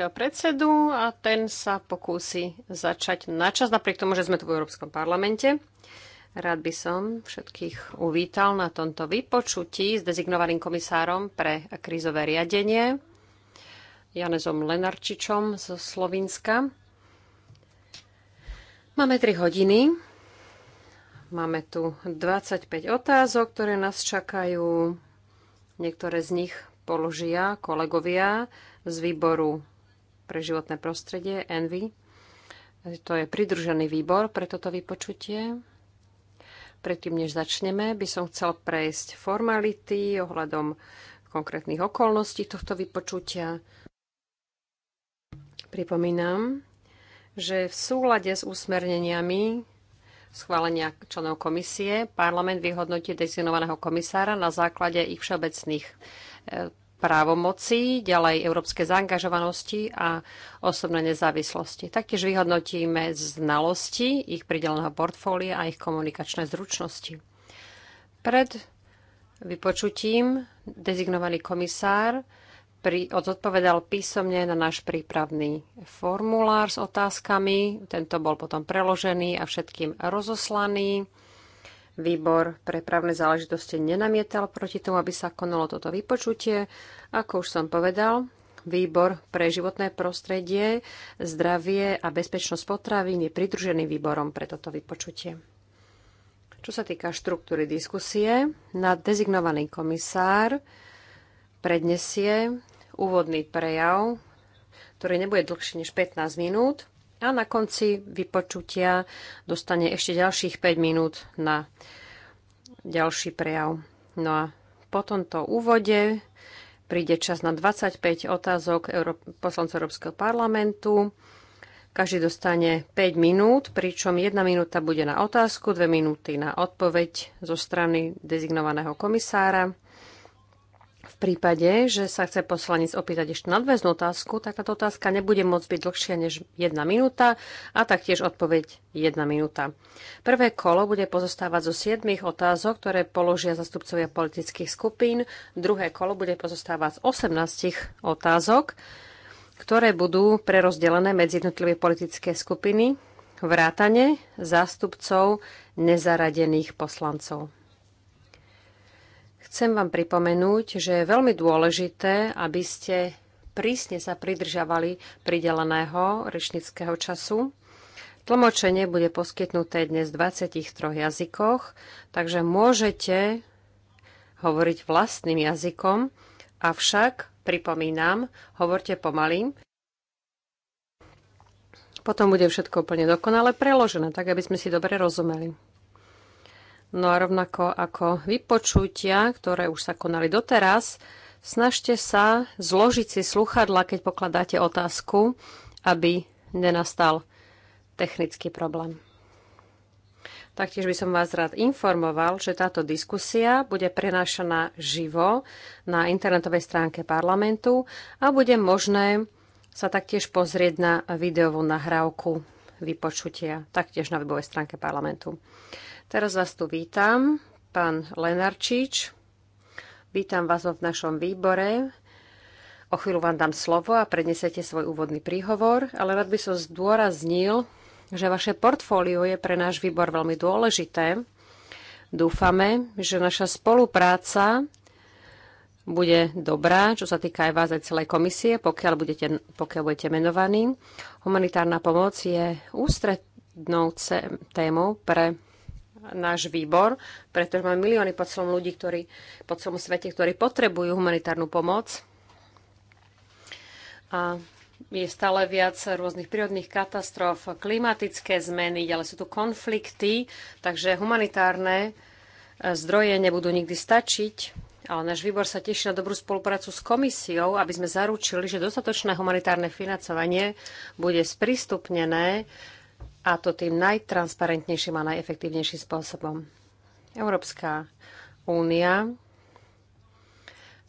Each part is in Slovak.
európskeho predsedu a ten sa pokúsi začať načas, napriek tomu, že sme tu v Európskom parlamente. Rád by som všetkých uvítal na tomto vypočutí s dezignovaným komisárom pre krízové riadenie, Janezom Lenarčičom zo Slovenska. Máme 3 hodiny. Máme tu 25 otázok, ktoré nás čakajú. Niektoré z nich položia kolegovia z výboru pre životné prostredie, ENVY. To je pridružený výbor pre toto vypočutie. Predtým, než začneme, by som chcel prejsť formality ohľadom konkrétnych okolností tohto vypočutia. Pripomínam, že v súlade s úsmerneniami schválenia členov komisie parlament vyhodnotí designovaného komisára na základe ich všeobecných e, právomocí, ďalej európskej zaangažovanosti a osobnej nezávislosti. Taktiež vyhodnotíme znalosti ich prideleného portfólia a ich komunikačné zručnosti. Pred vypočutím dezignovaný komisár pri, odpovedal písomne na náš prípravný formulár s otázkami. Tento bol potom preložený a všetkým rozoslaný. Výbor pre právne záležitosti nenamietal proti tomu, aby sa konalo toto vypočutie. Ako už som povedal, Výbor pre životné prostredie, zdravie a bezpečnosť potravín je pridružený výborom pre toto vypočutie. Čo sa týka štruktúry diskusie, na dezignovaný komisár prednesie úvodný prejav, ktorý nebude dlhší než 15 minút a na konci vypočutia dostane ešte ďalších 5 minút na ďalší prejav. No a po tomto úvode príde čas na 25 otázok poslancov Európskeho parlamentu. Každý dostane 5 minút, pričom 1 minúta bude na otázku, 2 minúty na odpoveď zo strany dezignovaného komisára prípade, že sa chce poslanec opýtať ešte nadväznú otázku, tak táto otázka nebude môcť byť dlhšia než jedna minúta a taktiež odpoveď jedna minúta. Prvé kolo bude pozostávať zo siedmých otázok, ktoré položia zastupcovia politických skupín. Druhé kolo bude pozostávať z 18 otázok, ktoré budú prerozdelené medzi jednotlivé politické skupiny vrátane zástupcov nezaradených poslancov. Chcem vám pripomenúť, že je veľmi dôležité, aby ste prísne sa pridržavali prideleného rečnického času. Tlmočenie bude poskytnuté dnes v 23 jazykoch, takže môžete hovoriť vlastným jazykom, avšak, pripomínam, hovorte pomaly. Potom bude všetko úplne dokonale preložené, tak aby sme si dobre rozumeli. No a rovnako ako vypočutia, ktoré už sa konali doteraz, snažte sa zložiť si sluchadla, keď pokladáte otázku, aby nenastal technický problém. Taktiež by som vás rád informoval, že táto diskusia bude prenášaná živo na internetovej stránke parlamentu a bude možné sa taktiež pozrieť na videovú nahrávku vypočutia, taktiež na webovej stránke parlamentu. Teraz vás tu vítam, pán Lenarčič. Vítam vás v našom výbore. O chvíľu vám dám slovo a prednesete svoj úvodný príhovor, ale rád by som zdôraznil, že vaše portfólio je pre náš výbor veľmi dôležité. Dúfame, že naša spolupráca bude dobrá, čo sa týka aj vás aj celej komisie, pokiaľ budete, pokiaľ budete menovaní. Humanitárna pomoc je ústrednou témou pre náš výbor, pretože máme milióny pod svojom ľudí, ktorí, po svojom svete, ktorí potrebujú humanitárnu pomoc. A je stále viac rôznych prírodných katastrof, klimatické zmeny, ale sú tu konflikty, takže humanitárne e, zdroje nebudú nikdy stačiť. Ale náš výbor sa teší na dobrú spoluprácu s komisiou, aby sme zaručili, že dostatočné humanitárne financovanie bude sprístupnené a to tým najtransparentnejším a najefektívnejším spôsobom. Európska únia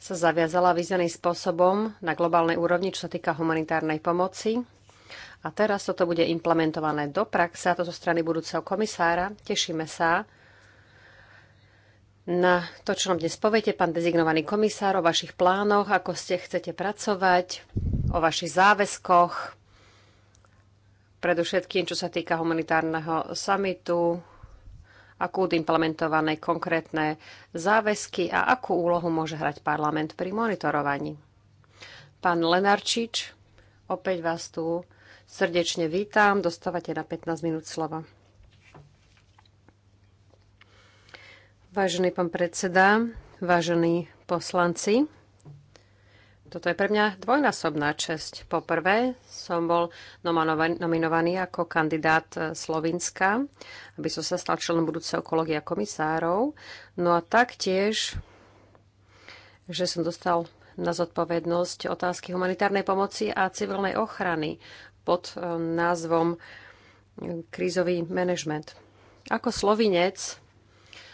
sa zaviazala významným spôsobom na globálnej úrovni, čo sa týka humanitárnej pomoci. A teraz toto bude implementované do praxe, a to zo strany budúceho komisára. Tešíme sa na to, čo nám dnes poviete, pán dezignovaný komisár, o vašich plánoch, ako ste chcete pracovať, o vašich záväzkoch predovšetkým čo sa týka humanitárneho samitu, ako budú implementované konkrétne záväzky a akú úlohu môže hrať parlament pri monitorovaní. Pán Lenarčič, opäť vás tu srdečne vítam. Dostávate na 15 minút slova. Vážený pán predseda, vážení poslanci, toto je pre mňa dvojnásobná česť. Poprvé som bol nominovaný ako kandidát e, Slovinska, aby som sa stal členom budúceho kolegia komisárov. No a taktiež, že som dostal na zodpovednosť otázky humanitárnej pomoci a civilnej ochrany pod e, názvom e, krízový manažment. Ako slovinec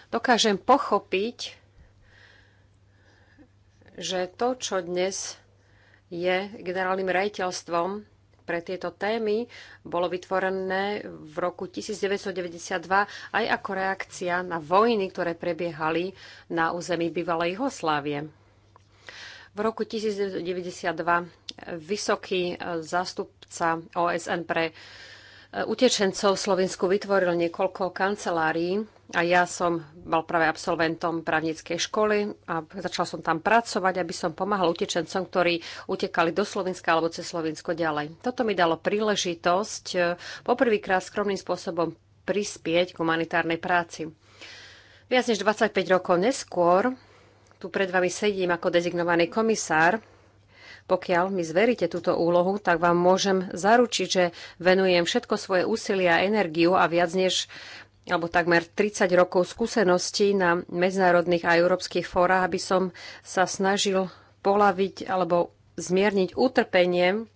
dokážem pochopiť, že to, čo dnes je generálnym rejiteľstvom pre tieto témy, bolo vytvorené v roku 1992 aj ako reakcia na vojny, ktoré prebiehali na území bývalej Jugoslávie. V roku 1992 vysoký e, zástupca OSN pre e, utečencov v Slovensku vytvoril niekoľko kancelárií a ja som bol práve absolventom právnickej školy a začal som tam pracovať, aby som pomáhal utečencom, ktorí utekali do Slovenska alebo cez Slovensko ďalej. Toto mi dalo príležitosť e, poprvýkrát skromným spôsobom prispieť k humanitárnej práci. Viac než 25 rokov neskôr tu pred vami sedím ako dezignovaný komisár. Pokiaľ mi zveríte túto úlohu, tak vám môžem zaručiť, že venujem všetko svoje úsilie a energiu a viac než alebo takmer 30 rokov skúseností na medzinárodných a európskych fórach, aby som sa snažil polaviť alebo zmierniť utrpenie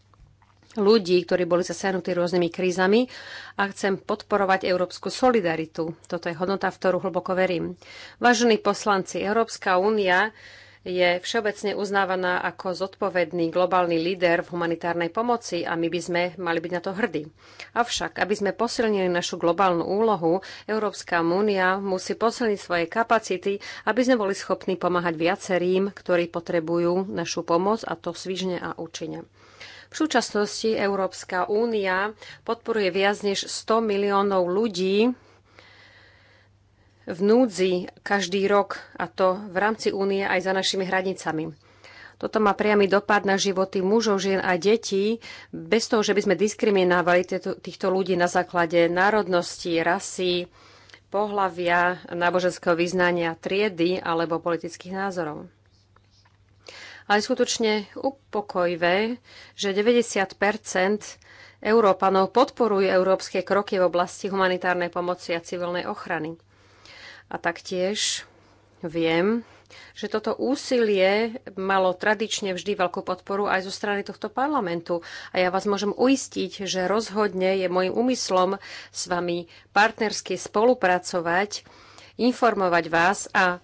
ľudí, ktorí boli zasiahnutí rôznymi krízami a chcem podporovať európsku solidaritu. Toto je hodnota, v ktorú hlboko verím. Vážení poslanci, Európska únia je všeobecne uznávaná ako zodpovedný globálny líder v humanitárnej pomoci a my by sme mali byť na to hrdí. Avšak, aby sme posilnili našu globálnu úlohu, Európska únia musí posilniť svoje kapacity, aby sme boli schopní pomáhať viacerým, ktorí potrebujú našu pomoc a to svižne a účinne. V súčasnosti Európska únia podporuje viac než 100 miliónov ľudí v núdzi každý rok, a to v rámci únie aj za našimi hranicami. Toto má priamy dopad na životy mužov, žien a detí, bez toho, že by sme diskriminovali týchto ľudí na základe národnosti, rasy, pohlavia, náboženského vyznania, triedy alebo politických názorov. Ale je skutočne upokojivé, že 90 Európanov podporuje európske kroky v oblasti humanitárnej pomoci a civilnej ochrany. A taktiež viem, že toto úsilie malo tradične vždy veľkú podporu aj zo strany tohto parlamentu. A ja vás môžem uistiť, že rozhodne je môjim úmyslom s vami partnersky spolupracovať, informovať vás a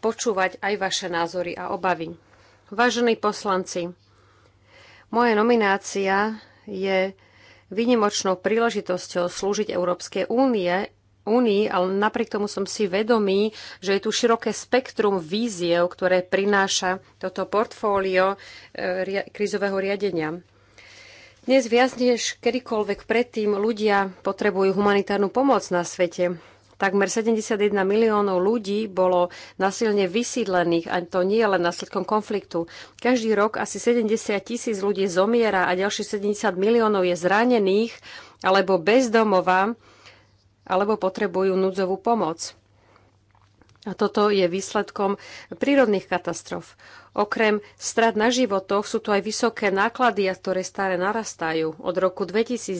počúvať aj vaše názory a obavy. Vážení poslanci, moja nominácia je výnimočnou príležitosťou slúžiť Európskej únie únii, ale napriek tomu som si vedomý, že je tu široké spektrum víziev, ktoré prináša toto portfólio e, krízového riadenia. Dnes viac než kedykoľvek predtým ľudia potrebujú humanitárnu pomoc na svete. Takmer 71 miliónov ľudí bolo nasilne vysídlených a to nie len následkom konfliktu. Každý rok asi 70 tisíc ľudí zomiera a ďalších 70 miliónov je zranených alebo bezdomová alebo potrebujú núdzovú pomoc. A toto je výsledkom prírodných katastrof. Okrem strat na životoch sú tu aj vysoké náklady, a ktoré stále narastajú. Od roku 2010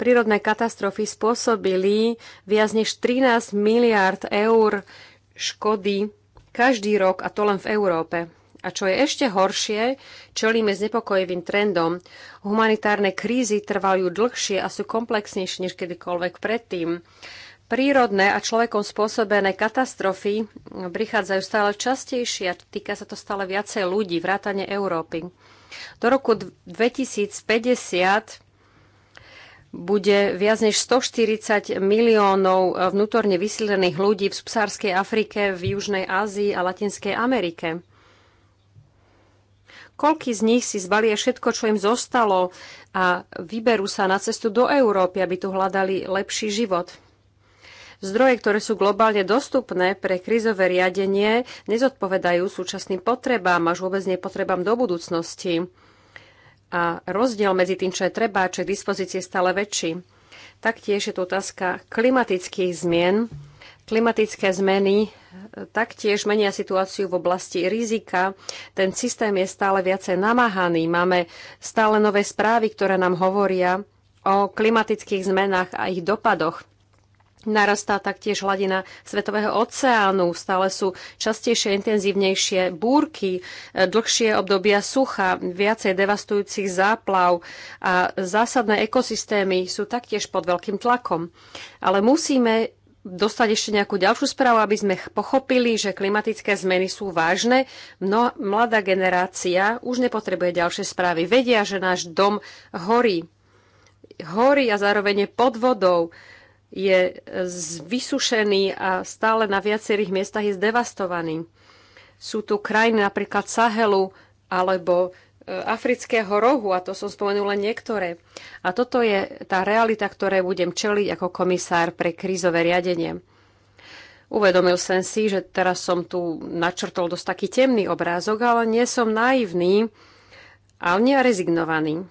prírodné katastrofy spôsobili viac než 13 miliard eur škody každý rok, a to len v Európe. A čo je ešte horšie, čelíme znepokojivým trendom. Humanitárne krízy trvajú dlhšie a sú komplexnejšie než kedykoľvek predtým. Prírodné a človekom spôsobené katastrofy prichádzajú stále častejšie a týka sa to stále viacej ľudí, vrátane Európy. Do roku 2050 bude viac než 140 miliónov vnútorne vysílených ľudí v subsárskej Afrike, v Južnej Ázii a Latinskej Amerike. Koľky z nich si zbalia všetko, čo im zostalo a vyberú sa na cestu do Európy, aby tu hľadali lepší život? Zdroje, ktoré sú globálne dostupné pre krízové riadenie, nezodpovedajú súčasným potrebám až vôbec nepotrebám do budúcnosti. A rozdiel medzi tým, čo je treba čo je dispozície, je stále väčší. Taktiež je tu otázka klimatických zmien, Klimatické zmeny e, taktiež menia situáciu v oblasti rizika. Ten systém je stále viacej namáhaný. Máme stále nové správy, ktoré nám hovoria o klimatických zmenách a ich dopadoch. Narastá taktiež hladina Svetového oceánu, stále sú častejšie, intenzívnejšie búrky, e, dlhšie obdobia sucha, viacej devastujúcich záplav a zásadné ekosystémy sú taktiež pod veľkým tlakom. Ale musíme dostať ešte nejakú ďalšiu správu, aby sme pochopili, že klimatické zmeny sú vážne. No, mladá generácia už nepotrebuje ďalšie správy. Vedia, že náš dom horí. Horí a zároveň je pod vodou. Je e, vysušený a stále na viacerých miestach je zdevastovaný. Sú tu krajiny napríklad Sahelu alebo afrického rohu, a to som spomenula niektoré. A toto je tá realita, ktoré budem čeliť ako komisár pre krízové riadenie. Uvedomil som si, že teraz som tu načrtol dosť taký temný obrázok, ale nie som naivný a nie rezignovaný.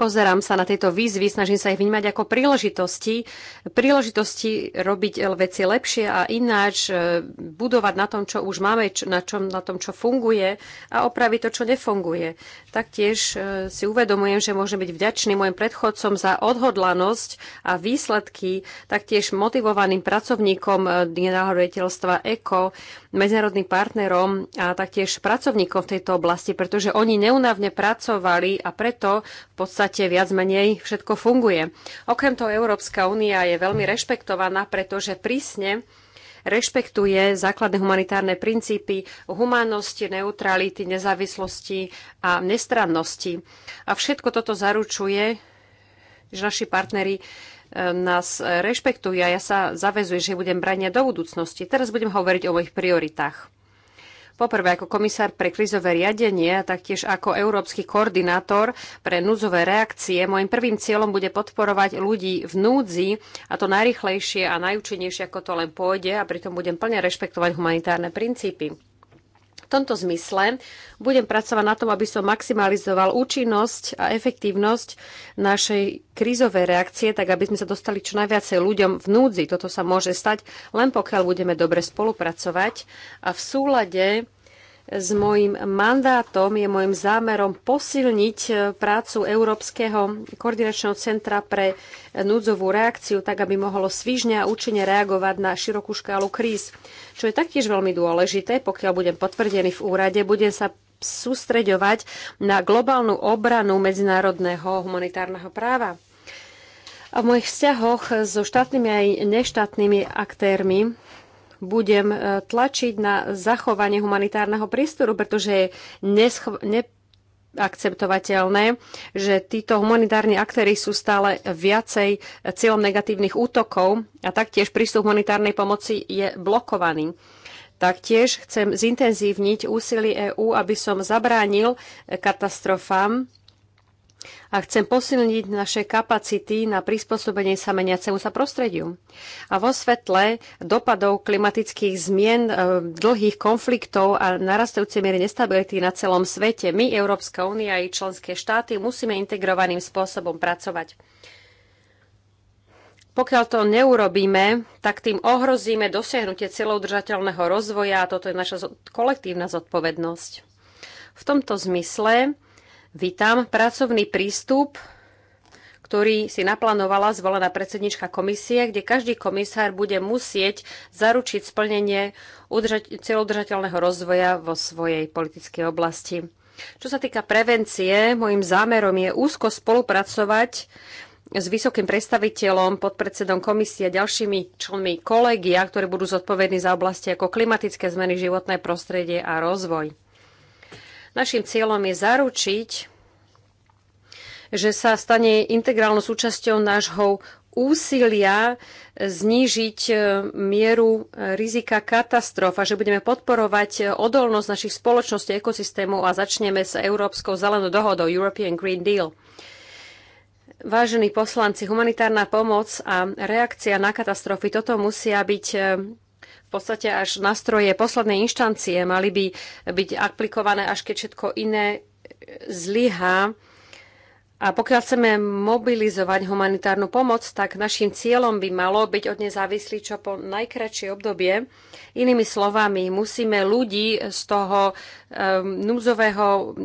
Pozerám sa na tieto výzvy, snažím sa ich vnímať ako príležitosti. Príležitosti robiť e, veci lepšie a ináč e, budovať na tom, čo už máme, na, čom, na tom, čo funguje a opraviť to, čo nefunguje. Taktiež e, si uvedomujem, že môžem byť vďačný mojim predchodcom za odhodlanosť a výsledky, taktiež motivovaným pracovníkom generálneho ECO, medzinárodným partnerom a taktiež pracovníkom v tejto oblasti, pretože oni neunavne pracovali a preto v podstate viac menej všetko funguje. Okrem toho Európska únia je veľmi rešpektovaná, pretože prísne rešpektuje základné humanitárne princípy humánnosti, neutrality, nezávislosti a nestrannosti. A všetko toto zaručuje, že naši partneri nás e, rešpektuje a ja sa zavezujem, že budem brania do budúcnosti. Teraz budem hovoriť o mojich prioritách. Poprvé ako komisár pre krizové riadenie a taktiež ako európsky koordinátor pre núdzové reakcie, môjim prvým cieľom bude podporovať ľudí v núdzi a to najrychlejšie a najúčinnejšie, ako to len pôjde a pritom budem plne rešpektovať humanitárne princípy tomto zmysle budem pracovať na tom, aby som maximalizoval účinnosť a efektívnosť našej krízovej reakcie, tak aby sme sa dostali čo najviacej ľuďom v núdzi. Toto sa môže stať len pokiaľ budeme dobre spolupracovať a v súlade s mojím mandátom, je môjim zámerom posilniť e, prácu Európskeho koordinačného centra pre núdzovú reakciu, tak aby mohlo svižne a účinne reagovať na širokú škálu kríz, čo je taktiež veľmi dôležité. Pokiaľ budem potvrdený v úrade, budem sa sústreďovať na globálnu obranu medzinárodného humanitárneho práva. A v mojich vzťahoch so štátnymi aj neštátnymi aktérmi budem e, tlačiť na zachovanie humanitárneho priestoru, pretože je neschv- ne- akceptovateľné, že títo humanitárni aktéry sú stále viacej cieľom negatívnych útokov a taktiež prístup humanitárnej pomoci je blokovaný. Taktiež chcem zintenzívniť úsilie EÚ, aby som zabránil katastrofám a chcem posilniť naše kapacity na prispôsobenie sa meniacemu sa prostrediu. A vo svetle dopadov klimatických zmien, e, dlhých konfliktov a narastajúcej miery nestability na celom svete, my, Európska únia i členské štáty, musíme integrovaným spôsobom pracovať. Pokiaľ to neurobíme, tak tým ohrozíme dosiahnutie celoudržateľného rozvoja a toto je naša kolektívna zodpovednosť. V tomto zmysle Vítam pracovný prístup, ktorý si naplánovala zvolená predsednička komisie, kde každý komisár bude musieť zaručiť splnenie celodržateľného rozvoja vo svojej politickej oblasti. Čo sa týka prevencie, môjim zámerom je úzko spolupracovať s vysokým predstaviteľom, podpredsedom komisie a ďalšími členmi kolegia, ktorí budú zodpovední za oblasti ako klimatické zmeny, životné prostredie a rozvoj. Našim cieľom je zaručiť, že sa stane integrálnou súčasťou nášho úsilia znížiť e, mieru rizika katastrof a že budeme podporovať e, odolnosť našich spoločností a ekosystémov a začneme s Európskou zelenou dohodou European Green Deal. Vážení poslanci, humanitárna pomoc a reakcia na katastrofy, toto musia byť e, v podstate až nástroje poslednej inštancie mali by byť aplikované, až keď všetko iné zlyhá. A pokiaľ chceme mobilizovať humanitárnu pomoc, tak našim cieľom by malo byť od nezávislí čo po najkračšie obdobie. Inými slovami, musíme ľudí z toho um, núzového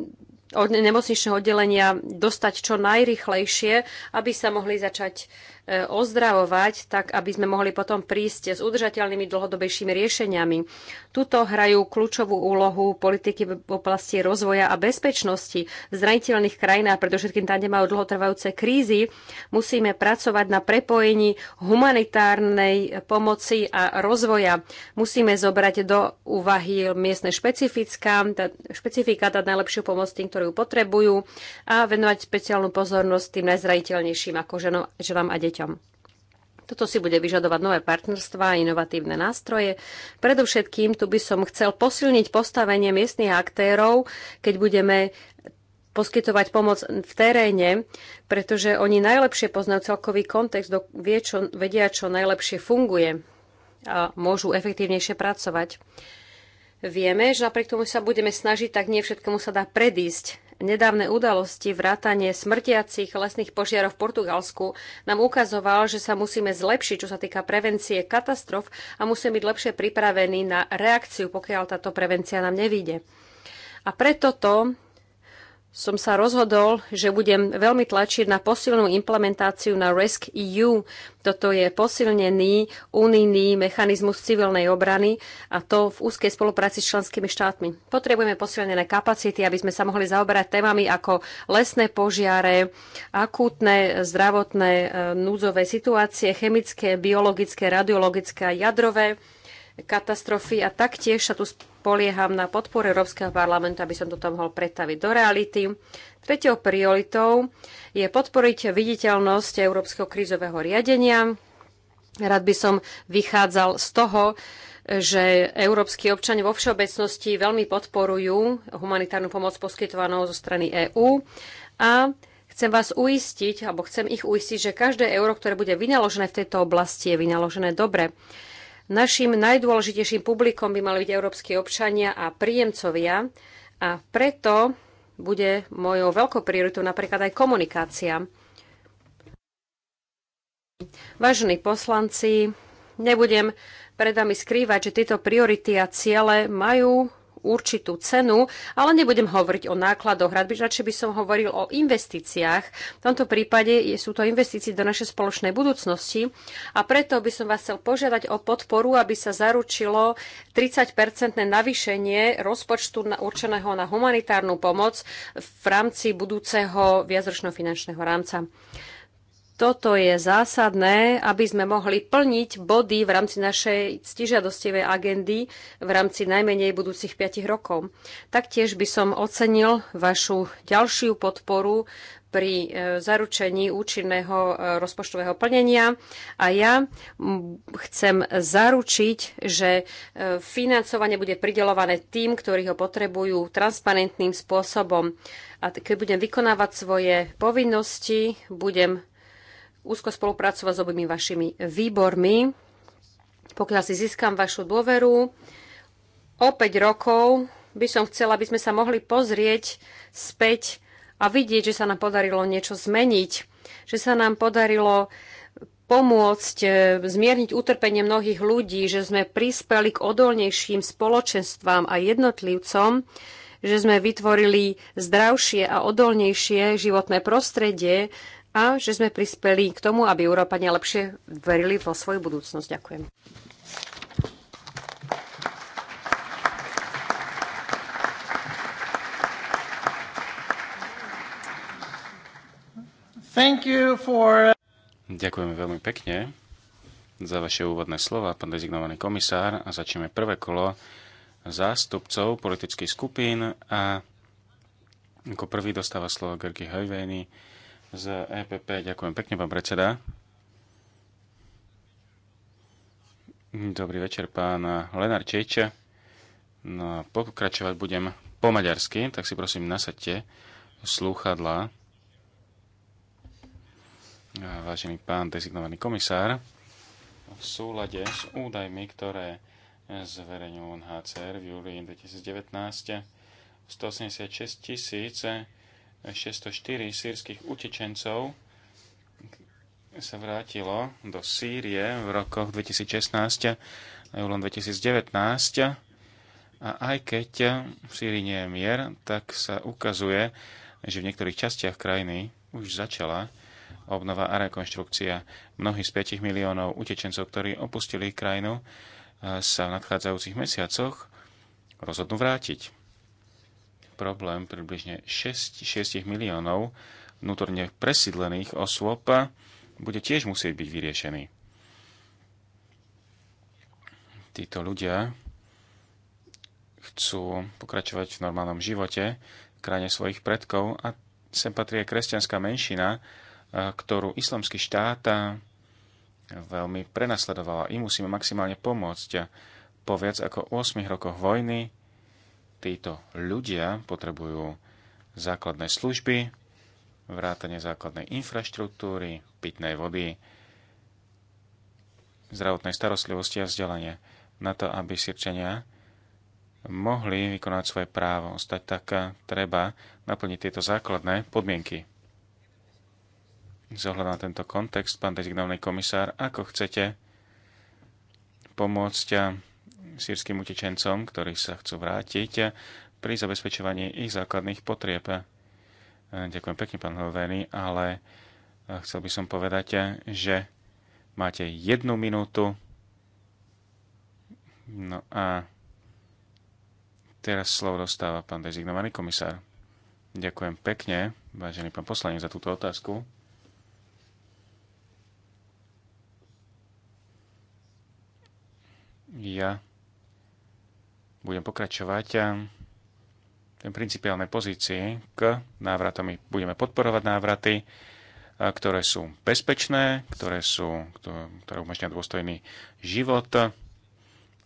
od nemocničného oddelenia dostať čo najrychlejšie, aby sa mohli začať E, ozdravovať, tak aby sme mohli potom prísť s udržateľnými dlhodobejšími riešeniami. Tuto hrajú kľúčovú úlohu politiky v oblasti rozvoja a bezpečnosti v zraniteľných krajinách, predovšetkým tam, kde majú dlhotrvajúce krízy. Musíme pracovať na prepojení humanitárnej pomoci a rozvoja. Musíme zobrať do úvahy miestne špecifika, tá, špecifika dať najlepšiu pomoc tým, ktorú potrebujú a venovať špeciálnu pozornosť tým najzraniteľnejším, ako ženom, ženám a deťom deťom. Toto si bude vyžadovať nové partnerstva a inovatívne nástroje. Predovšetkým tu by som chcel posilniť postavenie miestnych aktérov, keď budeme poskytovať pomoc v teréne, pretože oni najlepšie poznajú celkový kontext, vie, čo, vedia, čo najlepšie funguje a môžu efektívnejšie pracovať. Vieme, že napriek tomu sa budeme snažiť, tak nie všetkému sa dá predísť. Nedávne udalosti vrátanie smrtiacich lesných požiarov v Portugalsku nám ukazoval, že sa musíme zlepšiť, čo sa týka prevencie katastrof a musíme byť lepšie pripravení na reakciu, pokiaľ táto prevencia nám nevíde. A preto to, som sa rozhodol, že budem veľmi tlačiť na posilnú implementáciu na RESC EU. Toto je posilnený unijný mechanizmus civilnej obrany a to v úzkej spolupráci s členskými štátmi. Potrebujeme posilnené kapacity, aby sme sa mohli zaoberať témami ako lesné požiare, akútne zdravotné eh, núdzové situácie, chemické, biologické, radiologické a jadrové katastrofy a taktiež sa tu spolieham na podporu Európskeho parlamentu, aby som to mohol pretaviť do reality. Tretiou prioritou je podporiť viditeľnosť Európskeho krízového riadenia. Rád by som vychádzal z toho, že európsky občania vo všeobecnosti veľmi podporujú humanitárnu pomoc poskytovanou zo strany EÚ a chcem vás uistiť, alebo chcem ich uistiť, že každé euro, ktoré bude vynaložené v tejto oblasti, je vynaložené dobre. Našim najdôležitejším publikom by mali byť európsky občania a príjemcovia a preto bude mojou veľkou prioritou napríklad aj komunikácia. Vážení poslanci, nebudem pred vami skrývať, že tieto priority a ciele majú určitú cenu, ale nebudem hovoriť o nákladoch. Rád by, radšej by som hovoril o investíciách. V tomto prípade sú to investície do našej spoločnej budúcnosti a preto by som vás chcel požiadať o podporu, aby sa zaručilo 30-percentné navýšenie rozpočtu na, určeného na humanitárnu pomoc v rámci budúceho viacročno finančného rámca. Toto je zásadné, aby sme mohli plniť body v rámci našej ctižiadostivej agendy v rámci najmenej budúcich 5 rokov. Taktiež by som ocenil vašu ďalšiu podporu pri e, zaručení účinného e, rozpočtového plnenia a ja chcem zaručiť, že e, financovanie bude pridelované tým, ktorí ho potrebujú transparentným spôsobom. A keď budem vykonávať svoje povinnosti, budem úzko spolupracovať s obými vašimi výbormi. Pokiaľ si získam vašu dôveru, o 5 rokov by som chcela, aby sme sa mohli pozrieť späť a vidieť, že sa nám podarilo niečo zmeniť, že sa nám podarilo pomôcť e, zmierniť utrpenie mnohých ľudí, že sme prispeli k odolnejším spoločenstvám a jednotlivcom, že sme vytvorili zdravšie a odolnejšie životné prostredie a že sme prispeli k tomu, aby Európania lepšie verili vo svoju budúcnosť. Ďakujem. Thank you for... Ďakujeme veľmi pekne za vaše úvodné slova, pán dezignovaný komisár. A začneme prvé kolo zástupcov politických skupín a ako prvý dostáva slovo Gergi Hojvejny, z EPP. Ďakujem pekne, pán predseda. Dobrý večer, pán Lenarčič. No, a pokračovať budem po maďarsky, tak si prosím nasadte slúchadla. Vážený pán dezignovaný komisár, v súlade s údajmi, ktoré zverejňujú UNHCR v júli 2019, 186 tisíc 604 sírskych utečencov sa vrátilo do Sýrie v rokoch 2016 a júlom 2019. A aj keď v Sýrii nie je mier, tak sa ukazuje, že v niektorých častiach krajiny už začala obnova a rekonštrukcia. Mnohí z 5 miliónov utečencov, ktorí opustili krajinu, sa v nadchádzajúcich mesiacoch rozhodnú vrátiť problém približne 6, 6 miliónov vnútorne presídlených osôb bude tiež musieť byť vyriešený. Títo ľudia chcú pokračovať v normálnom živote v krajine svojich predkov a sem patrí aj kresťanská menšina, ktorú islamský štát veľmi prenasledovala. I musíme maximálne pomôcť. Po viac ako 8 rokoch vojny títo ľudia potrebujú základné služby, vrátanie základnej infraštruktúry, pitnej vody, zdravotnej starostlivosti a vzdelanie na to, aby Sirčania mohli vykonať svoje právo. stať tak treba naplniť tieto základné podmienky. Zohľadom na tento kontext, pán dezignovný komisár, ako chcete pomôcť sírským utečencom, ktorí sa chcú vrátiť pri zabezpečovaní ich základných potrieb. Ďakujem pekne, pán Helveny, ale eh, chcel by som povedať, že máte jednu minútu. No a teraz slovo dostáva pán dezignovaný komisár. Ďakujem pekne, vážený pán poslanec, za túto otázku. Ja budem pokračovať v eh, principiálnej pozícii k návratom. My budeme podporovať návraty, eh, ktoré sú bezpečné, ktoré, sú, ktoré umožňujú dôstojný život eh,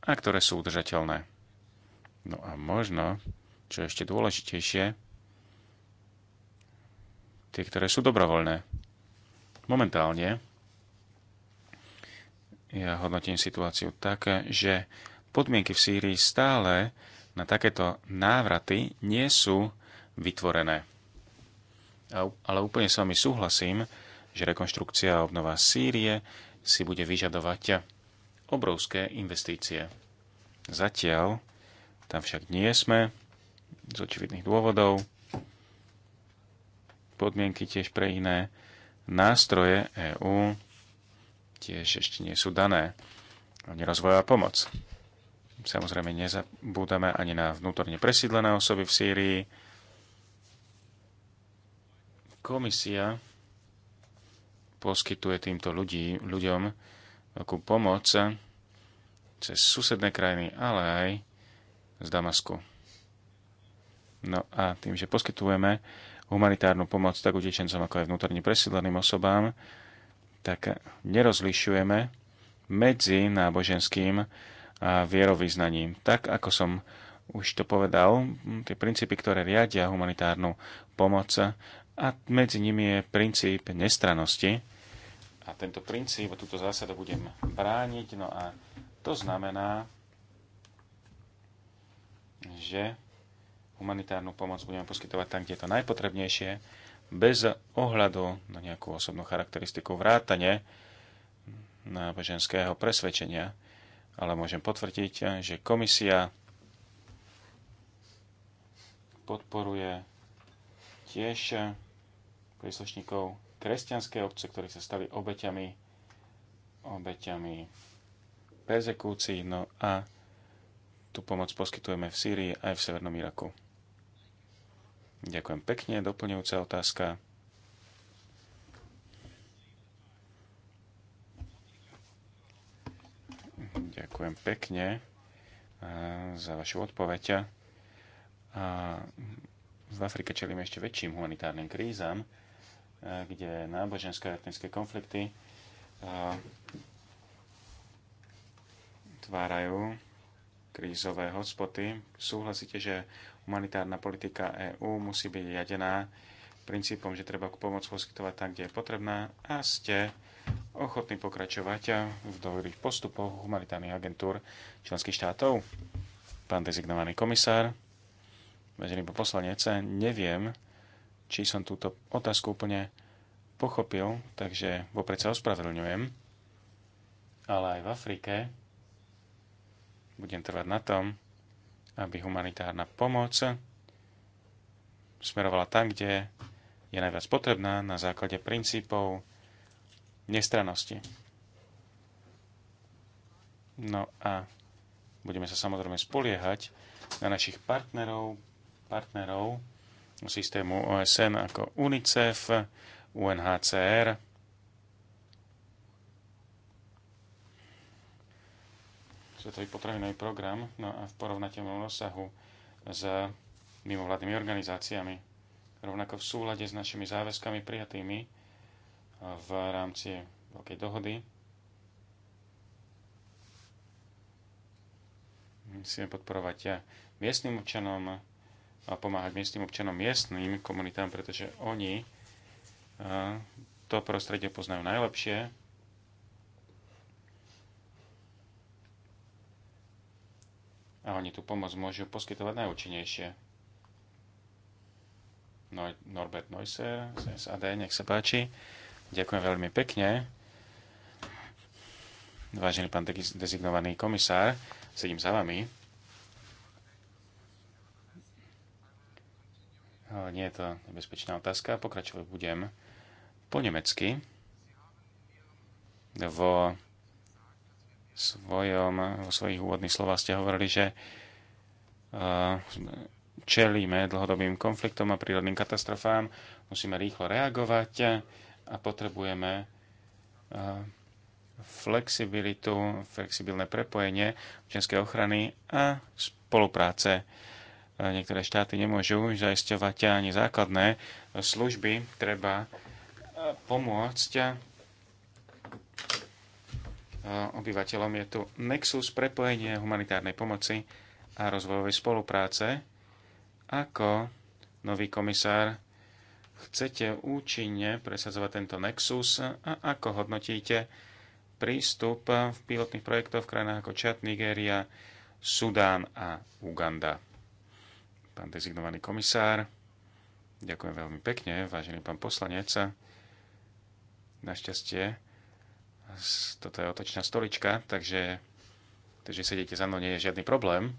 a ktoré sú udržateľné. No a možno, čo je ešte dôležitejšie, tie, ktoré sú dobrovoľné. Momentálne ja hodnotím situáciu tak, že podmienky v Sýrii stále na takéto návraty nie sú vytvorené. Ale úplne s vami súhlasím, že rekonštrukcia a obnova Sýrie si bude vyžadovať obrovské investície. Zatiaľ tam však nie sme, z očividných dôvodov, podmienky tiež pre iné nástroje EÚ tiež ešte nie sú dané, ani rozvojová pomoc. Samozrejme nezabúdame ani na vnútorne presídlené osoby v Sýrii. Komisia poskytuje týmto ľudí, ľuďom veľkú pomoc cez susedné krajiny, ale aj z Damasku. No a tým, že poskytujeme humanitárnu pomoc tak utečencom, ako aj vnútorne presídleným osobám, tak nerozlišujeme medzi náboženským vierovýznaním. Tak, ako som už to povedal, tie princípy, ktoré riadia humanitárnu pomoc a medzi nimi je princíp nestranosti. A tento princíp, túto zásadu budem brániť, no a to znamená, že humanitárnu pomoc budeme poskytovať tam, kde je to najpotrebnejšie, bez ohľadu na nejakú osobnú charakteristiku vrátane náboženského presvedčenia ale môžem potvrdiť, že komisia podporuje tiež príslušníkov kresťanskej obce, ktorí sa stali obeťami, obeťami persekúcií. No a tú pomoc poskytujeme v Sýrii aj v Severnom Iraku. Ďakujem pekne. Doplňujúca otázka. Ďakujem pekne eh, za vašu odpoveď. A v Afrike čelíme ešte väčším humanitárnym krízam, eh, kde náboženské a etnické konflikty eh, tvárajú krízové hotspoty. Súhlasíte, že humanitárna politika EÚ musí byť jadená princípom, že treba pomoc poskytovať tam, kde je potrebná a ste ochotní pokračovať v dobrých postupoch humanitárnych agentúr členských štátov? Pán dezignovaný komisár, vážený poslanec, neviem, či som túto otázku úplne pochopil, takže vopred sa ospravedlňujem. Ale aj v Afrike budem trvať na tom, aby humanitárna pomoc smerovala tam, kde je najviac potrebná na základe princípov nestranosti. No a budeme sa samozrejme spoliehať na našich partnerov, partnerov systému OSN ako UNICEF, UNHCR, Svetový potravinový program no a v porovnateľnom rozsahu s mimovládnymi organizáciami, rovnako v súlade s našimi záväzkami prijatými v rámci veľkej dohody. Musíme podporovať miestnym občanom a pomáhať miestnym občanom, miestnym komunitám, pretože oni eh, to prostredie poznajú najlepšie. A oni tú pomoc môžu poskytovať najúčinnejšie. Norbert Neusser z SAD, nech sa páči. Ďakujem veľmi pekne. Vážený pán dezignovaný komisár, sedím za vami. Ale nie je to nebezpečná otázka. Pokračovať budem po nemecky. Vo, svojom, vo svojich úvodných slovách ste hovorili, že uh, čelíme dlhodobým konfliktom a prírodným katastrofám, musíme rýchlo reagovať a potrebujeme eh, flexibilitu, flexibilné prepojenie občianskej ochrany a spolupráce. Eh, niektoré štáty nemôžu zaisťovať ani základné služby. Treba eh, pomôcť obyvateľom. Je tu nexus prepojenie humanitárnej pomoci a rozvojovej spolupráce. Ako nový komisár chcete účinne presadzovať tento nexus a ako hodnotíte prístup v pilotných projektoch v krajinách ako Čad, Nigéria, Sudán a Uganda. Pán dezignovaný komisár, ďakujem veľmi pekne, vážený pán poslanec. Našťastie, toto je otočná stolička, takže, takže sedíte za mnou, nie je žiadny problém.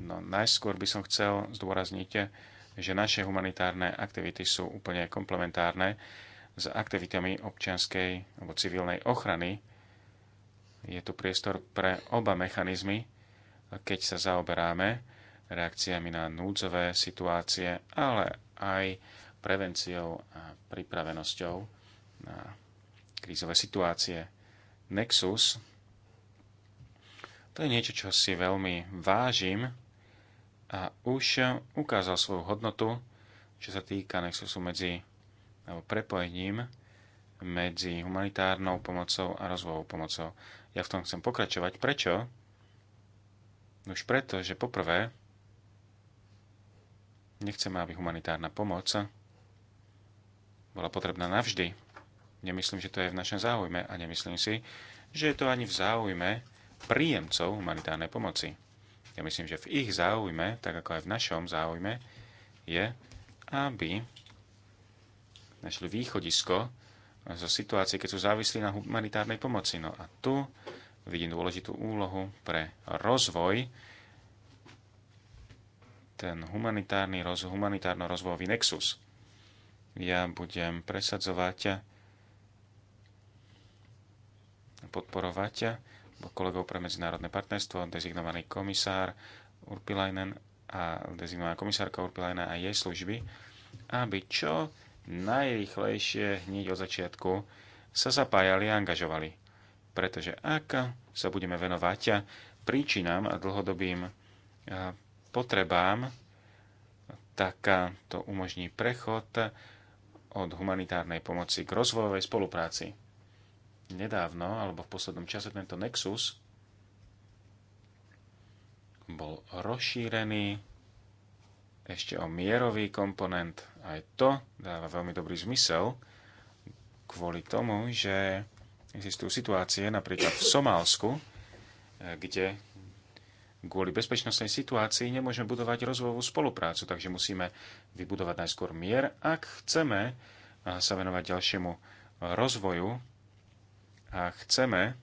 No najskôr by som chcel zdôrazniť, že naše humanitárne aktivity sú úplne komplementárne s aktivitami občianskej alebo civilnej ochrany. Je tu priestor pre oba mechanizmy, keď sa zaoberáme reakciami na núdzové situácie, ale aj prevenciou a pripravenosťou na krízové situácie. Nexus to je niečo, čo si veľmi vážim, a už eh, ukázal svoju hodnotu, čo sa týka nexusu medzi alebo prepojením medzi humanitárnou pomocou a rozvojovou pomocou. Ja v tom chcem pokračovať. Prečo? No už preto, že poprvé nechceme, aby humanitárna pomoc bola potrebná navždy. Nemyslím, že to je v našom záujme a nemyslím si, že je to ani v záujme príjemcov humanitárnej pomoci. Ja myslím, že v ich záujme, tak ako aj v našom záujme, je, aby našli východisko zo situácie, keď sú závislí na humanitárnej pomoci. No a tu vidím dôležitú úlohu pre rozvoj, ten humanitárny rozvoj, humanitárno-rozvojový nexus. Ja budem presadzovať a podporovať kolegov pre medzinárodné partnerstvo, dezignovaný komisár Urpilainen a dezignovaná komisárka Urpilainen a jej služby, aby čo najrychlejšie hneď od začiatku sa zapájali a angažovali. Pretože ak sa budeme venovať príčinám a dlhodobým eh, potrebám, tak to umožní prechod od humanitárnej pomoci k rozvojovej spolupráci nedávno, alebo v poslednom čase tento Nexus bol rozšírený ešte o mierový komponent. Aj to dáva veľmi dobrý zmysel kvôli tomu, že existujú situácie napríklad v Somálsku, kde kvôli bezpečnostnej situácii nemôžeme budovať rozvojovú spoluprácu, takže musíme vybudovať najskôr mier, ak chceme sa venovať ďalšiemu rozvoju a chceme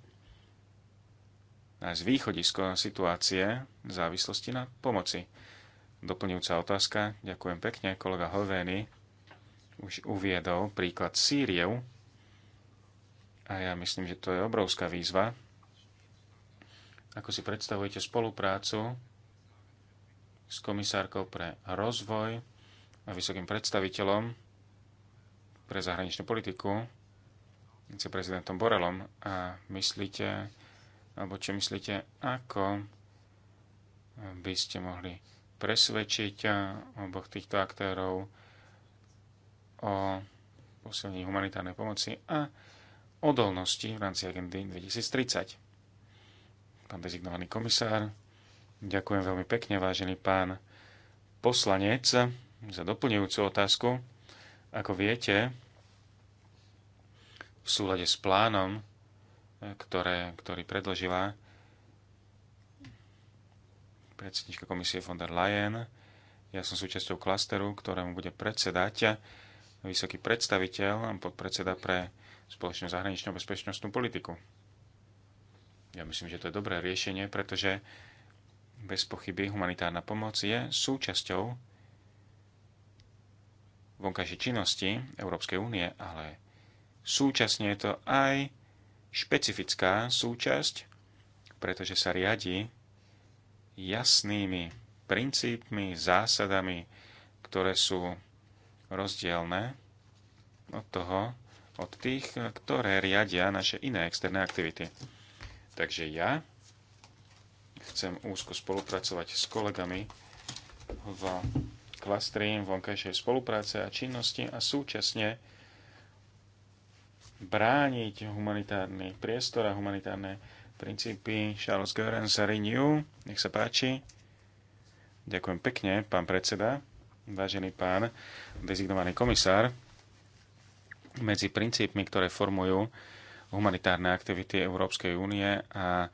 nájsť východisko situácie v závislosti na pomoci. Doplňujúca otázka, ďakujem pekne, kolega Hovény, už uviedol príklad Sýriev a ja myslím, že to je obrovská výzva. Ako si predstavujete spoluprácu s komisárkou pre rozvoj a vysokým predstaviteľom pre zahraničnú politiku viceprezidentom Borelom a myslíte, alebo čo myslíte, ako by ste mohli presvedčiť oboch týchto aktérov o posilnení humanitárnej pomoci a odolnosti v rámci agendy 2030. Pán dezignovaný komisár, ďakujem veľmi pekne, vážený pán poslanec, za doplňujúcu otázku. Ako viete, v súlade s plánom, e, ktoré, ktorý predložila predsednička komisie von der Leyen. Ja som súčasťou klasteru, ktorému bude predsedať vysoký predstaviteľ a podpredseda pre spoločnú zahraničnú bezpečnostnú politiku. Ja myslím, že to je dobré riešenie, pretože bez pochyby humanitárna pomoc je súčasťou vonkajšej činnosti Európskej únie, ale Súčasne je to aj špecifická súčasť, pretože sa riadi jasnými princípmi, zásadami, ktoré sú rozdielne od toho, od tých, ktoré riadia naše iné externé aktivity. Takže ja chcem úzko spolupracovať s kolegami v klastri vonkajšej spolupráce a činnosti a súčasne brániť humanitárny priestor a humanitárne princípy Charles Görens sa Renew. Nech sa páči. Ďakujem pekne, pán predseda, vážený pán dezignovaný komisár. Medzi princípmi, ktoré formujú humanitárne aktivity Európskej únie a,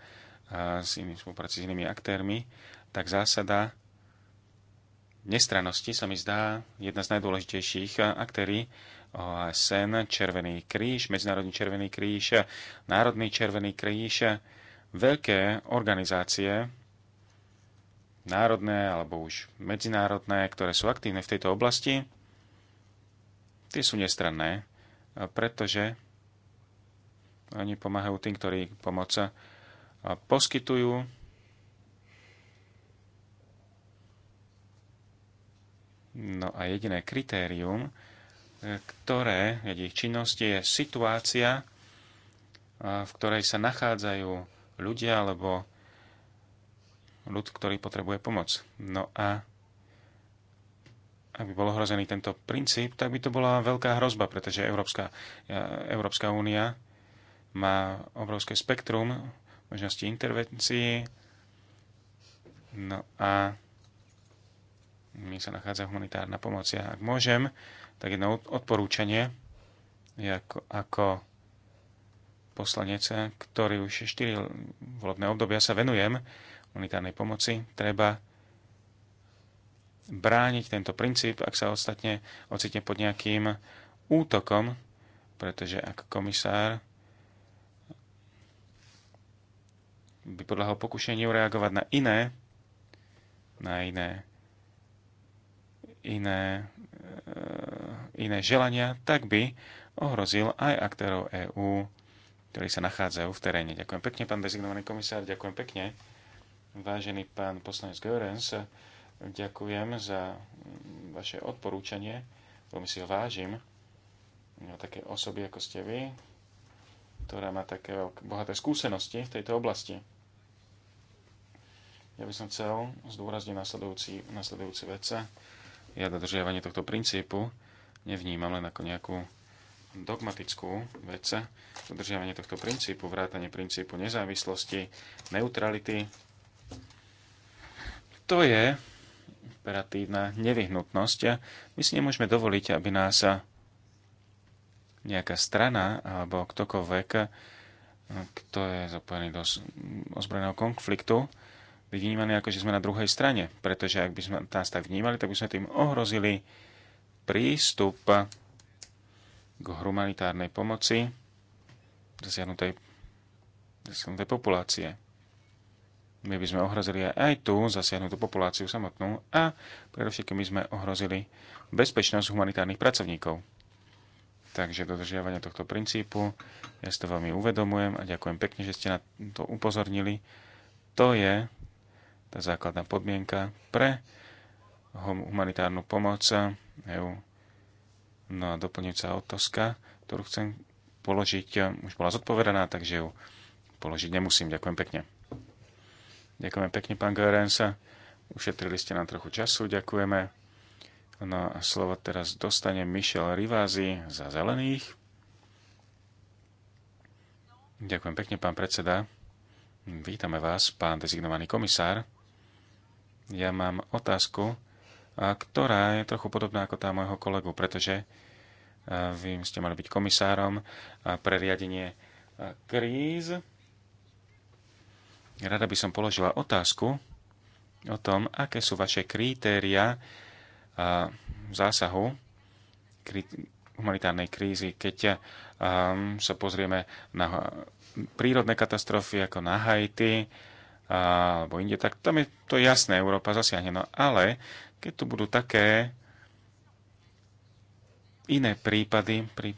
a s inými spolupráci s inými aktérmi, tak zásada nestrannosti sa mi zdá jedna z najdôležitejších aktérií OSN, Červený kríž, Medzinárodný Červený kríž, Národný Červený kríž, veľké organizácie, národné alebo už medzinárodné, ktoré sú aktívne v tejto oblasti, tie sú nestranné, pretože oni pomáhajú tým, ktorí pomoc poskytujú. No a jediné kritérium, E, ktoré ich činnosti je situácia, e, v ktorej sa nachádzajú ľudia alebo ľud, ktorý potrebuje pomoc. No a ak by bol ohrozený tento princíp, tak by to bola veľká hrozba, pretože Európska, e, Európska únia má obrovské spektrum možností intervencií. No a my sa nachádza humanitárna pomoc. Ja, ak môžem, tak jedno odporúčanie je ako, ako poslanece, ktorý už 4 volebné obdobia sa venujem humanitárnej pomoci, treba brániť tento princíp, ak sa ostatne ocitne pod nejakým útokom, pretože ak komisár by podľahol pokušeniu reagovať na iné, na iné, iné iné želania, tak by ohrozil aj aktérov EÚ, ktorí sa nachádzajú v teréne. Ďakujem pekne, pán dezignovaný komisár, ďakujem pekne. Vážený pán poslanec Görens, ďakujem za vaše odporúčanie, veľmi si ho vážim. No, také osoby ako ste vy, ktorá má také veľké, bohaté skúsenosti v tejto oblasti. Ja by som chcel zdôrazniť nasledujúci, nasledujúci vece ja dodržiavanie tohto princípu nevnímam len ako nejakú dogmatickú vec. Dodržiavanie tohto princípu, vrátanie princípu nezávislosti, neutrality, to je operatívna nevyhnutnosť. My si nemôžeme dovoliť, aby nás nejaká strana alebo ktokoľvek, kto je zapojený do ozbrojeného konfliktu, vnímaní ako, že sme na druhej strane, pretože ak by sme nás tak vnímali, tak by sme tým ohrozili prístup k humanitárnej pomoci zasiahnutej, zasiahnutej populácie. My by sme ohrozili aj tú zasiahnutú populáciu samotnú a predovšetkým by sme ohrozili bezpečnosť humanitárnych pracovníkov. Takže dodržiavanie tohto princípu, ja si to veľmi uvedomujem a ďakujem pekne, že ste na to upozornili. To je tá základná podmienka pre humanitárnu pomoc EU. No a doplňujúca otázka, ktorú chcem položiť, e, už bola zodpovedaná, takže ju položiť nemusím. Ďakujem pekne. Ďakujeme pekne, pán Garensa. Ušetrili ste nám trochu času, ďakujeme. No a slovo teraz dostane Michel Rivázy za zelených. Ďakujem pekne, pán predseda. Vítame vás, pán dezignovaný komisár ja mám otázku, ktorá je trochu podobná ako tá môjho kolegu, pretože vy ste mali byť komisárom pre riadenie kríz. Rada by som položila otázku o tom, aké sú vaše kritéria zásahu humanitárnej krízy, keď sa pozrieme na prírodné katastrofy ako na Haiti, alebo inde, tak tam je to jasné, Európa zasiahne. No ale keď tu budú také iné prípady, prí,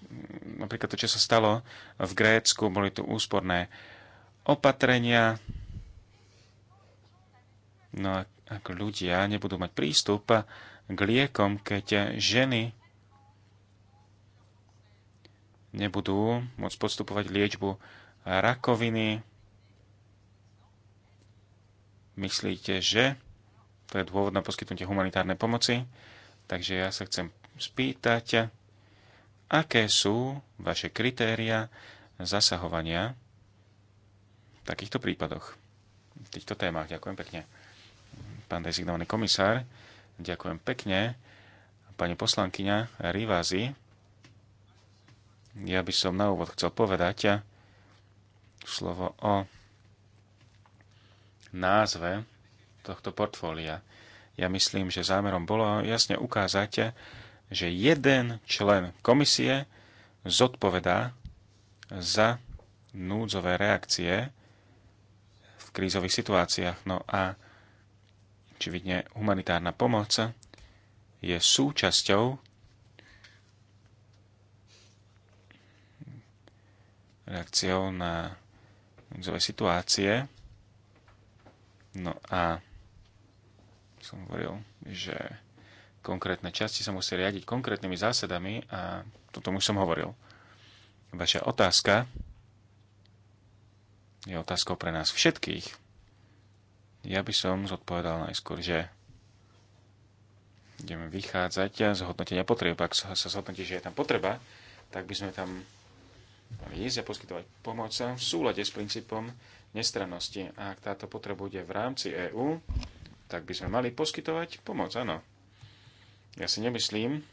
napríklad to, čo sa stalo v Grécku, boli tu úsporné opatrenia, no a ak ľudia nebudú mať prístup k liekom, keď ženy nebudú môcť podstupovať liečbu rakoviny, myslíte, že to je dôvod na poskytnutie humanitárnej pomoci. Takže ja sa chcem spýtať, aké sú vaše kritéria zasahovania v takýchto prípadoch, v týchto témach. Ďakujem pekne. Pán dezignovaný komisár, ďakujem pekne. Pani poslankyňa Rivázy, ja by som na úvod chcel povedať slovo o názve tohto portfólia. Ja myslím, že zámerom bolo jasne ukázať, že jeden člen komisie zodpovedá za núdzové reakcie v krízových situáciách. No a očividne humanitárna pomoc je súčasťou reakciou na núdzové situácie No a som hovoril, že konkrétne časti sa musia riadiť konkrétnymi zásadami a toto už som hovoril. Vaša otázka je otázkou pre nás všetkých. Ja by som zodpovedal najskôr, že ideme vychádzať z hodnotenia potreby. Ak sa zhodnotí, že je tam potreba, tak by sme tam mali ísť a poskytovať pomoc v súlade s princípom nestrannosti. A ak táto potreba bude v rámci EÚ, tak by sme mali poskytovať pomoc, áno. Ja si nemyslím,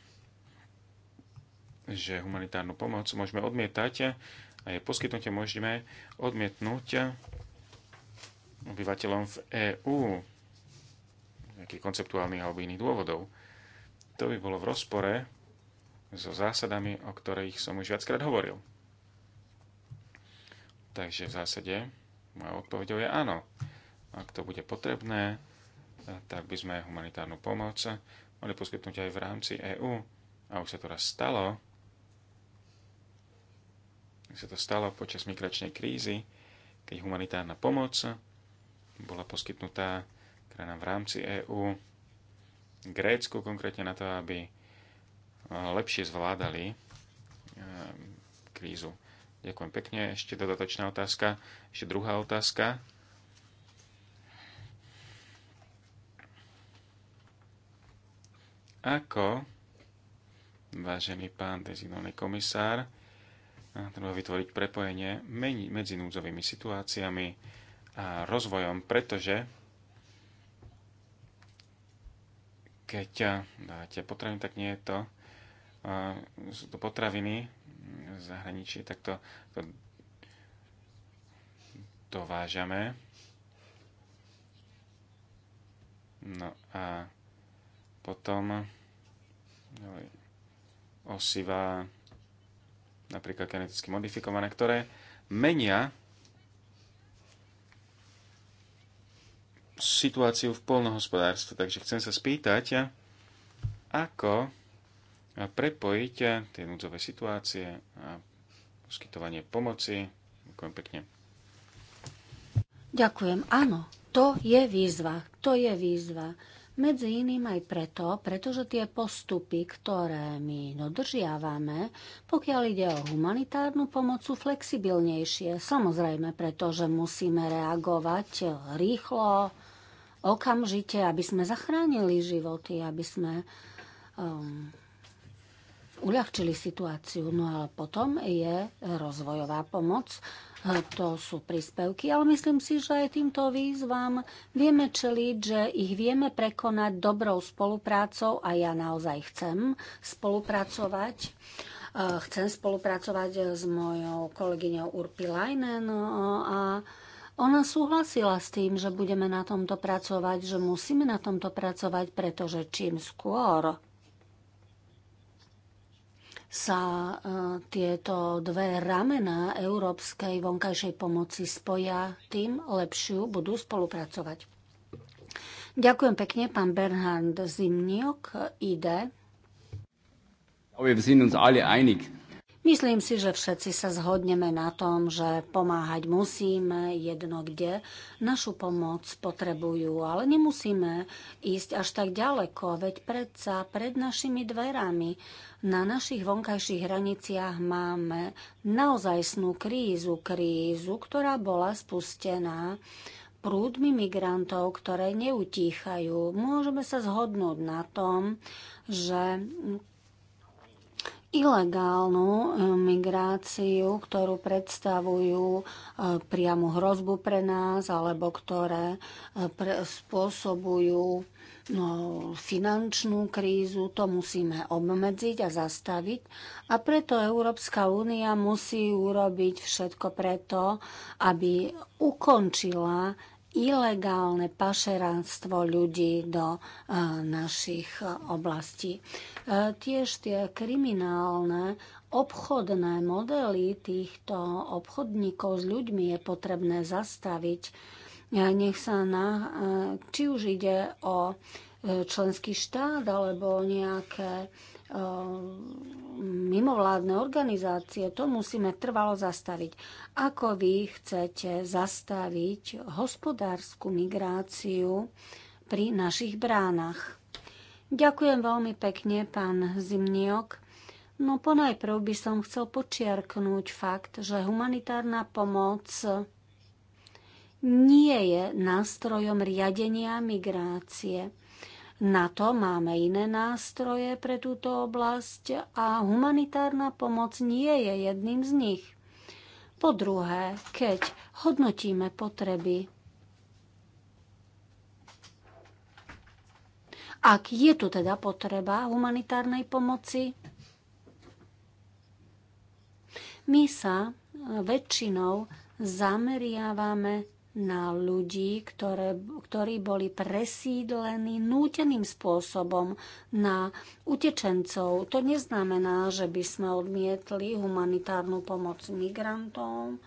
že humanitárnu pomoc môžeme odmietať a je poskytnutie môžeme odmietnúť obyvateľom v EÚ nejakých konceptuálnych alebo iných dôvodov. To by bolo v rozpore so zásadami, o ktorých som už viackrát hovoril. Takže v zásade moja odpovedou je áno. Ak to bude potrebné, tak by sme humanitárnu pomoc mohli poskytnúť aj v rámci EÚ. A už sa to raz stalo, sa to stalo počas migračnej krízy, keď humanitárna pomoc bola poskytnutá krajinám v rámci EÚ, Grécku konkrétne na to, aby lepšie zvládali ehm, krízu Ďakujem pekne. Ešte dodatočná otázka. Ešte druhá otázka. Ako, vážený pán dezinovný komisár, treba vytvoriť prepojenie medzi núdzovými situáciami a rozvojom, pretože keď dáte potraviny, tak nie je to. Sú to potraviny, zahraničí, tak to, to dovážame. No a potom osiva napríklad geneticky modifikované, ktoré menia situáciu v polnohospodárstve. Takže chcem sa spýtať, ako prepojiť eh, tie núdzové situácie a poskytovanie pomoci. Ďakujem pekne. Ďakujem. Áno, to je výzva. To je výzva. Medzi iným aj preto, pretože tie postupy, ktoré my dodržiavame, pokiaľ ide o humanitárnu pomoc, sú flexibilnejšie. Samozrejme, pretože musíme reagovať rýchlo, okamžite, aby sme zachránili životy, aby sme um, uľahčili situáciu. No a potom je rozvojová pomoc. E, to sú príspevky, ale myslím si, že aj týmto výzvam vieme čeliť, že ich vieme prekonať dobrou spoluprácou a ja naozaj chcem spolupracovať. E, chcem spolupracovať s mojou kolegyňou Urpi Lajnen no, a ona súhlasila s tým, že budeme na tomto pracovať, že musíme na tomto pracovať, pretože čím skôr sa e, tieto dve ramena európskej vonkajšej pomoci spoja, tým lepšiu budú spolupracovať. Ďakujem pekne, pán Bernhard Zimniok, Ide. Wir sind uns alle einig, Myslím si, že všetci sa zhodneme na tom, že pomáhať musíme jedno kde. Našu pomoc potrebujú, ale nemusíme ísť až tak ďaleko, veď predsa pred našimi dverami na našich vonkajších hraniciach máme naozajstnú krízu, krízu, ktorá bola spustená prúdmi migrantov, ktoré neutíchajú. Môžeme sa zhodnúť na tom, že ilegálnu e, migráciu, ktorú predstavujú e, priamu hrozbu pre nás, alebo ktoré e, spôsobujú no, finančnú krízu, to musíme obmedziť a zastaviť. A preto Európska únia musí urobiť všetko preto, aby ukončila ilegálne pašeranstvo ľudí do e, našich e, oblastí. E, tiež tie kriminálne obchodné modely týchto obchodníkov s ľuďmi je potrebné zastaviť. Nech sa na, či už ide o členský štát alebo nejaké Ehm, mimovládne organizácie, to musíme trvalo zastaviť. Ako vy chcete zastaviť hospodárskú migráciu pri našich bránach? Ďakujem veľmi pekne, pán Zimniok. No ponajprv by som chcel počiarknúť fakt, že humanitárna pomoc nie je nástrojom riadenia migrácie. Na to máme iné nástroje pre túto oblasť a humanitárna pomoc nie je jedným z nich. Po druhé, keď hodnotíme potreby, ak je tu teda potreba humanitárnej pomoci, my sa väčšinou zameriavame na ľudí, ktoré, ktorí boli presídlení núteným spôsobom na utečencov. To neznamená, že by sme odmietli humanitárnu pomoc migrantom,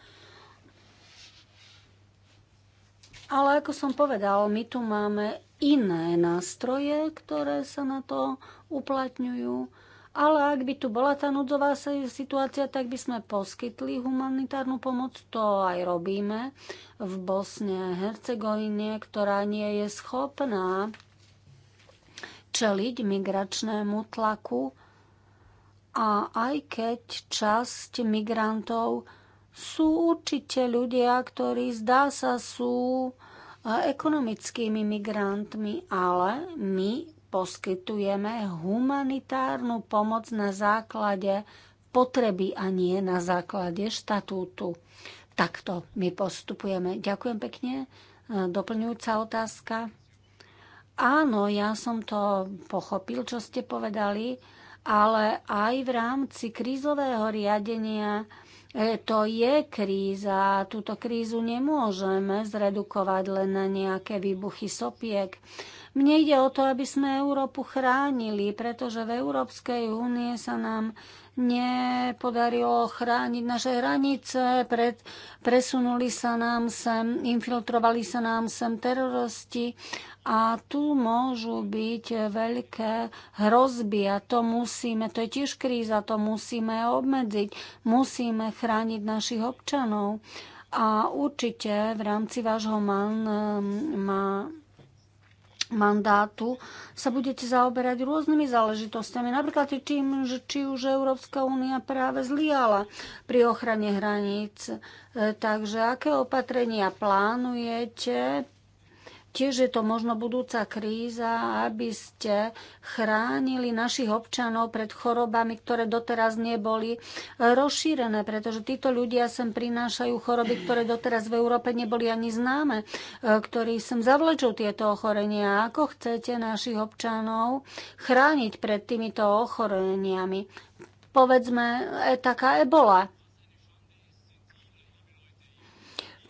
ale ako som povedal, my tu máme iné nástroje, ktoré sa na to uplatňujú ale ak by tu bola tá núdzová situácia, tak by sme poskytli humanitárnu pomoc. To aj robíme v Bosne Hercegovine, ktorá nie je schopná čeliť migračnému tlaku. A aj keď časť migrantov sú určite ľudia, ktorí zdá sa sú e, ekonomickými migrantmi, ale my poskytujeme humanitárnu pomoc na základe potreby a nie na základe štatútu. Takto my postupujeme. Ďakujem pekne. E, doplňujúca otázka. Áno, ja som to pochopil, čo ste povedali, ale aj v rámci krízového riadenia e, to je kríza. Túto krízu nemôžeme zredukovať len na nejaké výbuchy sopiek. Mne ide o to, aby sme Európu chránili, pretože v Európskej únie sa nám nepodarilo chrániť naše hranice, pred, presunuli sa nám sem, infiltrovali sa nám sem teroristi a tu môžu byť veľké hrozby a to musíme, to je tiež kríza, to musíme obmedziť, musíme chrániť našich občanov. A určite v rámci vášho man, ma, mandátu sa budete zaoberať rôznymi záležitostiami. Napríklad tým, že či už Európska únia práve zlyhala pri ochrane hraníc. E, takže aké opatrenia plánujete Tiež je to možno budúca kríza, aby ste chránili našich občanov pred chorobami, ktoré doteraz neboli rozšírené, pretože títo ľudia sem prinášajú choroby, ktoré doteraz v Európe neboli ani známe, e, ktorí sem zavlečú tieto ochorenia. Ako chcete našich občanov chrániť pred týmito ochoreniami? Povedzme, e, taká ebola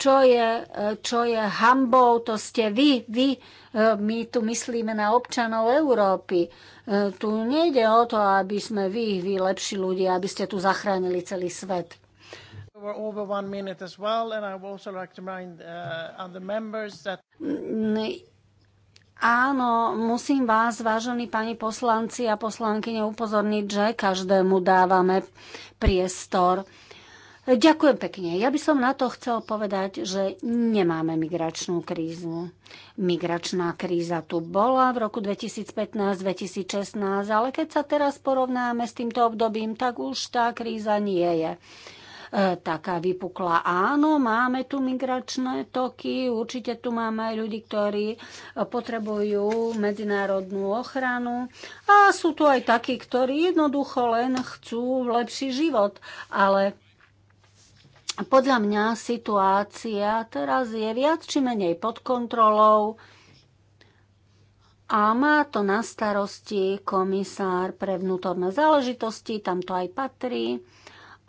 čo je, e, čo je hambou, to ste vy, vy, e, my tu myslíme na občanov Európy. E, tu nejde o to, aby sme vy, vy lepší ľudia, aby ste tu zachránili celý svet. Uh, mm, áno, musím vás, vážení pani poslanci a poslankyne, upozorniť, že každému dávame priestor. Ďakujem pekne. Ja by som na to chcel povedať, že nemáme migračnú krízu. Migračná kríza tu bola v roku 2015-2016, ale keď sa teraz porovnáme s týmto obdobím, tak už tá kríza nie je e, taká vypukla. Áno, máme tu migračné toky, určite tu máme aj ľudí, ktorí potrebujú medzinárodnú ochranu a sú tu aj takí, ktorí jednoducho len chcú lepší život, ale podľa mňa situácia teraz je viac či menej pod kontrolou a má to na starosti komisár pre vnútorné záležitosti, tam to aj patrí.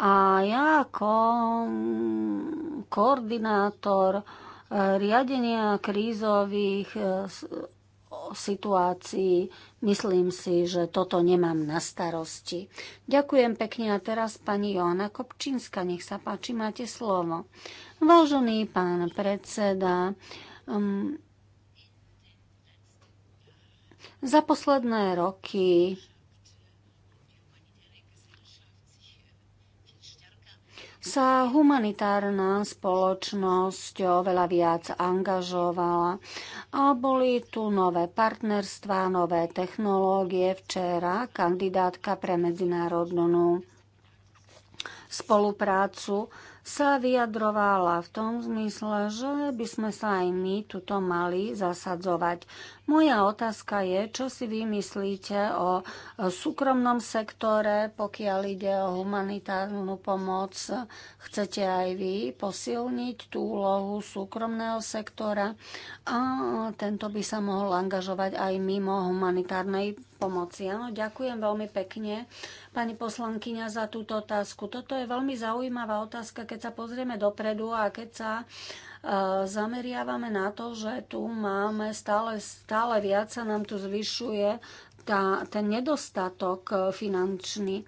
A ja ako mm, koordinátor eh, riadenia krízových eh, situácii. Myslím si, že toto nemám na starosti. Ďakujem pekne a teraz pani Joana Kopčínska, nech sa páči, máte slovo. Vážený pán predseda, um, za posledné roky sa humanitárna spoločnosť oveľa viac angažovala a boli tu nové partnerstvá, nové technológie. Včera kandidátka pre medzinárodnú spoluprácu sa vyjadrovala v tom zmysle, že by sme sa aj my tuto mali zasadzovať. Moja otázka je, čo si vymyslíte o súkromnom sektore, pokiaľ ide o humanitárnu pomoc. Chcete aj vy posilniť tú úlohu súkromného sektora a tento by sa mohol angažovať aj mimo humanitárnej pomoci. Áno, ďakujem veľmi pekne, pani poslankyňa, za túto otázku. Toto je veľmi zaujímavá otázka, keď sa pozrieme dopredu a keď sa zameriavame na to, že tu máme stále, stále viac sa nám tu zvyšuje tá, ten nedostatok e, finančný, e,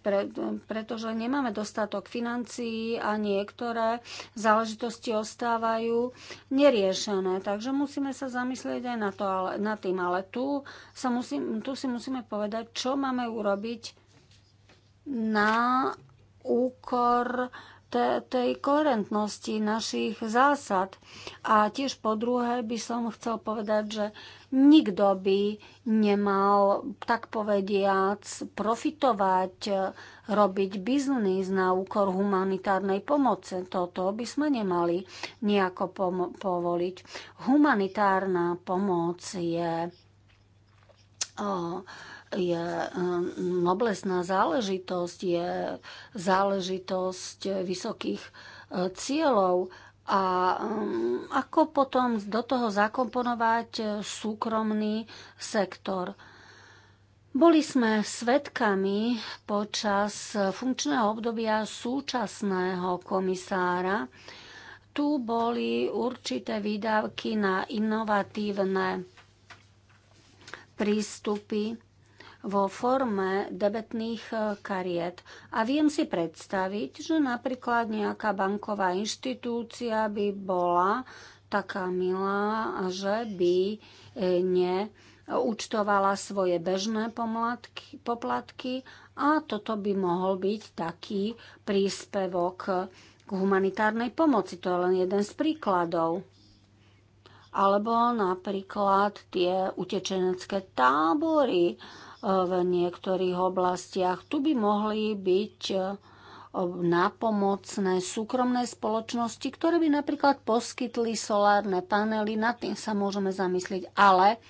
pre, pretože nemáme dostatok financií a niektoré záležitosti ostávajú neriešené. Takže musíme sa zamyslieť aj na to, ale, na tým. Ale tu, sa musí, tu si musíme povedať, čo máme urobiť na úkor tej koherentnosti našich zásad. A tiež po druhé by som chcel povedať, že nikto by nemal, tak povediac, profitovať, e, robiť biznis na úkor humanitárnej pomoci. Toto by sme nemali nejako povoliť. Humanitárna pomoc je... Oh, je um, noblesná záležitosť, je záležitosť vysokých uh, cieľov a um, ako potom do toho zakomponovať uh, súkromný sektor. Boli sme svedkami počas uh, funkčného obdobia súčasného komisára. Tu boli určité výdavky na inovatívne prístupy vo forme debetných e, kariet. A viem si predstaviť, že napríklad nejaká banková inštitúcia by bola taká milá, že by e, ne svoje bežné pomladky, poplatky a toto by mohol byť taký príspevok k humanitárnej pomoci. To je len jeden z príkladov. Alebo napríklad tie utečenecké tábory, v niektorých oblastiach. Tu by mohli byť e, nápomocné súkromné spoločnosti, ktoré by napríklad poskytli solárne panely, nad tým sa môžeme zamyslieť, ale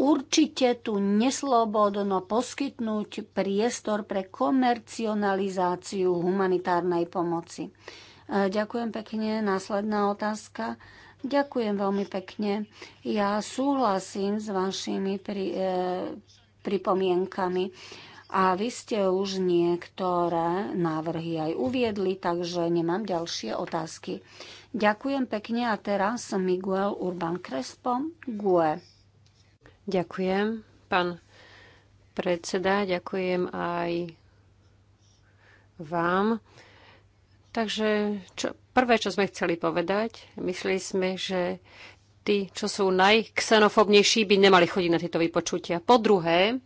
určite tu neslobodno poskytnúť priestor pre komercionalizáciu humanitárnej pomoci. E, ďakujem pekne. Následná otázka. Ďakujem veľmi pekne. Ja súhlasím s vašimi pri, e, pripomienkami. A vy ste už niektoré návrhy aj uviedli, takže nemám ďalšie otázky. Ďakujem pekne a teraz Miguel Urban Crespo, GUE. Ďakujem, pán predseda, ďakujem aj vám. Takže čo, prvé, čo sme chceli povedať, mysleli sme, že tí, čo sú najksenofobnejší, by nemali chodiť na tieto vypočutia. Po druhé,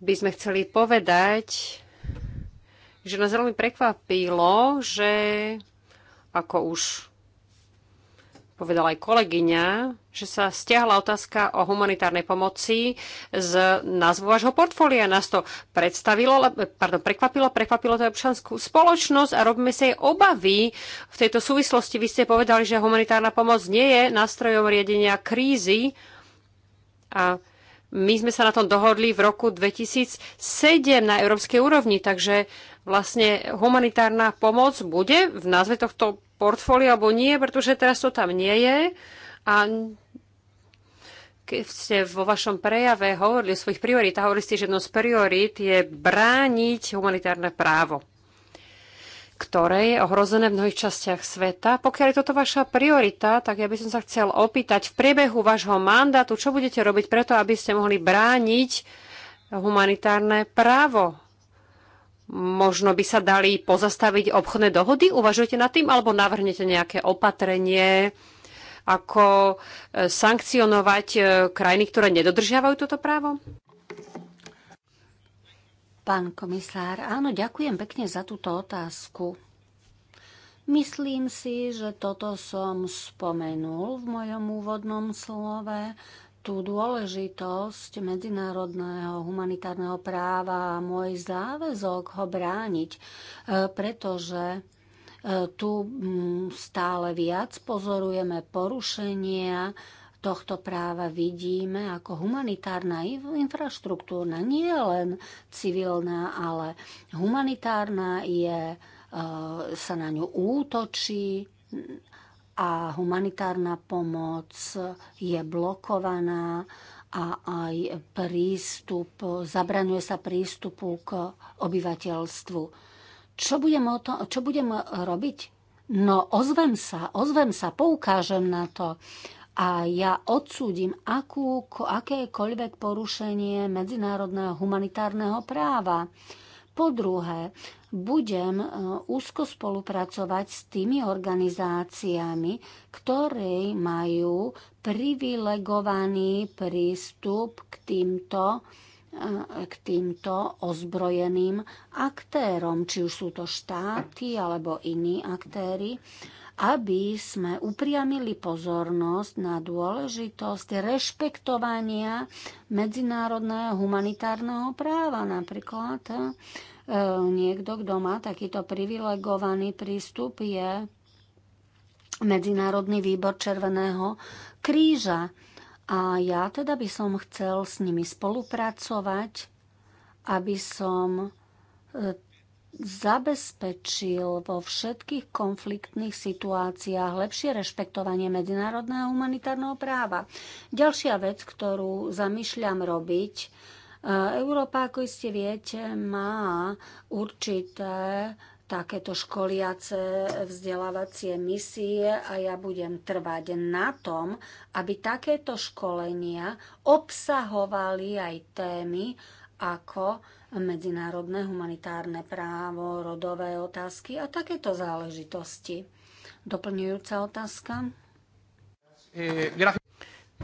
by sme chceli povedať, že nás veľmi prekvapilo, že ako už povedala aj kolegyňa, že sa stiahla otázka o humanitárnej pomoci z názvu vášho portfólia. Nás to predstavilo, pardon, prekvapilo, prekvapilo to občanskú spoločnosť a robíme sa jej obavy. V tejto súvislosti vy ste povedali, že humanitárna pomoc nie je nástrojom riadenia krízy a my sme sa na tom dohodli v roku 2007 na európskej úrovni, takže vlastne humanitárna pomoc bude v názve tohto portfólio alebo nie, pretože teraz to tam nie je. A keď ste vo vašom prejave hovorili o svojich prioritách, hovorili ste, že jedno z priorit je brániť humanitárne právo, ktoré je ohrozené v mnohých častiach sveta. Pokiaľ je toto vaša priorita, tak ja by som sa chcel opýtať v priebehu vášho mandátu, čo budete robiť preto, aby ste mohli brániť humanitárne právo možno by sa dali pozastaviť obchodné dohody? Uvažujete nad tým alebo navrhnete nejaké opatrenie, ako e, sankcionovať e, krajiny, ktoré nedodržiavajú toto právo? Pán komisár, áno, ďakujem pekne za túto otázku. Myslím si, že toto som spomenul v mojom úvodnom slove tú dôležitosť medzinárodného humanitárneho práva a môj záväzok ho brániť, e, pretože e, tu mm, stále viac pozorujeme porušenia tohto práva vidíme ako humanitárna infraštruktúra, nie len civilná, ale humanitárna je, e, sa na ňu útočí a humanitárna pomoc je blokovaná a aj prístup, zabraňuje sa prístupu k obyvateľstvu. Čo budem, o to, čo budem robiť? No ozvem sa, ozvem sa, poukážem na to a ja odsúdim akú, akékoľvek porušenie medzinárodného humanitárneho práva. Po druhé, budem e, úzko spolupracovať s tými organizáciami, ktoré majú privilegovaný prístup k týmto e, k týmto ozbrojeným aktérom, či už sú to štáty alebo iní aktéry aby sme upriamili pozornosť na dôležitosť rešpektovania medzinárodného humanitárneho práva. Napríklad e, niekto, kto má takýto privilegovaný prístup, je Medzinárodný výbor Červeného kríža. A ja teda by som chcel s nimi spolupracovať, aby som e, zabezpečil vo všetkých konfliktných situáciách lepšie rešpektovanie medzinárodného humanitárneho práva. Ďalšia vec, ktorú zamýšľam robiť, e, Európa, ako iste viete, má určité takéto školiace vzdelávacie misie a ja budem trvať na tom, aby takéto školenia obsahovali aj témy, ako medzinárodné humanitárne právo, rodové otázky a takéto záležitosti. Doplňujúca otázka. Eh,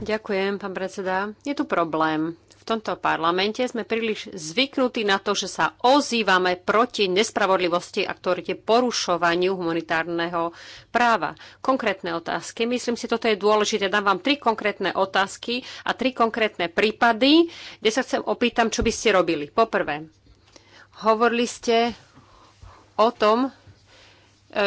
Ďakujem, pán predseda. Je tu problém tomto parlamente sme príliš zvyknutí na to, že sa ozývame proti nespravodlivosti a ktorite porušovaniu humanitárneho práva. Konkrétne otázky. Myslím si, toto je dôležité. Dám vám tri konkrétne otázky a tri konkrétne prípady, kde sa chcem opýtam, čo by ste robili. Poprvé, hovorili ste o tom,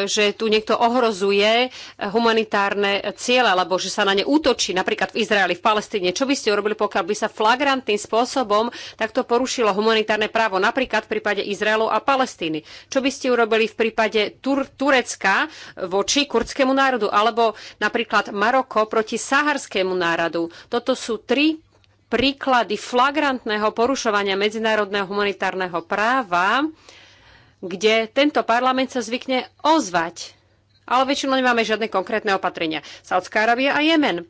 že tu niekto ohrozuje humanitárne ciele, alebo že sa na ne útočí, napríklad v Izraeli, v Palestíne. Čo by ste urobili, pokiaľ by sa flagrantným spôsobom takto porušilo humanitárne právo, napríklad v prípade Izraelu a Palestíny? Čo by ste urobili v prípade Tur- Turecka voči kurdskému národu, alebo napríklad Maroko proti saharskému národu? Toto sú tri príklady flagrantného porušovania medzinárodného humanitárneho práva, kde tento parlament sa zvykne ozvať. Ale väčšinou nemáme žiadne konkrétne opatrenia. Saudská Arábia a Jemen.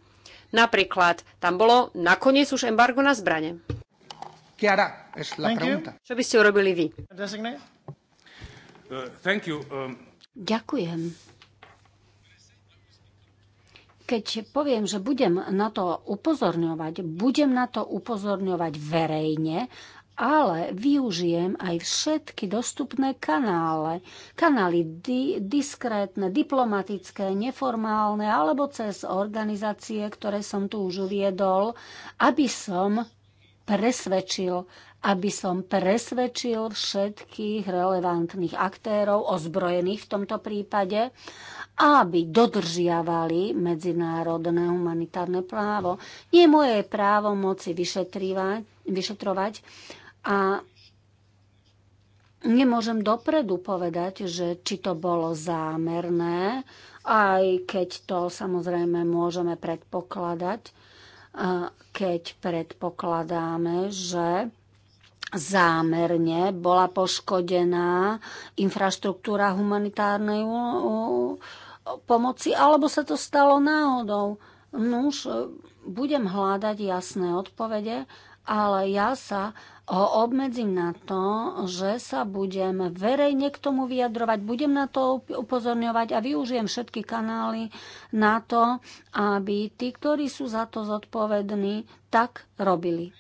Napríklad, tam bolo nakoniec už embargo na zbrane. Čo by ste urobili vy? Uh, um, Ďakujem. Keď poviem, že budem na to upozorňovať, budem na to upozorňovať verejne ale využijem aj všetky dostupné kanále. Kanály di- diskrétne, diplomatické, neformálne alebo cez organizácie, ktoré som tu už uviedol, aby som presvedčil, aby som presvedčil všetkých relevantných aktérov, ozbrojených v tomto prípade, aby dodržiavali medzinárodné humanitárne právo. Nie moje právo moci vyšetrovať, a nemôžem dopredu povedať, že či to bolo zámerné, aj keď to samozrejme môžeme predpokladať, keď predpokladáme, že zámerne bola poškodená infraštruktúra humanitárnej pomoci, alebo sa to stalo náhodou. Nuž, budem hľadať jasné odpovede ale ja sa ho obmedzím na to, že sa budem verejne k tomu vyjadrovať, budem na to upozorňovať a využijem všetky kanály na to, aby tí, ktorí sú za to zodpovední, tak robili.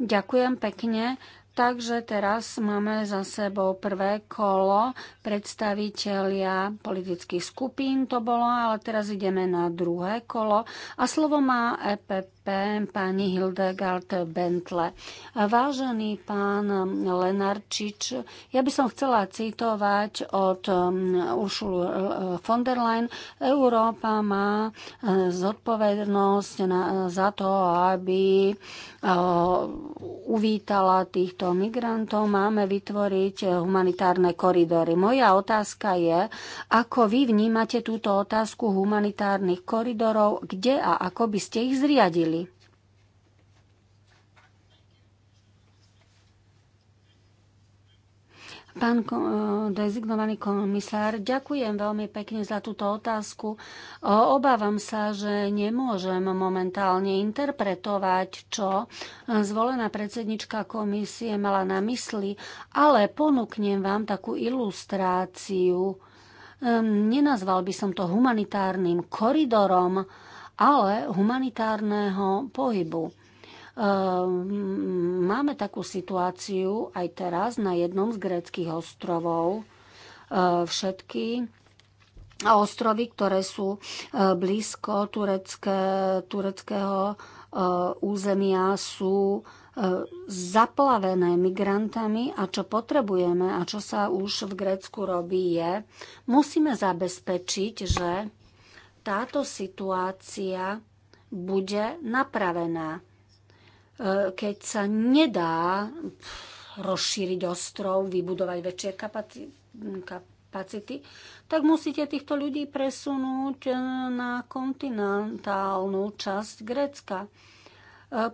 Ďakujem pekne. Takže teraz máme za sebou prvé kolo predstavitelia politických skupín to bolo, ale teraz ideme na druhé kolo a slovo má EPP EPP pani Hildegard Bentle. Vážený pán Lenarčič, ja by som chcela citovať od um, Ursulu uh, von der Leyen. Európa má uh, zodpovednosť za to, aby uh, uvítala týchto migrantov. Máme vytvoriť humanitárne koridory. Moja otázka je, ako vy vnímate túto otázku humanitárnych koridorov, kde a ako by ste ich zriadili? Pán e, dezignovaný komisár, ďakujem veľmi pekne za túto otázku. Obávam sa, že nemôžem momentálne interpretovať, čo zvolená predsednička komisie mala na mysli, ale ponúknem vám takú ilustráciu. Nenazval by som to humanitárnym koridorom, ale humanitárneho pohybu Ehm, máme takú situáciu aj teraz na jednom z gréckých ostrovov. Ehm, všetky ostrovy, ktoré sú e, blízko turecké, tureckého e, územia, sú e, zaplavené migrantami a čo potrebujeme a čo sa už v Grécku robí je, musíme zabezpečiť, že táto situácia bude napravená. E, keď sa nedá rozšíriť ostrov, vybudovať väčšie kapacity, tak musíte týchto ľudí presunúť e, na kontinentálnu časť Grécka. E,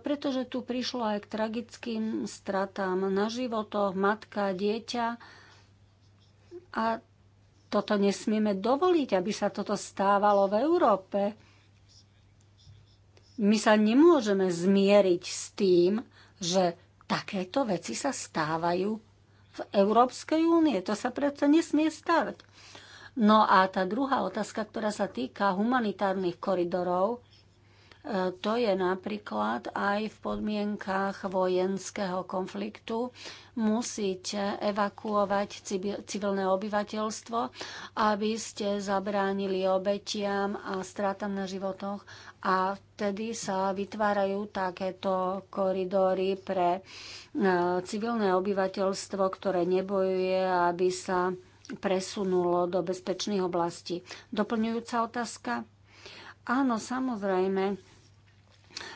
pretože tu prišlo aj k tragickým stratám na životoch matka, dieťa a toto nesmieme dovoliť, aby sa toto stávalo v Európe. My sa nemôžeme zmieriť s tým, že takéto veci sa stávajú v Európskej únie. To sa predsa nesmie stávať. No a tá druhá otázka, ktorá sa týka humanitárnych koridorov, e, to je napríklad aj v podmienkach vojenského konfliktu. Musíte evakuovať civilné obyvateľstvo, aby ste zabránili obetiam a stratám na životoch a vtedy sa vytvárajú takéto koridory pre e, civilné obyvateľstvo, ktoré nebojuje, aby sa presunulo do bezpečných oblastí. Doplňujúca otázka? Áno, samozrejme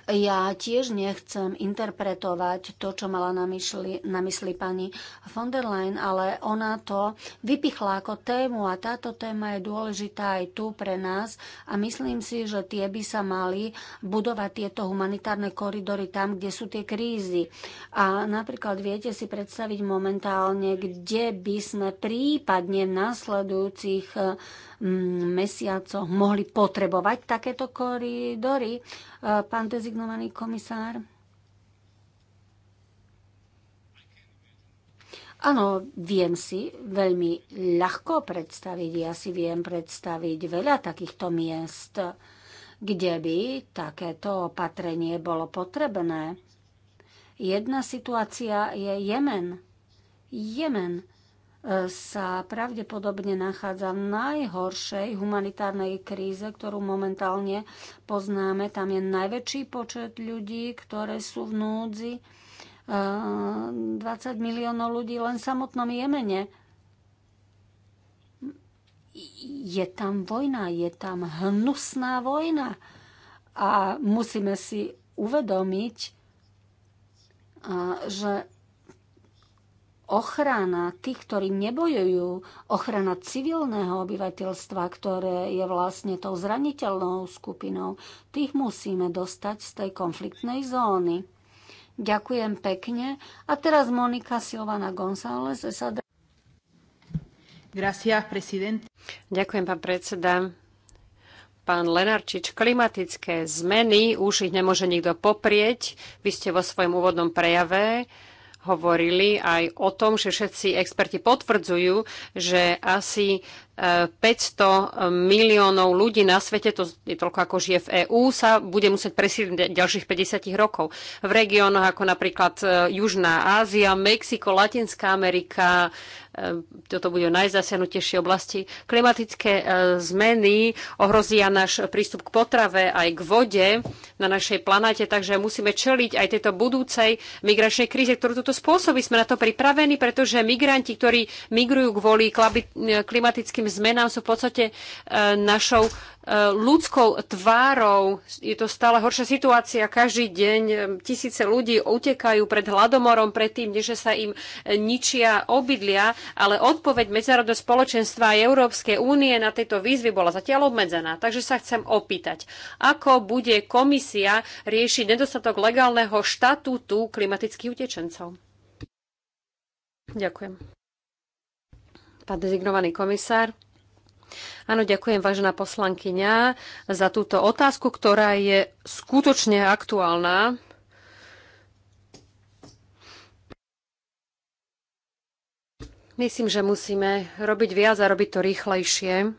ja tiež nechcem interpretovať to, čo mala na mysli, na mysli pani von der Leyen, ale ona to vypichla ako tému a táto téma je dôležitá aj tu pre nás a myslím si, že tie by sa mali budovať tieto humanitárne koridory tam, kde sú tie krízy. A napríklad viete si predstaviť momentálne, kde by sme prípadne v následujúcich Mm, mesiacoch mohli potrebovať takéto koridory. E, pán dezignovaný komisár. Áno, viem si veľmi ľahko predstaviť, ja si viem predstaviť veľa takýchto miest, kde by takéto opatrenie bolo potrebné. Jedna situácia je Jemen. Jemen sa pravdepodobne nachádza v najhoršej humanitárnej kríze, ktorú momentálne poznáme. Tam je najväčší počet ľudí, ktoré sú v núdzi. 20 eh, miliónov ľudí len v samotnom Jemene. Je tam vojna, je tam hnusná vojna. A musíme si uvedomiť, eh, že ochrana tých, ktorí nebojujú, ochrana civilného obyvateľstva, ktoré je vlastne tou zraniteľnou skupinou, tých musíme dostať z tej konfliktnej zóny. Ďakujem pekne. A teraz Monika Silvana González, Gracias, president. Ďakujem, pán predseda. Pán Lenarčič, klimatické zmeny, už ich nemôže nikto poprieť. Vy ste vo svojom úvodnom prejave hovorili aj o tom, že všetci experti potvrdzujú, že asi 500 miliónov ľudí na svete, to je toľko ako žije v EÚ, sa bude musieť presídliť ďalších 50 rokov. V regiónoch ako napríklad e, Južná Ázia, Mexiko, Latinská Amerika, e, toto bude najzasiahnutejšie oblasti. Klimatické e, zmeny ohrozia náš prístup k potrave aj k vode na našej planáte, takže musíme čeliť aj tejto budúcej migračnej kríze, ktorú toto spôsobí. Sme na to pripravení, pretože migranti, ktorí migrujú kvôli klimatickým zmenám sú v podstate e, našou e, ľudskou tvárou. Je to stále horšia situácia. Každý deň e, tisíce ľudí utekajú pred hladomorom, pred tým, že sa im ničia obydlia, ale odpoveď medzinárodného spoločenstva a Európskej únie na tejto výzvy bola zatiaľ obmedzená. Takže sa chcem opýtať, ako bude komisia riešiť nedostatok legálneho štatútu klimatických utečencov? Ďakujem pán dezignovaný komisár. Áno, ďakujem, vážená poslankyňa, za túto otázku, ktorá je skutočne aktuálna. Myslím, že musíme robiť viac a robiť to rýchlejšie.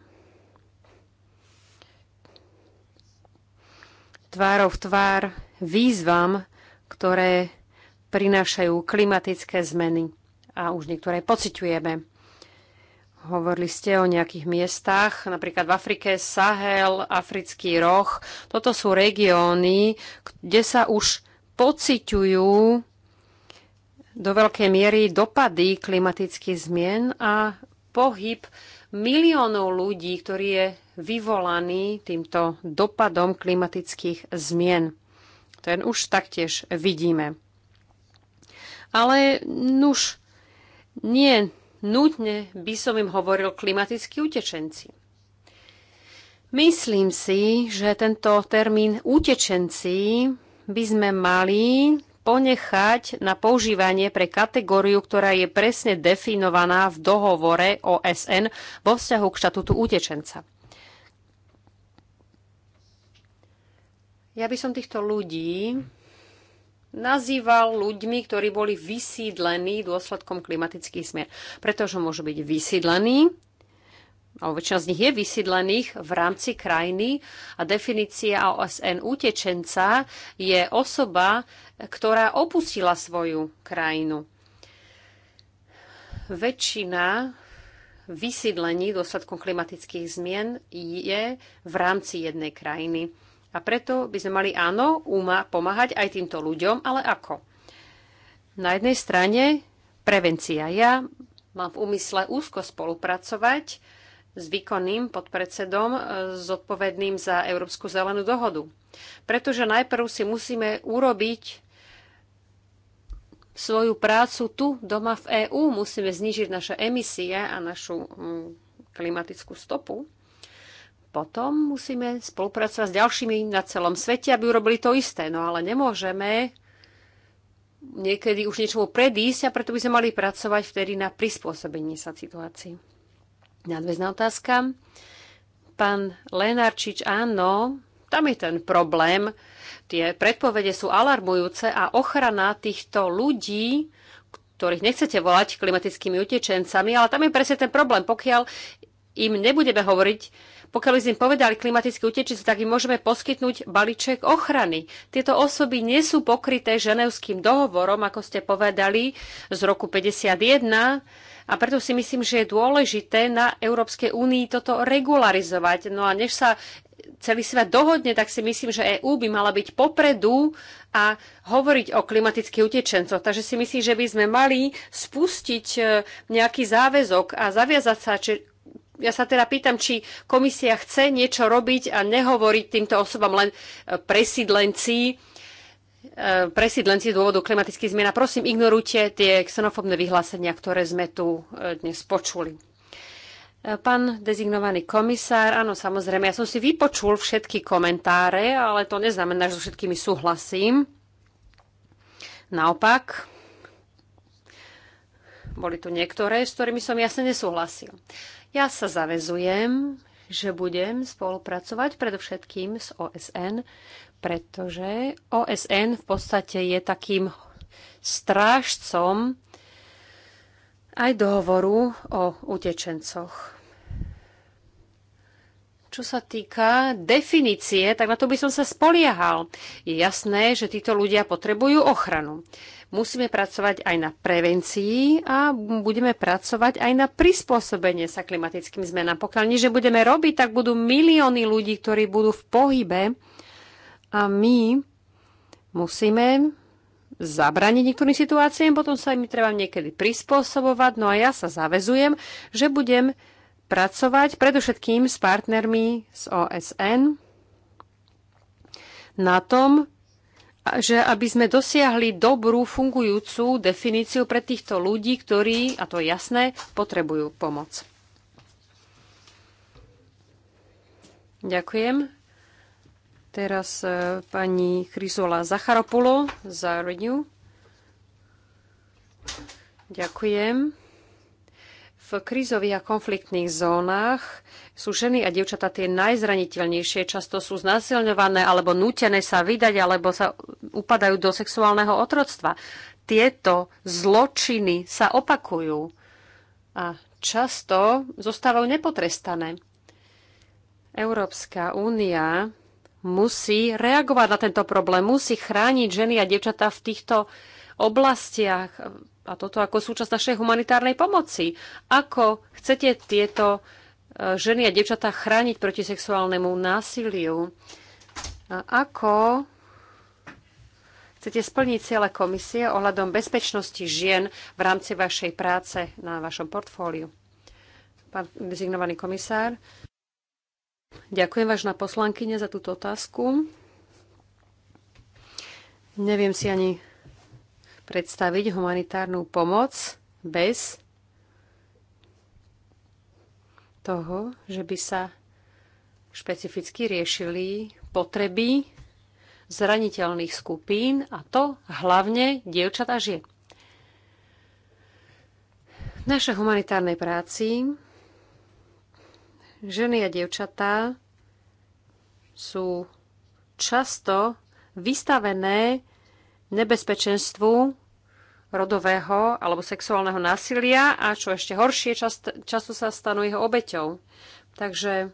Tvárov tvár výzvam, ktoré prinášajú klimatické zmeny. A už niektoré pociťujeme. Hovorili ste o nejakých miestach, napríklad v Afrike Sahel, Africký roh. Toto sú regióny, kde sa už pociťujú do veľkej miery dopady klimatických zmien a pohyb miliónov ľudí, ktorý je vyvolaný týmto dopadom klimatických zmien. Ten už taktiež vidíme. Ale nuž, nie Nutne by som im hovoril klimatickí utečenci. Myslím si, že tento termín utečenci by sme mali ponechať na používanie pre kategóriu, ktorá je presne definovaná v dohovore OSN vo vzťahu k štatutu utečenca. Ja by som týchto ľudí nazýval ľuďmi, ktorí boli vysídlení dôsledkom klimatických zmien. Pretože môžu byť vysídlení, a väčšina z nich je vysídlených v rámci krajiny a definícia OSN utečenca je osoba, ktorá opustila svoju krajinu. Väčšina vysídlení dôsledkom klimatických zmien je v rámci jednej krajiny. A preto by sme mali áno, úma pomáhať aj týmto ľuďom, ale ako? Na jednej strane prevencia. Ja mám v úmysle úzko spolupracovať s výkonným podpredsedom e, zodpovedným za Európsku zelenú dohodu. Pretože najprv si musíme urobiť svoju prácu tu, doma v EÚ. Musíme znižiť naše emisie a našu mm, klimatickú stopu potom musíme spolupracovať s ďalšími na celom svete, aby urobili to isté. No ale nemôžeme niekedy už niečomu predísť a preto by sme mali pracovať vtedy na prispôsobení sa situácii. Nadväzná otázka. Pán Lenarčič, áno, tam je ten problém. Tie predpovede sú alarmujúce a ochrana týchto ľudí, ktorých nechcete volať klimatickými utečencami, ale tam je presne ten problém. Pokiaľ im nebudeme hovoriť, pokiaľ by sme povedali klimatickí utečenci, tak im môžeme poskytnúť balíček ochrany. Tieto osoby nie sú pokryté ženevským dohovorom, ako ste povedali, z roku 51. A preto si myslím, že je dôležité na Európskej únii toto regularizovať. No a než sa celý svet dohodne, tak si myslím, že EÚ by mala byť popredu a hovoriť o klimatických utečencoch. Takže si myslím, že by sme mali spustiť e, nejaký záväzok a zaviazať sa či ja sa teda pýtam, či komisia chce niečo robiť a nehovoriť týmto osobám len e, presídlenci, e, presídlenci z dôvodu klimatických zmien. A prosím, ignorujte tie xenofobné vyhlásenia, ktoré sme tu e, dnes počuli. Pán dezignovaný komisár, áno, samozrejme, ja som si vypočul všetky komentáre, ale to neznamená, že so všetkými súhlasím. Naopak, boli tu niektoré, s ktorými som jasne nesúhlasil. Ja sa zavezujem, že budem spolupracovať predovšetkým s OSN, pretože OSN v podstate je takým strážcom aj dohovoru o utečencoch. Čo sa týka definície, tak na to by som sa spoliehal. Je jasné, že títo ľudia potrebujú ochranu. Musíme pracovať aj na prevencii a budeme pracovať aj na prispôsobenie sa klimatickým zmenám. Pokiaľ nič budeme robiť, tak budú milióny ľudí, ktorí budú v pohybe a my musíme zabrániť niektorým situáciám, potom sa im treba niekedy prispôsobovať. No a ja sa zavezujem, že budem pracovať, predovšetkým s partnermi z OSN, na tom, že aby sme dosiahli dobrú, fungujúcu definíciu pre týchto ľudí, ktorí, a to je jasné, potrebujú pomoc. Ďakujem. Teraz e, pani Chrysola Zacharopulo za Renew. Ďakujem. V krízových a konfliktných zónach sú ženy a dievčatá tie najzraniteľnejšie. Často sú znásilňované alebo nútené sa vydať alebo sa upadajú do sexuálneho otroctva. Tieto zločiny sa opakujú a často zostávajú nepotrestané. Európska únia musí reagovať na tento problém, musí chrániť ženy a dievčatá v týchto oblastiach, a toto ako súčasť našej humanitárnej pomoci. Ako chcete tieto e, ženy a devčatá chrániť proti sexuálnemu násiliu? A ako chcete splniť cieľe komisie ohľadom bezpečnosti žien v rámci vašej práce na vašom portfóliu? Pán dezignovaný komisár. Ďakujem vážna poslankyne za túto otázku. Neviem si ani predstaviť humanitárnu pomoc bez toho, že by sa špecificky riešili potreby zraniteľných skupín a to hlavne dievčat a žien. V našej humanitárnej práci ženy a dievčatá sú často vystavené nebezpečenstvu rodového alebo sexuálneho násilia a čo ešte horšie, čast, často sa stanú jeho obeťou. Takže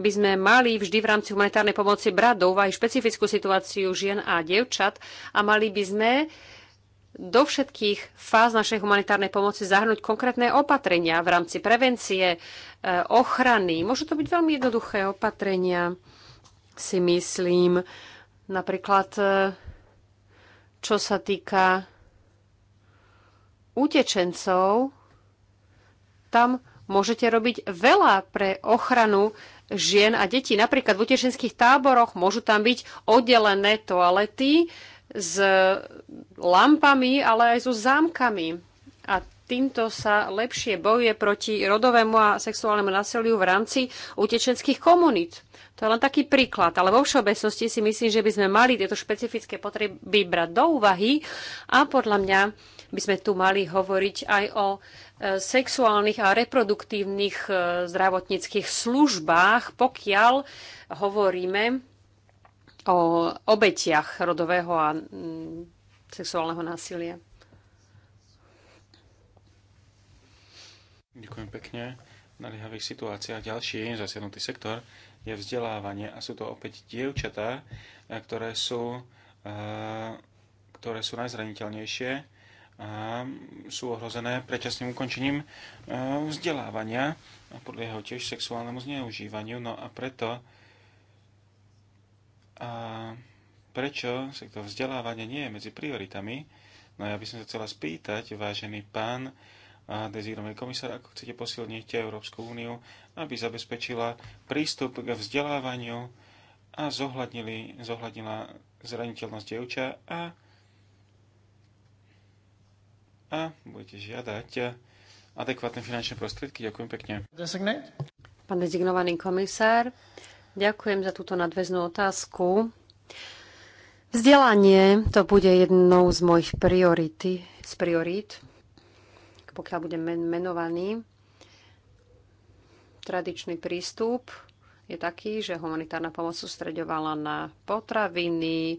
by sme mali vždy v rámci humanitárnej pomoci brať do úvahy špecifickú situáciu žien a dievčat a mali by sme do všetkých fáz našej humanitárnej pomoci zahrnúť konkrétne opatrenia v rámci prevencie, e, ochrany. Môžu to byť veľmi jednoduché opatrenia, si myslím. Napríklad e, čo sa týka utečencov, tam môžete robiť veľa pre ochranu žien a detí. Napríklad v utečenských táboroch môžu tam byť oddelené toalety s lampami, ale aj so zámkami. A týmto sa lepšie bojuje proti rodovému a sexuálnemu násiliu v rámci utečenských komunít. To je len taký príklad, ale vo všeobecnosti si myslím, že by sme mali tieto špecifické potreby brať do úvahy a podľa mňa by sme tu mali hovoriť aj o e, sexuálnych a reproduktívnych e, zdravotníckých službách, pokiaľ hovoríme o obetiach rodového a mm, sexuálneho násilia. Ďakujem pekne. naliehavých situáciách ďalší zasiahnutý sektor je vzdelávanie a sú to opäť dievčatá, e, ktoré sú, e, ktoré sú najzraniteľnejšie a sú ohrozené predčasným ukončením e, vzdelávania a jeho tiež sexuálnemu zneužívaniu. No a preto a prečo to vzdelávanie nie je medzi prioritami? No ja by som sa chcela spýtať, vážený pán, a dezírový komisár, ako chcete posilniť Európsku úniu, aby zabezpečila prístup k vzdelávaniu a zohľadnila zraniteľnosť dievča a, a budete žiadať adekvátne finančné prostriedky. Ďakujem pekne. Pán dezignovaný komisár, ďakujem za túto nadväznú otázku. Vzdelanie to bude jednou z mojich priority, z priorít pokiaľ budem menovaný. Tradičný prístup je taký, že humanitárna pomoc sústreďovala na potraviny, eh,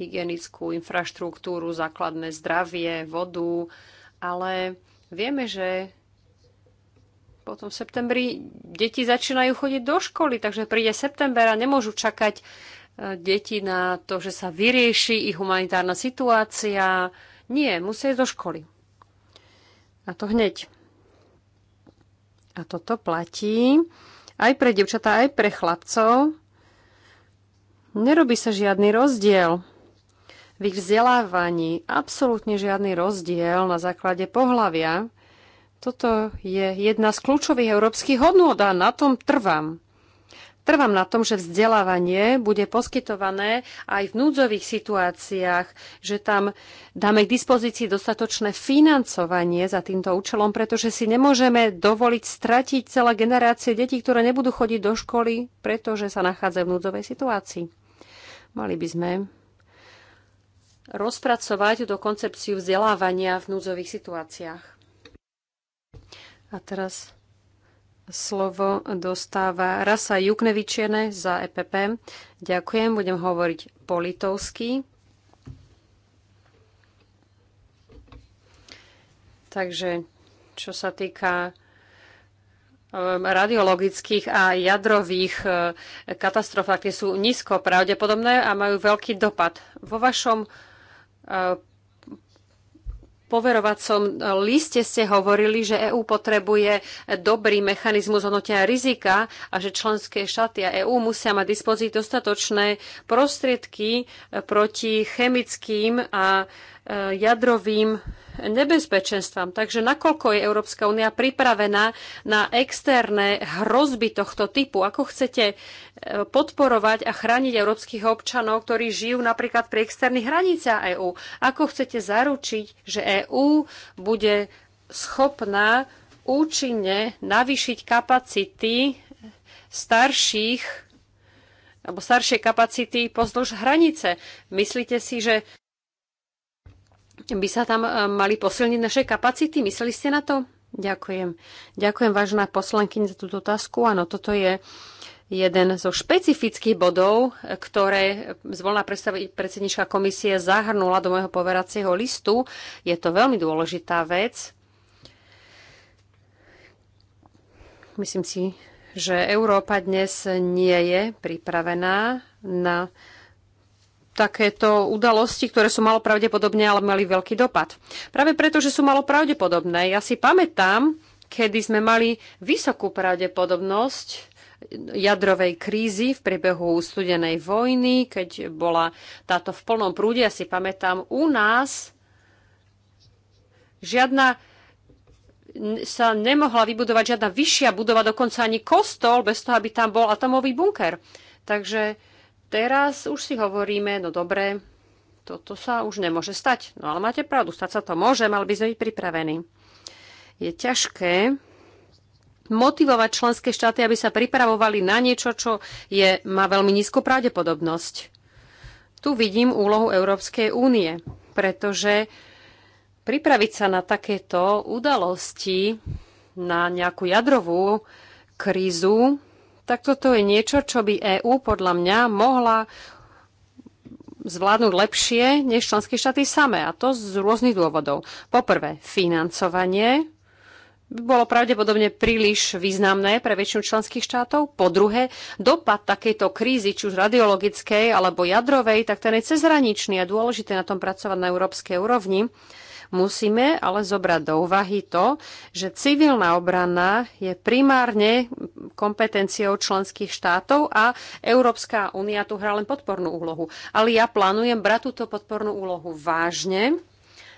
hygienickú infraštruktúru, základné zdravie, vodu, ale vieme, že potom v septembri deti začínajú chodiť do školy, takže príde september a nemôžu čakať eh, deti na to, že sa vyrieši ich humanitárna situácia. Nie, musia ísť do školy. A to hneď. A toto platí aj pre devčatá, aj pre chlapcov. Nerobí sa žiadny rozdiel. V ich vzdelávaní absolútne žiadny rozdiel na základe pohlavia. Toto je jedna z kľúčových európskych hodnôt a na tom trvám. Trvám na tom, že vzdelávanie bude poskytované aj v núdzových situáciách, že tam dáme k dispozícii dostatočné financovanie za týmto účelom, pretože si nemôžeme dovoliť stratiť celé generácie detí, ktoré nebudú chodiť do školy, pretože sa nachádzajú v núdzovej situácii. Mali by sme rozpracovať do koncepciu vzdelávania v núdzových situáciách. A teraz Slovo dostáva Rasa Juknevičene za EPP. Ďakujem, budem hovoriť po litovsky. Takže čo sa týka eh, radiologických a jadrových eh, katastrof, tie sú nízko pravdepodobné a majú veľký dopad. Vo vašom eh, poverovacom liste ste hovorili, že EÚ potrebuje dobrý mechanizmus hodnotenia rizika a že členské štáty a EÚ musia mať dispozíť dostatočné prostriedky proti chemickým a jadrovým nebezpečenstvám. Takže nakoľko je Európska únia pripravená na externé hrozby tohto typu? Ako chcete e, podporovať a chrániť európskych občanov, ktorí žijú napríklad pri externých hraniciach EÚ? Ako chcete zaručiť, že EÚ bude schopná účinne navýšiť kapacity starších alebo staršie kapacity pozdĺž hranice. Myslíte si, že by sa tam e, mali posilniť naše kapacity. Mysleli ste na to? Ďakujem. Ďakujem, vážená poslankyň, za túto otázku. Áno, toto je jeden zo špecifických bodov, ktoré zvolná predsednička komisie zahrnula do môjho poveracieho listu. Je to veľmi dôležitá vec. Myslím si, že Európa dnes nie je pripravená na takéto udalosti, ktoré sú malo pravdepodobné, ale mali veľký dopad. Práve preto, že sú malo pravdepodobné. Ja si pamätám, kedy sme mali vysokú pravdepodobnosť jadrovej krízy v priebehu studenej vojny, keď bola táto v plnom prúde. Ja si pamätám, u nás žiadna sa nemohla vybudovať žiadna vyššia budova, dokonca ani kostol, bez toho, aby tam bol atomový bunker. Takže Teraz už si hovoríme, no dobre, toto sa už nemôže stať. No ale máte pravdu, stať sa to môže, mal by sme byť pripravení. Je ťažké motivovať členské štáty, aby sa pripravovali na niečo, čo je, má veľmi nízku pravdepodobnosť. Tu vidím úlohu Európskej únie, pretože pripraviť sa na takéto udalosti, na nejakú jadrovú krízu, tak toto je niečo, čo by EÚ podľa mňa mohla zvládnuť lepšie než členské štáty samé, a to z rôznych dôvodov. Poprvé, financovanie by bolo pravdepodobne príliš významné pre väčšinu členských štátov. Po druhé, dopad takejto krízy, či už radiologickej alebo jadrovej, tak ten je cezhraničný a dôležité na tom pracovať na európskej úrovni. Musíme ale zobrať do úvahy to, že civilná obrana je primárne kompetenciou členských štátov a Európska únia tu hrá len podpornú úlohu. Ale ja plánujem brať túto podpornú úlohu vážne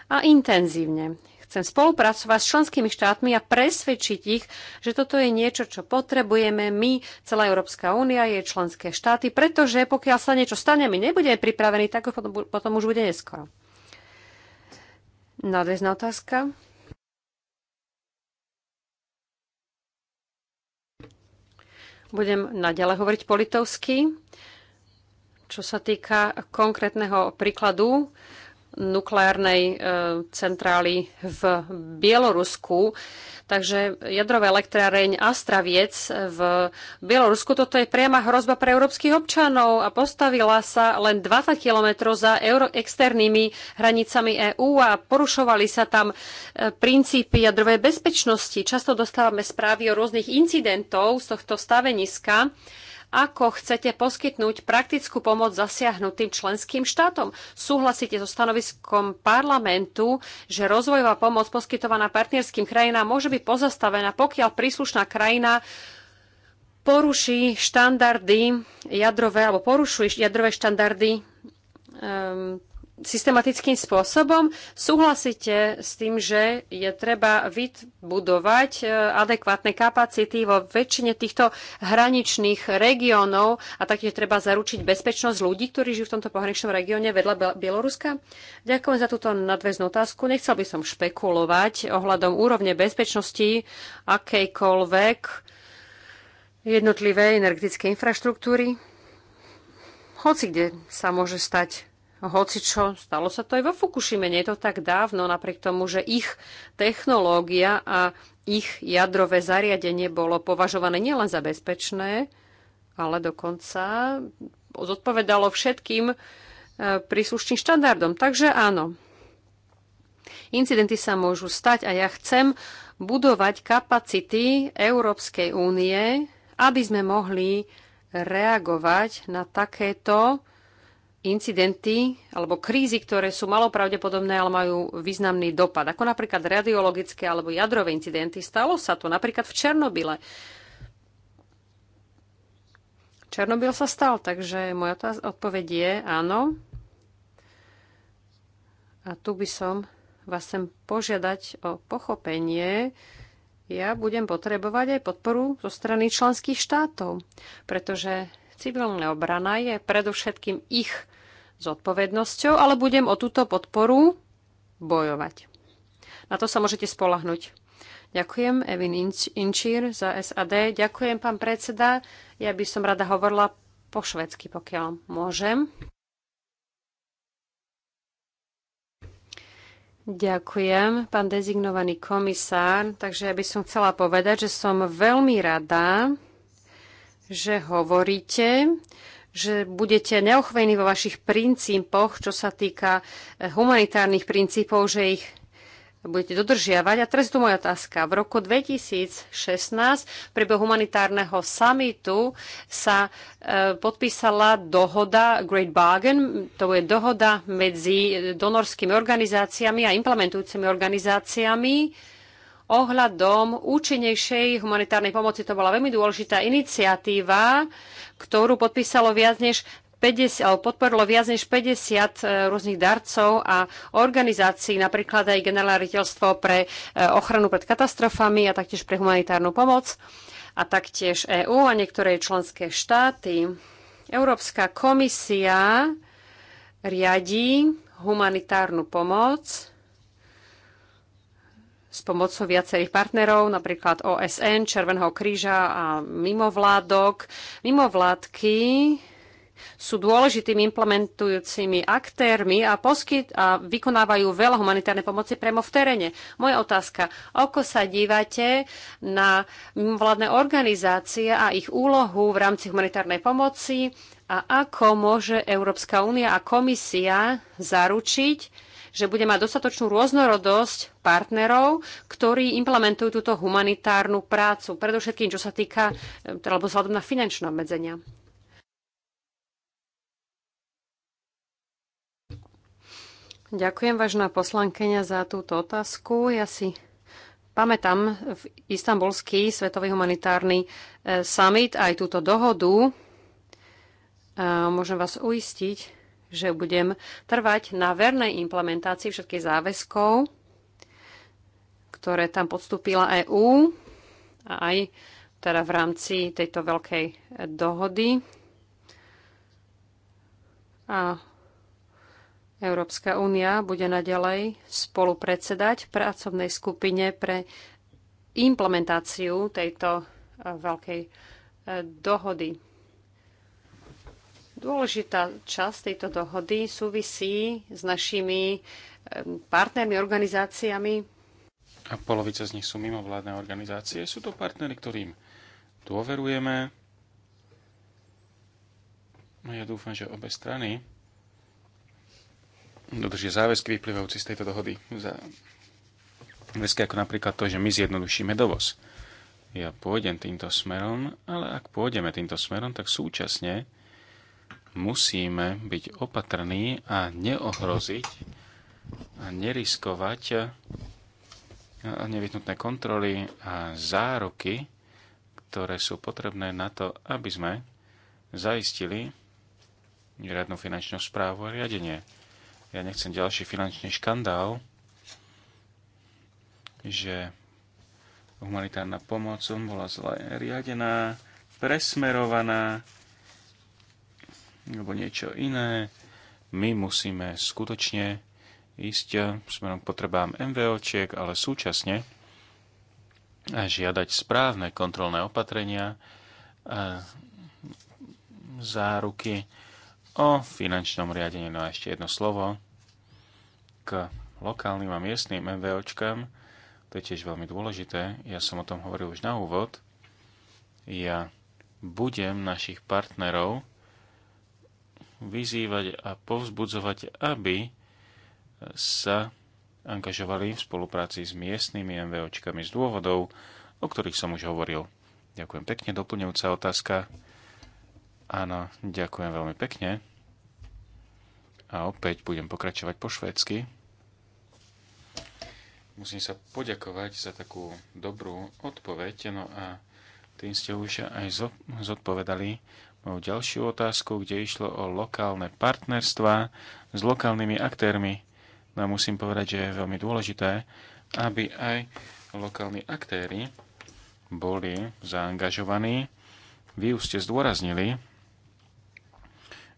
a intenzívne. Chcem spolupracovať s členskými štátmi a presvedčiť ich, že toto je niečo, čo potrebujeme my, celá Európska únia, jej členské štáty, pretože pokiaľ sa niečo stane, my nebudeme pripravení, tak potom, už bude neskoro. Nadležná otázka. Budem naďalej hovoriť politovsky, Čo sa týka konkrétneho príkladu nukleárnej e, centrály v Bielorusku. Takže jadrová elektráreň Astraviec v Bielorusku, toto je priama hrozba pre európskych občanov a postavila sa len 20 kilometrov za euro- externými hranicami EÚ a porušovali sa tam e, princípy jadrovej bezpečnosti. Často dostávame správy o rôznych incidentov z tohto staveniska. Ako chcete poskytnúť praktickú pomoc zasiahnutým členským štátom? Súhlasíte so stanoviskom parlamentu, že rozvojová pomoc poskytovaná partnerským krajinám môže byť pozastavená, pokiaľ príslušná krajina poruší štandardy jadrové alebo porušuje jadrové štandardy um, systematickým spôsobom. Súhlasíte s tým, že je treba vybudovať e, adekvátne kapacity vo väčšine týchto hraničných regiónov a taktiež treba zaručiť bezpečnosť ľudí, ktorí žijú v tomto pohraničnom regióne vedľa Bieloruska? Ďakujem za túto nadväznú otázku. Nechcel by som špekulovať ohľadom úrovne bezpečnosti akejkoľvek jednotlivé energetické infraštruktúry. Hoci kde sa môže stať hoci čo, stalo sa to aj vo Fukushime, nie je to tak dávno, napriek tomu, že ich technológia a ich jadrové zariadenie bolo považované nielen za bezpečné, ale dokonca zodpovedalo všetkým e, príslušným štandardom. Takže áno, incidenty sa môžu stať a ja chcem budovať kapacity Európskej únie, aby sme mohli reagovať na takéto incidenty alebo krízy, ktoré sú malopravdepodobné, ale majú významný dopad, ako napríklad radiologické alebo jadrové incidenty. Stalo sa to napríklad v Černobile. Černobyl sa stal, takže moja odpoveď je áno. A tu by som vás sem požiadať o pochopenie. Ja budem potrebovať aj podporu zo strany členských štátov, pretože Civilná obrana je predovšetkým ich zodpovednosťou, ale budem o túto podporu bojovať. Na to sa môžete spolahnuť. Ďakujem, Evin Inčír za SAD. Ďakujem, pán predseda. Ja by som rada hovorila po švedsky, pokiaľ môžem. Ďakujem, pán dezignovaný komisár. Takže ja by som chcela povedať, že som veľmi rada, že hovoríte, že budete neochvejní vo vašich princípoch, čo sa týka eh, humanitárnych princípov, že ich budete dodržiavať. A teraz je tu moja otázka. V roku 2016 pri humanitárneho samitu sa e, podpísala dohoda Great Bargain, to je dohoda medzi donorskými organizáciami a implementujúcimi organizáciami ohľadom účinnejšej humanitárnej pomoci. To bola veľmi dôležitá iniciatíva, ktorú podpísalo viac než 50, alebo podporilo viac než 50 e, rôznych darcov a organizácií, napríklad aj generálne pre e, ochranu pred katastrofami a taktiež pre humanitárnu pomoc a taktiež EÚ a niektoré členské štáty. Európska komisia riadí humanitárnu pomoc s pomocou viacerých partnerov, napríklad OSN, Červeného kríža a mimovládok. Mimovládky sú dôležitými implementujúcimi aktérmi a, poskyt, a vykonávajú veľa humanitárnej pomoci priamo v teréne. Moja otázka, ako sa dívate na mimovládne organizácie a ich úlohu v rámci humanitárnej pomoci a ako môže Európska únia a komisia zaručiť, že bude mať dostatočnú rôznorodosť partnerov, ktorí implementujú túto humanitárnu prácu, predovšetkým čo sa týka, e, alebo vzhľadom na finančné obmedzenia. Ďakujem, vážna poslankyňa, za túto otázku. Ja si pamätám v istambulský svetový humanitárny e, summit aj túto dohodu. môžem vás uistiť, že budem trvať na vernej implementácii všetkých záväzkov, ktoré tam podstúpila EÚ a aj teda v rámci tejto veľkej dohody. A Európska únia bude naďalej spolupredsedať pracovnej skupine pre implementáciu tejto e, veľkej e, dohody. Dôležitá časť tejto dohody súvisí s našimi partnermi, organizáciami. A polovica z nich sú mimovládne organizácie. Sú to partnery, ktorým dôverujeme. No ja dúfam, že obe strany dodržia záväzky vyplývajúci z tejto dohody. Záväzky ako napríklad to, že my zjednodušíme dovoz. Ja pôjdem týmto smerom, ale ak pôjdeme týmto smerom, tak súčasne musíme byť opatrní a neohroziť a neriskovať e, nevyhnutné kontroly a zároky, ktoré sú potrebné na to, aby sme zaistili riadnu finančnú správu a riadenie. Ja nechcem ďalší finančný škandál, že humanitárna pomoc bola zle riadená, presmerovaná, alebo niečo iné. My musíme skutočne ísť eh, smerom k potrebám MVOčiek, ale súčasne žiadať správne kontrolné opatrenia, a eh, záruky o finančnom riadení. No a ešte jedno slovo k lokálnym a miestnym MVOčkám. To je tiež veľmi dôležité. Ja som o tom hovoril už na úvod. Ja budem našich partnerov vyzývať a povzbudzovať, aby sa angažovali v spolupráci s miestnymi MVOčkami z dôvodov, o ktorých som už hovoril. Ďakujem pekne. Doplňujúca otázka. Áno, ďakujem veľmi pekne. A opäť budem pokračovať po švédsky. Musím sa poďakovať za takú dobrú odpoveď. No a tým ste už aj zodpovedali moju ďalšiu otázku, kde išlo o lokálne partnerstva s lokálnymi aktérmi. No musím povedať, že je veľmi dôležité, aby aj lokálni aktéry boli zaangažovaní. Vy už ste zdôraznili,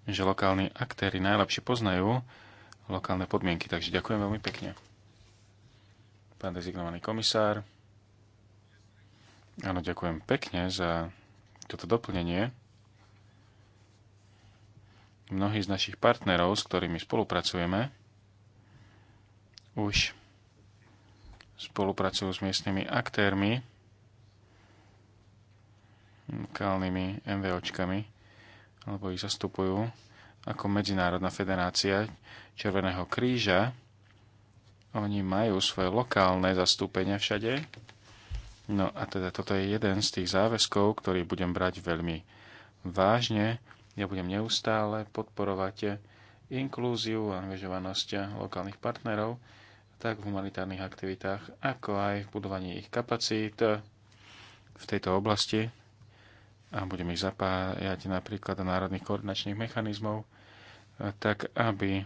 že lokálni aktéry najlepšie poznajú lokálne podmienky, takže ďakujem veľmi pekne. Pán dezignovaný komisár, áno, ďakujem pekne za toto doplnenie mnohí z našich partnerov, s ktorými spolupracujeme, už spolupracujú s miestnymi aktérmi, lokálnymi MVOčkami, alebo ich zastupujú ako Medzinárodná federácia Červeného kríža. Oni majú svoje lokálne zastúpenia všade. No a teda toto je jeden z tých záväzkov, ktorý budem brať veľmi vážne ja budem neustále podporovať inklúziu a angažovanosť lokálnych partnerov, tak v humanitárnych aktivitách, ako aj v budovaní ich kapacít v tejto oblasti. A budem ich zapájať napríklad do národných koordinačných mechanizmov, tak aby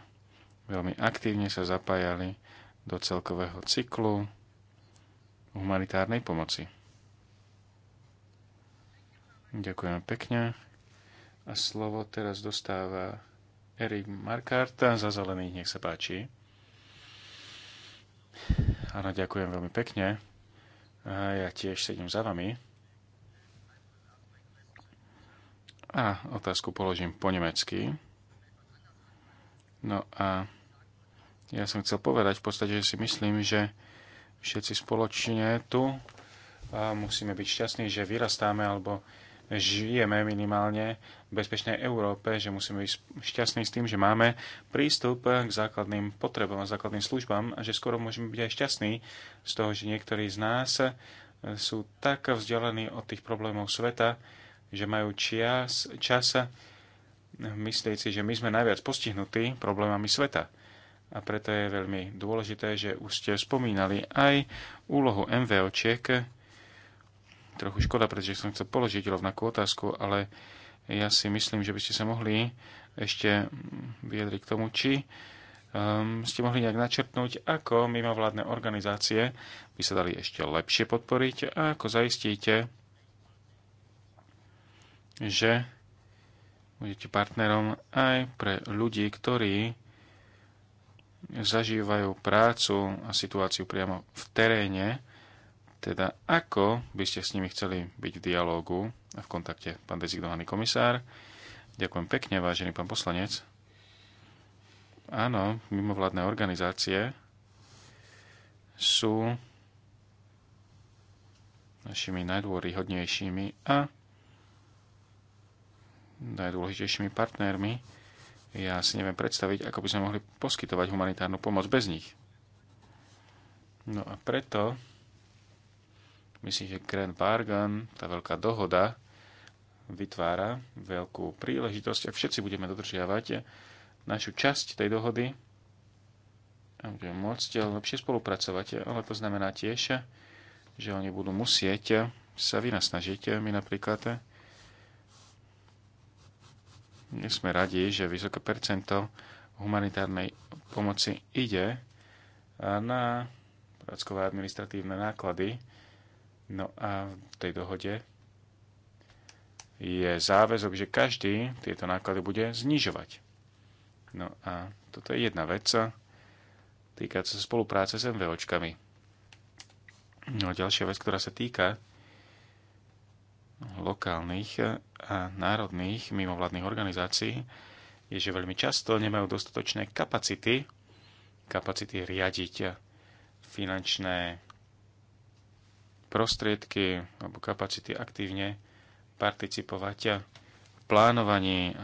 veľmi aktívne sa zapájali do celkového cyklu humanitárnej pomoci. Ďakujem pekne. A slovo teraz dostáva Erik Markarta za zelených, nech sa páči. Áno, ďakujem veľmi pekne. A ja tiež sedím za vami. A otázku položím po nemecky. No a ja som chcel povedať v podstate, že si myslím, že všetci spoločne tu musíme byť šťastní, že vyrastáme alebo žijeme minimálne v bezpečnej Európe, že musíme byť šťastní s tým, že máme prístup k základným potrebom a základným službám a že skoro môžeme byť aj šťastní z toho, že niektorí z nás sú tak vzdialení od tých problémov sveta, že majú čas, čas myslieť si, že my sme najviac postihnutí problémami sveta. A preto je veľmi dôležité, že už ste spomínali aj úlohu MVOčiek, trochu škoda, pretože som chcel položiť rovnakú otázku, ale ja si myslím, že by ste sa mohli ešte vyjadriť k tomu, či um, ste mohli nejak načrtnúť, ako mimovládne organizácie by sa dali ešte lepšie podporiť a ako zaistíte, že budete partnerom aj pre ľudí, ktorí zažívajú prácu a situáciu priamo v teréne teda ako by ste s nimi chceli byť v dialógu a v kontakte, pán dezignovaný komisár. Ďakujem pekne, vážený pán poslanec. Áno, mimovládne organizácie sú našimi najdôryhodnejšími a najdôležitejšími partnermi. Ja si neviem predstaviť, ako by sme mohli poskytovať humanitárnu pomoc bez nich. No a preto Myslím, že Grand Bargain, tá veľká dohoda, vytvára veľkú príležitosť, a všetci budeme dodržiavať našu časť tej dohody a budeme môcť lepšie spolupracovať, ale to znamená tiež, že oni budú musieť sa vynasnažiť. My napríklad My sme radi, že vysoké percento humanitárnej pomoci ide na pracové administratívne náklady No a v tej dohode je záväzok, že každý tieto náklady bude znižovať. No a toto je jedna vec, eh, týka sa spolupráce s MVOčkami. No a ďalšia vec, ktorá sa týka lokálnych eh, a národných mimovládnych organizácií, je, že veľmi často nemajú dostatočné kapacity, kapacity riadiť eh, finančné prostriedky alebo kapacity aktívne participovať v plánovaní,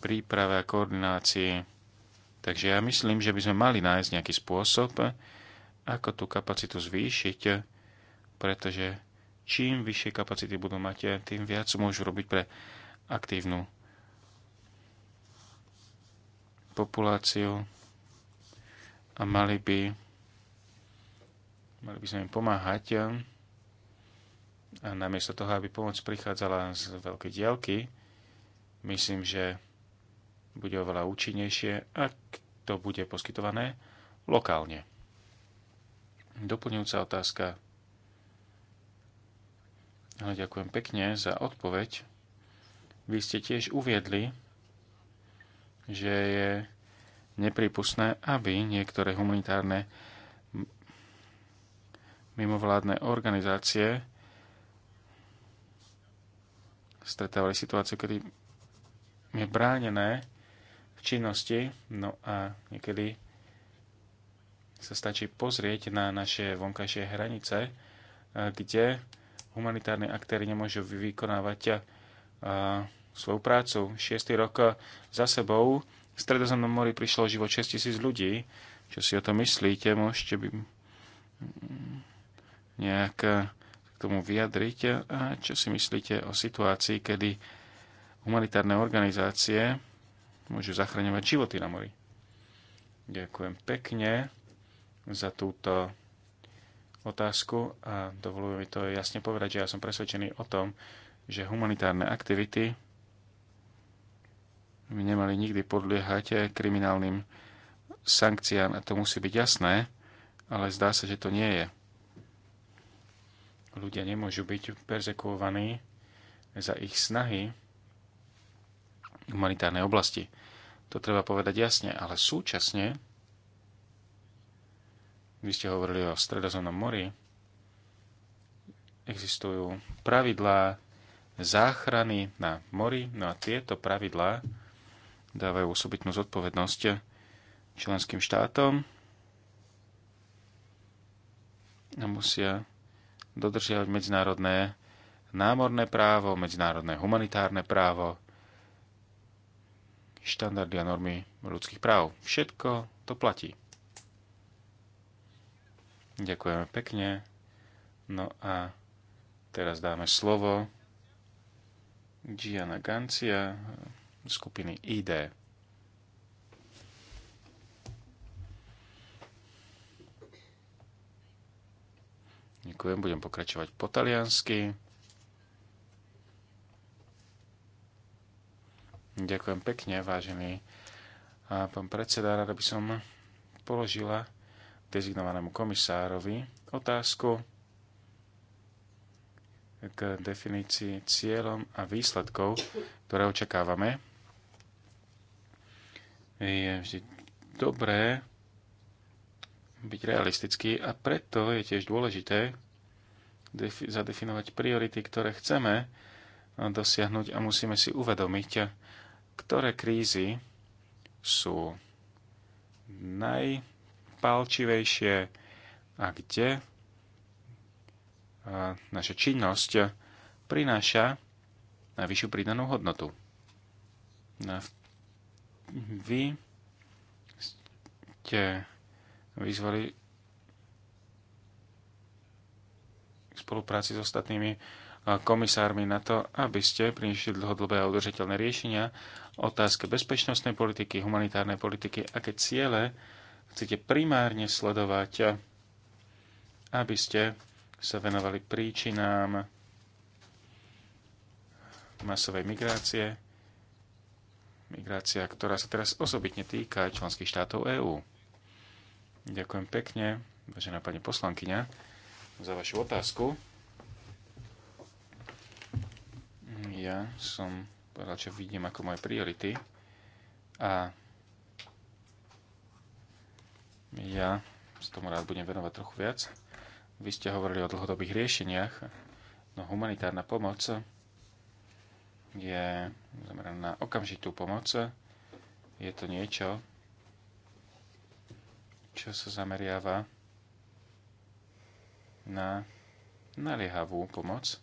príprave a koordinácii. Takže ja myslím, že by sme mali nájsť nejaký spôsob, ako tú kapacitu zvýšiť, pretože čím vyššie kapacity budú mať, tým viac môžu robiť pre aktívnu populáciu a mali by Mali by sme im pomáhať a namiesto toho, aby pomoc prichádzala z veľkej dielky, myslím, že bude oveľa účinnejšie, ak to bude poskytované lokálne. Doplňujúca otázka. Ale ďakujem pekne za odpoveď. Vy ste tiež uviedli, že je nepripustné, aby niektoré humanitárne mimovládne organizácie stretávali situáciu, kedy je bránené v činnosti, no a niekedy sa stačí pozrieť na naše vonkajšie hranice, eh, kde humanitárni aktéry nemôžu vykonávať eh, svoju prácu. Šiestý rok eh, za sebou v Stredozemnom mori prišlo život 6 tisíc ľudí. Čo si o to myslíte? Môžete by nejak k tomu vyjadriť. A čo si myslíte o situácii, kedy humanitárne organizácie môžu zachraňovať životy na mori? Ďakujem pekne za túto otázku a dovolujem mi to jasne povedať, že ja som presvedčený o tom, že humanitárne aktivity by nemali nikdy podliehať kriminálnym sankciám a to musí byť jasné, ale zdá sa, že to nie je ľudia nemôžu byť persekuovaní za ich snahy v humanitárnej oblasti. To treba povedať jasne, ale súčasne vy ste hovorili o Stredozemnom mori, existujú pravidlá záchrany na mori, no a tieto pravidlá dávajú osobitnú zodpovednosť členským štátom a musia dodržiavať medzinárodné námorné právo, medzinárodné humanitárne právo, štandardy a normy ľudských práv. Všetko to platí. Ďakujeme pekne. No a teraz dáme slovo Gianna Gancia skupiny ID. Ďakujem, budem pokračovať po taliansky. Ďakujem pekne, vážený a pán predseda. Rada by som položila dezignovanému komisárovi otázku k definícii cieľom a výsledkov, ktoré očakávame. Je vždy dobré byť realistický a preto je tiež dôležité zadefinovať priority, ktoré chceme dosiahnuť a musíme si uvedomiť, ktoré krízy sú najpalčivejšie a kde naša činnosť prináša najvyššiu pridanú hodnotu. Vy ste vyzvali k spolupráci s ostatnými komisármi na to, aby ste prinišli dlhodobé a udržateľné riešenia otázke bezpečnostnej politiky, humanitárnej politiky, aké ciele chcete primárne sledovať, aby ste sa venovali príčinám masovej migrácie, migrácia, ktorá sa teraz osobitne týka členských štátov EÚ. Ďakujem pekne, vážená pani poslankyňa, za vašu otázku. Ja som povedal, čo vidím ako moje priority a ja s tomu rád budem venovať trochu viac. Vy ste hovorili o dlhodobých riešeniach, no humanitárna pomoc je zameraná na okamžitú pomoc. Je to niečo, čo sa zameriava na naliehavú pomoc.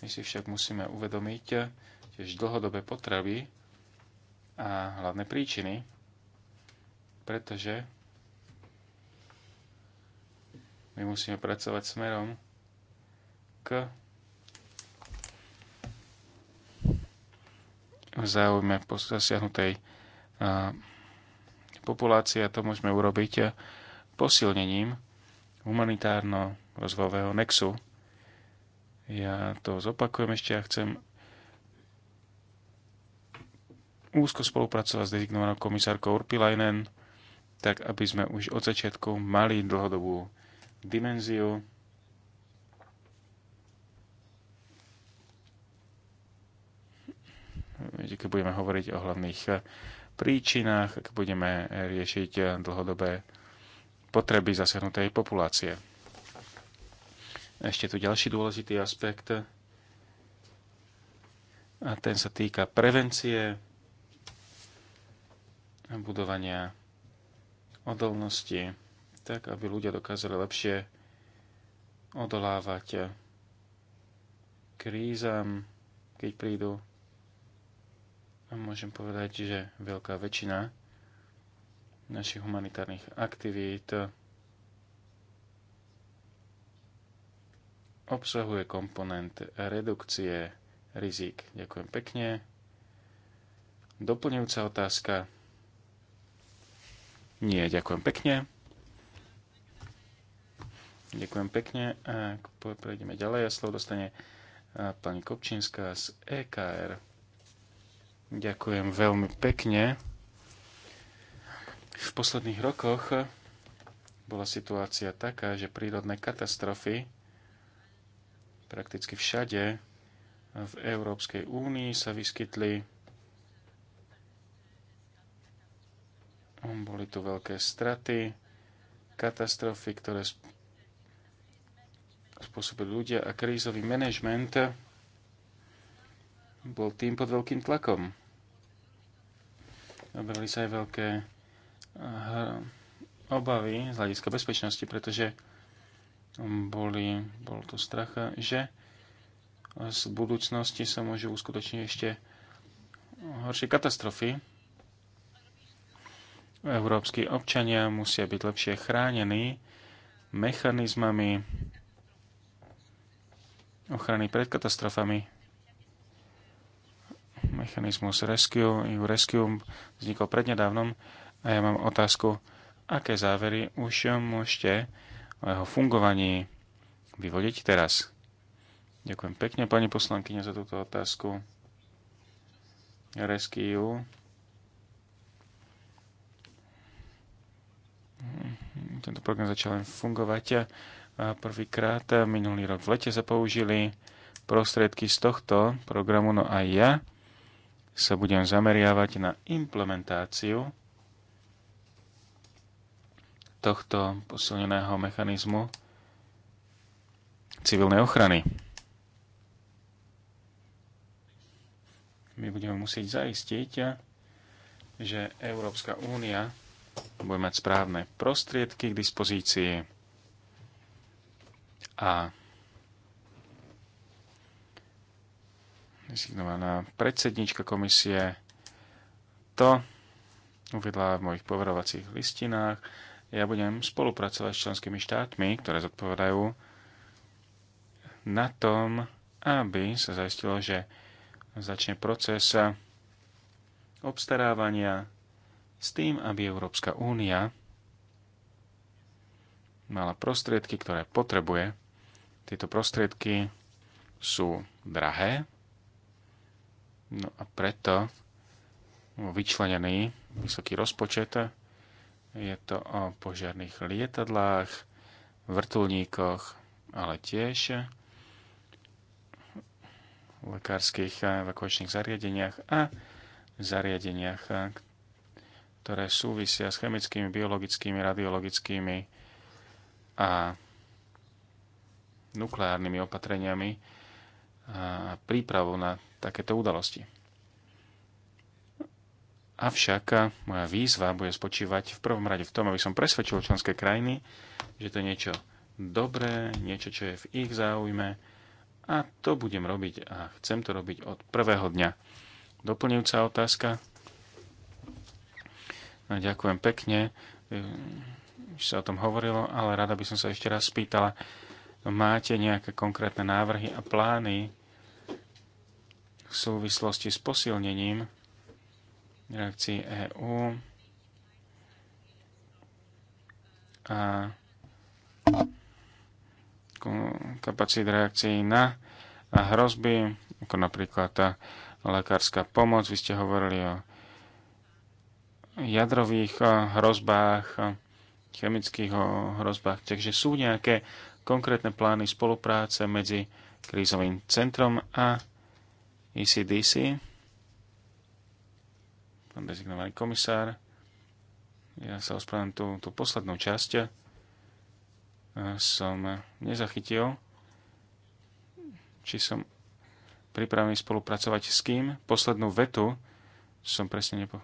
My si však musíme uvedomiť tiež dlhodobé potreby a hlavné príčiny, pretože my musíme pracovať smerom k v záujme zasiahnutej populácie a to môžeme urobiť eh, posilnením humanitárno-rozvojového nexu. Ja to zopakujem ešte a ja chcem úzko spolupracovať s dezignovanou komisárkou Urpilainen, tak aby sme už od začiatku mali dlhodobú dimenziu. Keď budeme hovoriť o hlavných eh, príčinách, ak budeme riešiť dlhodobé potreby zasiahnutej populácie. Ešte tu ďalší dôležitý aspekt a ten sa týka prevencie a budovania odolnosti, tak aby ľudia dokázali lepšie odolávať krízam, keď prídu môžem povedať, že veľká väčšina našich humanitárnych aktivít obsahuje komponent redukcie rizik. Ďakujem pekne. Doplňujúca otázka. Nie, ďakujem pekne. Ďakujem pekne. prejdeme ďalej a slovo dostane pani Kopčinská z EKR. Ďakujem veľmi pekne. V posledných rokoch bola situácia taká, že prírodné katastrofy prakticky všade v Európskej únii sa vyskytli. Boli tu veľké straty, katastrofy, ktoré spôsobili ľudia a krízový manažment bol tým pod veľkým tlakom. Obrali sa aj veľké eh, obavy z hľadiska bezpečnosti, pretože boli, bol to strach, že z budúcnosti sa môžu uskutočniť ešte horšie katastrofy. Európsky občania musia byť lepšie chránení mechanizmami ochrany pred katastrofami mechanizmus Rescue, EU Rescue vznikol prednedávnom a ja mám otázku, aké závery už môžete o jeho fungovaní vyvodiť teraz. Ďakujem pekne, pani poslankyňa, za túto otázku. Rescue. Mhm, tento program začal len fungovať a prvýkrát minulý rok v lete sa použili prostriedky z tohto programu, no aj ja sa budem zameriavať na implementáciu tohto posilneného mechanizmu civilnej ochrany. My budeme musieť zaistiť, že Európska únia bude mať správne prostriedky k dispozícii a designovaná predsednička komisie. To uvedla v mojich poverovacích listinách. Ja budem spolupracovať s členskými štátmi, ktoré zodpovedajú na tom, aby sa zaistilo, že začne proces obstarávania s tým, aby Európska únia mala prostriedky, ktoré potrebuje. Tieto prostriedky sú drahé, No a preto vyčlenený vysoký rozpočet je to o požiarných lietadlách, vrtulníkoch, ale tiež lekárskych evakuačných zariadeniach a zariadeniach, ktoré súvisia s chemickými, biologickými, radiologickými a nukleárnymi opatreniami a prípravu na takéto udalosti. Avšak moja výzva bude spočívať v prvom rade v tom, aby som presvedčil členské krajiny, že to je niečo dobré, niečo, čo je v ich záujme a to budem robiť a chcem to robiť od prvého dňa. Doplňujúca otázka. No, ďakujem pekne, už sa o tom hovorilo, ale rada by som sa ešte raz spýtala, máte nejaké konkrétne návrhy a plány v súvislosti s posilnením reakcií EÚ a kapacít reakcií na hrozby, ako napríklad tá lekárska pomoc. Vy ste hovorili o jadrových hrozbách, chemických hrozbách. Takže sú nejaké konkrétne plány spolupráce medzi krízovým centrom a ECDC, pán dezignovaný komisár. Ja sa ospravedlňujem tú, tú poslednú časť. E, som nezachytil, či som pripravený spolupracovať s kým. Poslednú vetu som presne nepo...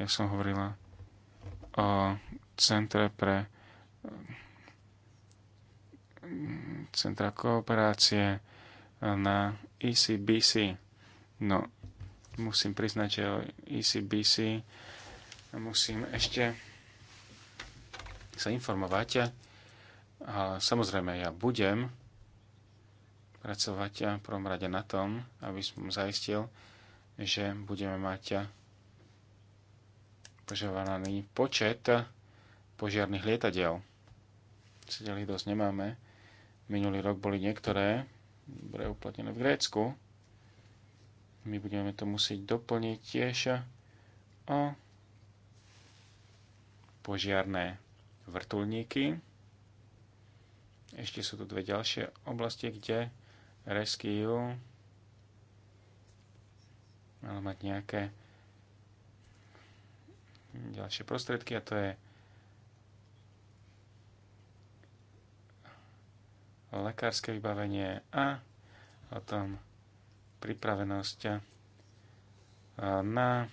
Ja som hovorila o centre pre centra kooperácie na ECBC. No, musím priznať, že o ECBC musím ešte sa informovať. A samozrejme, ja budem pracovať v prvom rade na tom, aby som zaistil, že budeme mať požiadaný počet požiarných lietadiel. Sedeli dosť nemáme. Minulý rok boli niektoré dobre uplatnené v Grécku. My budeme to musieť doplniť tiež o požiarné vrtulníky. Ešte sú tu dve ďalšie oblasti, kde Rescue ale mať nejaké ďalšie prostriedky a to je lekárske vybavenie a o tom pripravenosť na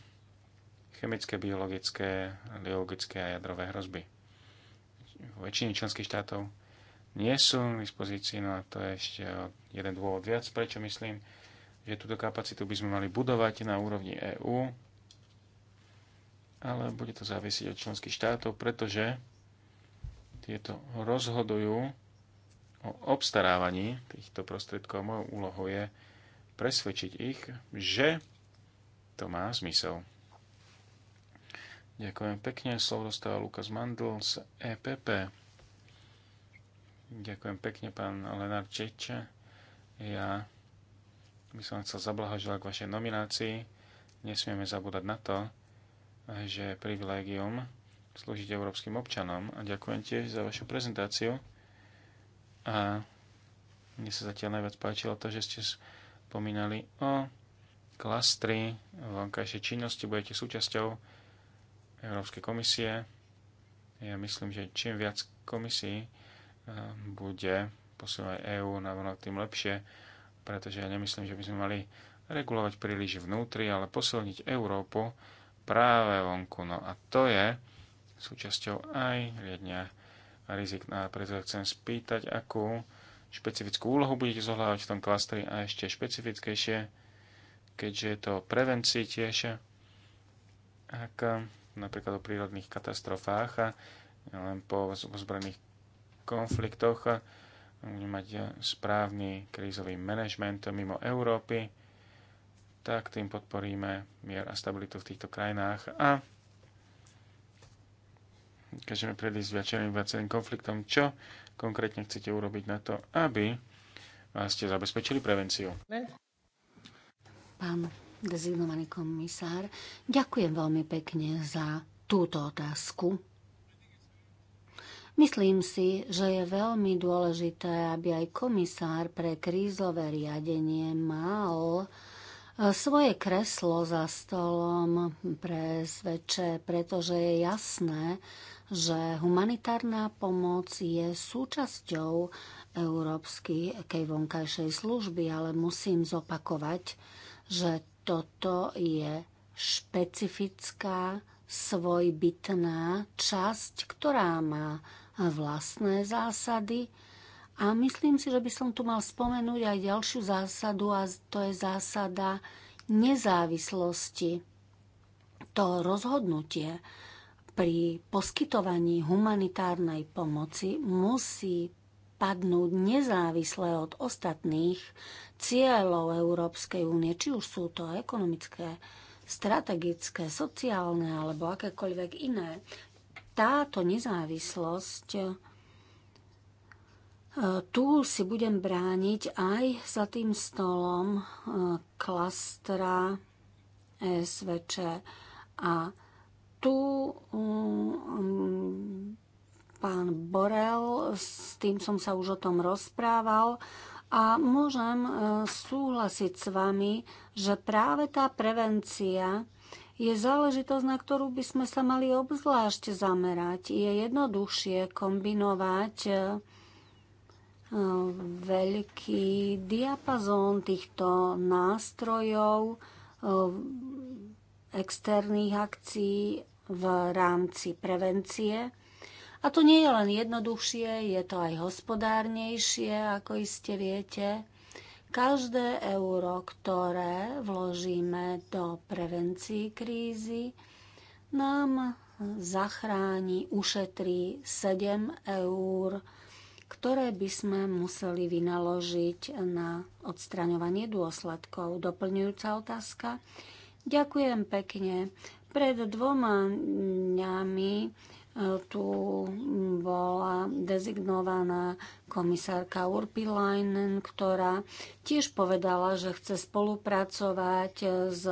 chemické, biologické, biologické a jadrové hrozby. Väčšiny členských štátov nie sú v dispozícii, no a to je ešte jeden dôvod viac, prečo myslím, že túto kapacitu by sme mali budovať na úrovni EÚ, ale bude to závisiť od členských štátov, pretože tieto rozhodujú o obstarávaní týchto prostriedkov. Mojou úlohou je presvedčiť ich, že to má zmysel. Ďakujem pekne. Slovo dostáva Lukas Mandl z EPP. Ďakujem pekne, pán Lenar Čeče. Ja by som chcel zablahožiť k vašej nominácii. Nesmieme zabúdať na to, že privilégium slúžiť európskym občanom. A ďakujem tiež za vašu prezentáciu. A mne sa zatiaľ najviac páčilo to, že ste spomínali o klastri vonkajšej činnosti, budete súčasťou Európskej komisie. Ja myslím, že čím viac komisí eh, bude posúvať EÚ na vonok, tým lepšie, pretože ja nemyslím, že by sme mali regulovať príliš vnútri, ale posilniť Európu práve vonku. No a to je súčasťou aj riadne rizik. a preto chcem spýtať, akú špecifickú úlohu budete zohľadať v tom klastri a ešte špecifickejšie, keďže je to prevencii tiež, ak napríklad o prírodných katastrofách a len po ozbrojených konfliktoch budeme mať správny krízový manažment mimo Európy, tak tým podporíme mier a stabilitu v týchto krajinách a dokážeme predísť viacerým viacerým konfliktom. Čo konkrétne chcete urobiť na to, aby ste zabezpečili prevenciu? Pán dezignovaný komisár, ďakujem veľmi pekne za túto otázku. Myslím si, že je veľmi dôležité, aby aj komisár pre krízové riadenie mal E, svoje kreslo za stolom pre SVČ, pretože je jasné, že humanitárna pomoc je súčasťou európskej vonkajšej služby, ale musím zopakovať, že toto je špecifická, svojbytná časť, ktorá má vlastné zásady, a myslím si, že by som tu mal spomenúť aj ďalšiu zásadu a to je zásada nezávislosti. To rozhodnutie pri poskytovaní humanitárnej pomoci musí padnúť nezávisle od ostatných cieľov Európskej únie, či už sú to ekonomické, strategické, sociálne alebo akékoľvek iné. Táto nezávislosť E, tu si budem brániť aj za tým stolom e, klastra SVČ. A tu um, pán Borel, s tým som sa už o tom rozprával a môžem e, súhlasiť s vami, že práve tá prevencia je záležitosť, na ktorú by sme sa mali obzvlášť zamerať. Je jednoduchšie kombinovať veľký diapazón týchto nástrojov eh, externých akcií v rámci prevencie. A to nie je len jednoduchšie, je to aj hospodárnejšie, ako iste viete. Každé euro, ktoré vložíme do prevencii krízy, nám zachráni, ušetrí 7 eur ktoré by sme museli vynaložiť na odstraňovanie dôsledkov. Doplňujúca otázka. Ďakujem pekne. Pred dvoma dňami e, tu bola dezignovaná komisárka Urpilainen, ktorá tiež povedala, že chce spolupracovať e, s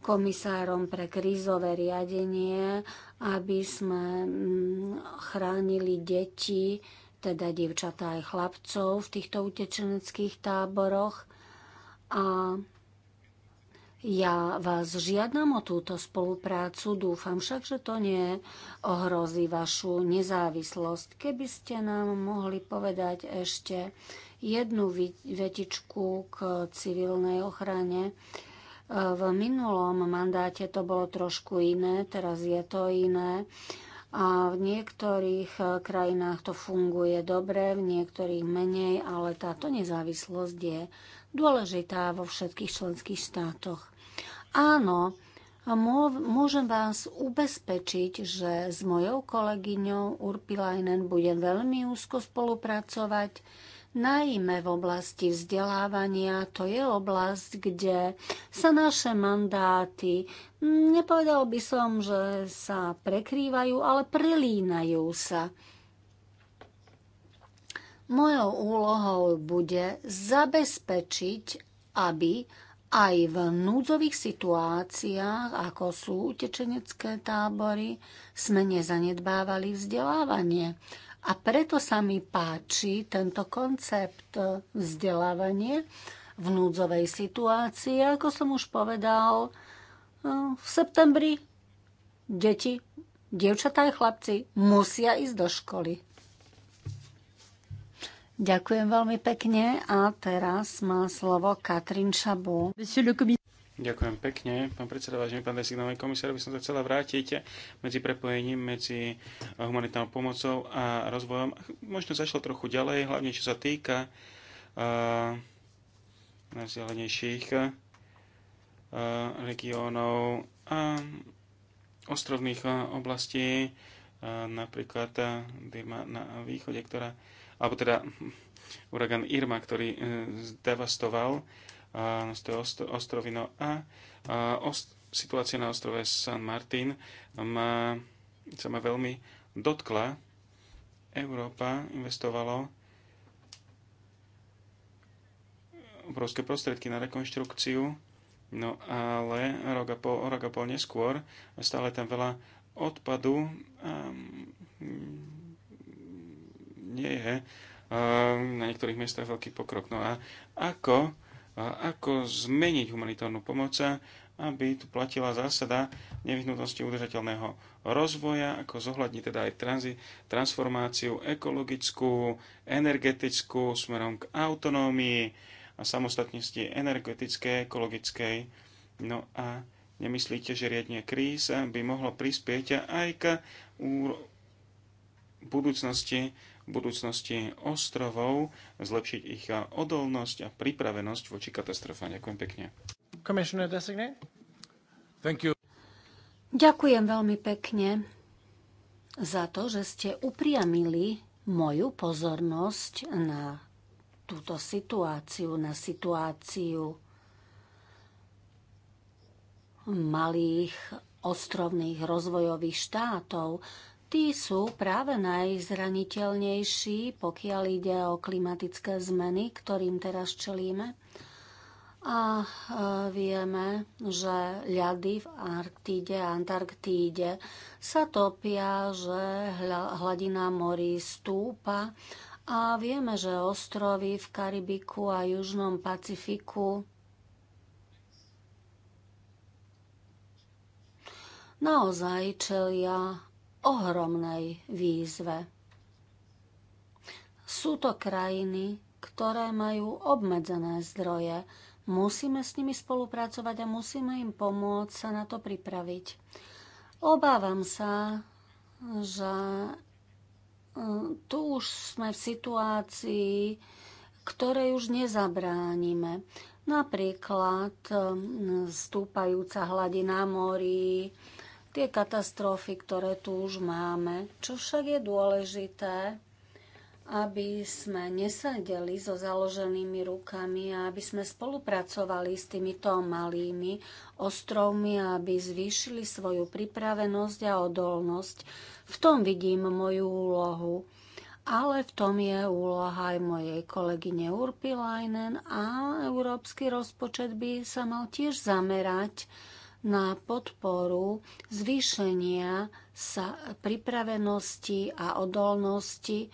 komisárom pre krízové riadenie, aby sme mm, chránili deti teda dievčatá aj chlapcov v týchto utečeneckých táboroch. A ja vás žiadam o túto spoluprácu, dúfam však, že to nie ohrozí vašu nezávislosť. Keby ste nám mohli povedať ešte jednu vetičku k civilnej ochrane. E, v minulom mandáte to bolo trošku iné, teraz je to iné. A v niektorých eh, krajinách to funguje dobre, v niektorých menej, ale táto nezávislosť je dôležitá vo všetkých členských štátoch. Áno, môžem vás ubezpečiť, že s mojou kolegyňou Urpilainen budem veľmi úzko spolupracovať najmä v oblasti vzdelávania. To je oblasť, kde sa naše mandáty, nepovedal by som, že sa prekrývajú, ale prelínajú sa. Mojou úlohou bude zabezpečiť, aby aj v núdzových situáciách, ako sú utečenecké tábory, sme nezanedbávali vzdelávanie. A preto sa mi páči tento koncept e, vzdelávanie v núdzovej situácii. Ako som už povedal, e, v septembri deti, dievčatá a chlapci musia ísť do školy. Ďakujem veľmi pekne a teraz má slovo Katrin Šabu. Ďakujem pekne. Pán predseda, vážený pán designový komisár, by som sa chcela vrátiť medzi prepojením medzi eh, humanitárnou pomocou a rozvojom. Možno zašlo trochu ďalej, hlavne čo sa týka uh, najvzdialenejších uh, regiónov a ostrovných oblastí, uh, napríklad uh, na východe, ktorá, alebo teda hm, uragan Irma, ktorý uh, zdevastoval uh, ostrovino a ost, no situácia na ostrove San Martin ma, sa ma veľmi dotkla. Európa investovalo obrovské prostriedky na rekonštrukciu, no ale rok a pol, rok a pol neskôr stále tam veľa odpadu a ehm, nie je ehm, na niektorých miestach veľký pokrok. No a ako ako zmeniť humanitárnu pomoc, aby tu platila zásada nevyhnutnosti udržateľného rozvoja, ako zohľadní teda aj transi, transformáciu ekologickú, energetickú, smerom k autonómii a samostatnosti energetickej, ekologickej. No a nemyslíte, že riadne kríza by mohlo prispieť aj k budúcnosti budúcnosti ostrovov, zlepšiť ich odolnosť a pripravenosť voči katastrofám. Ďakujem pekne. Ďakujem veľmi pekne za to, že ste upriamili moju pozornosť na túto situáciu, na situáciu malých ostrovných rozvojových štátov, tí sú práve najzraniteľnejší, pokiaľ ide o klimatické zmeny, ktorým teraz čelíme. A e, vieme, že ľady v Arktíde a Antarktíde sa topia, že hladina morí stúpa a vieme, že ostrovy v Karibiku a Južnom Pacifiku naozaj čelia ohromnej výzve. Sú to krajiny, ktoré majú obmedzené zdroje. Musíme s nimi spolupracovať a musíme im pomôcť sa na to pripraviť. Obávam sa, že e, tu už sme v situácii, ktorej už nezabránime. Napríklad e, stúpajúca hladina morí, tie katastrofy, ktoré tu už máme. Čo však je dôležité, aby sme nesadeli so založenými rukami a aby sme spolupracovali s týmito malými ostrovmi, aby zvýšili svoju pripravenosť a odolnosť. V tom vidím moju úlohu. Ale v tom je úloha aj mojej kolegyne Urpilainen a európsky rozpočet by sa mal tiež zamerať na podporu zvýšenia sa pripravenosti a odolnosti,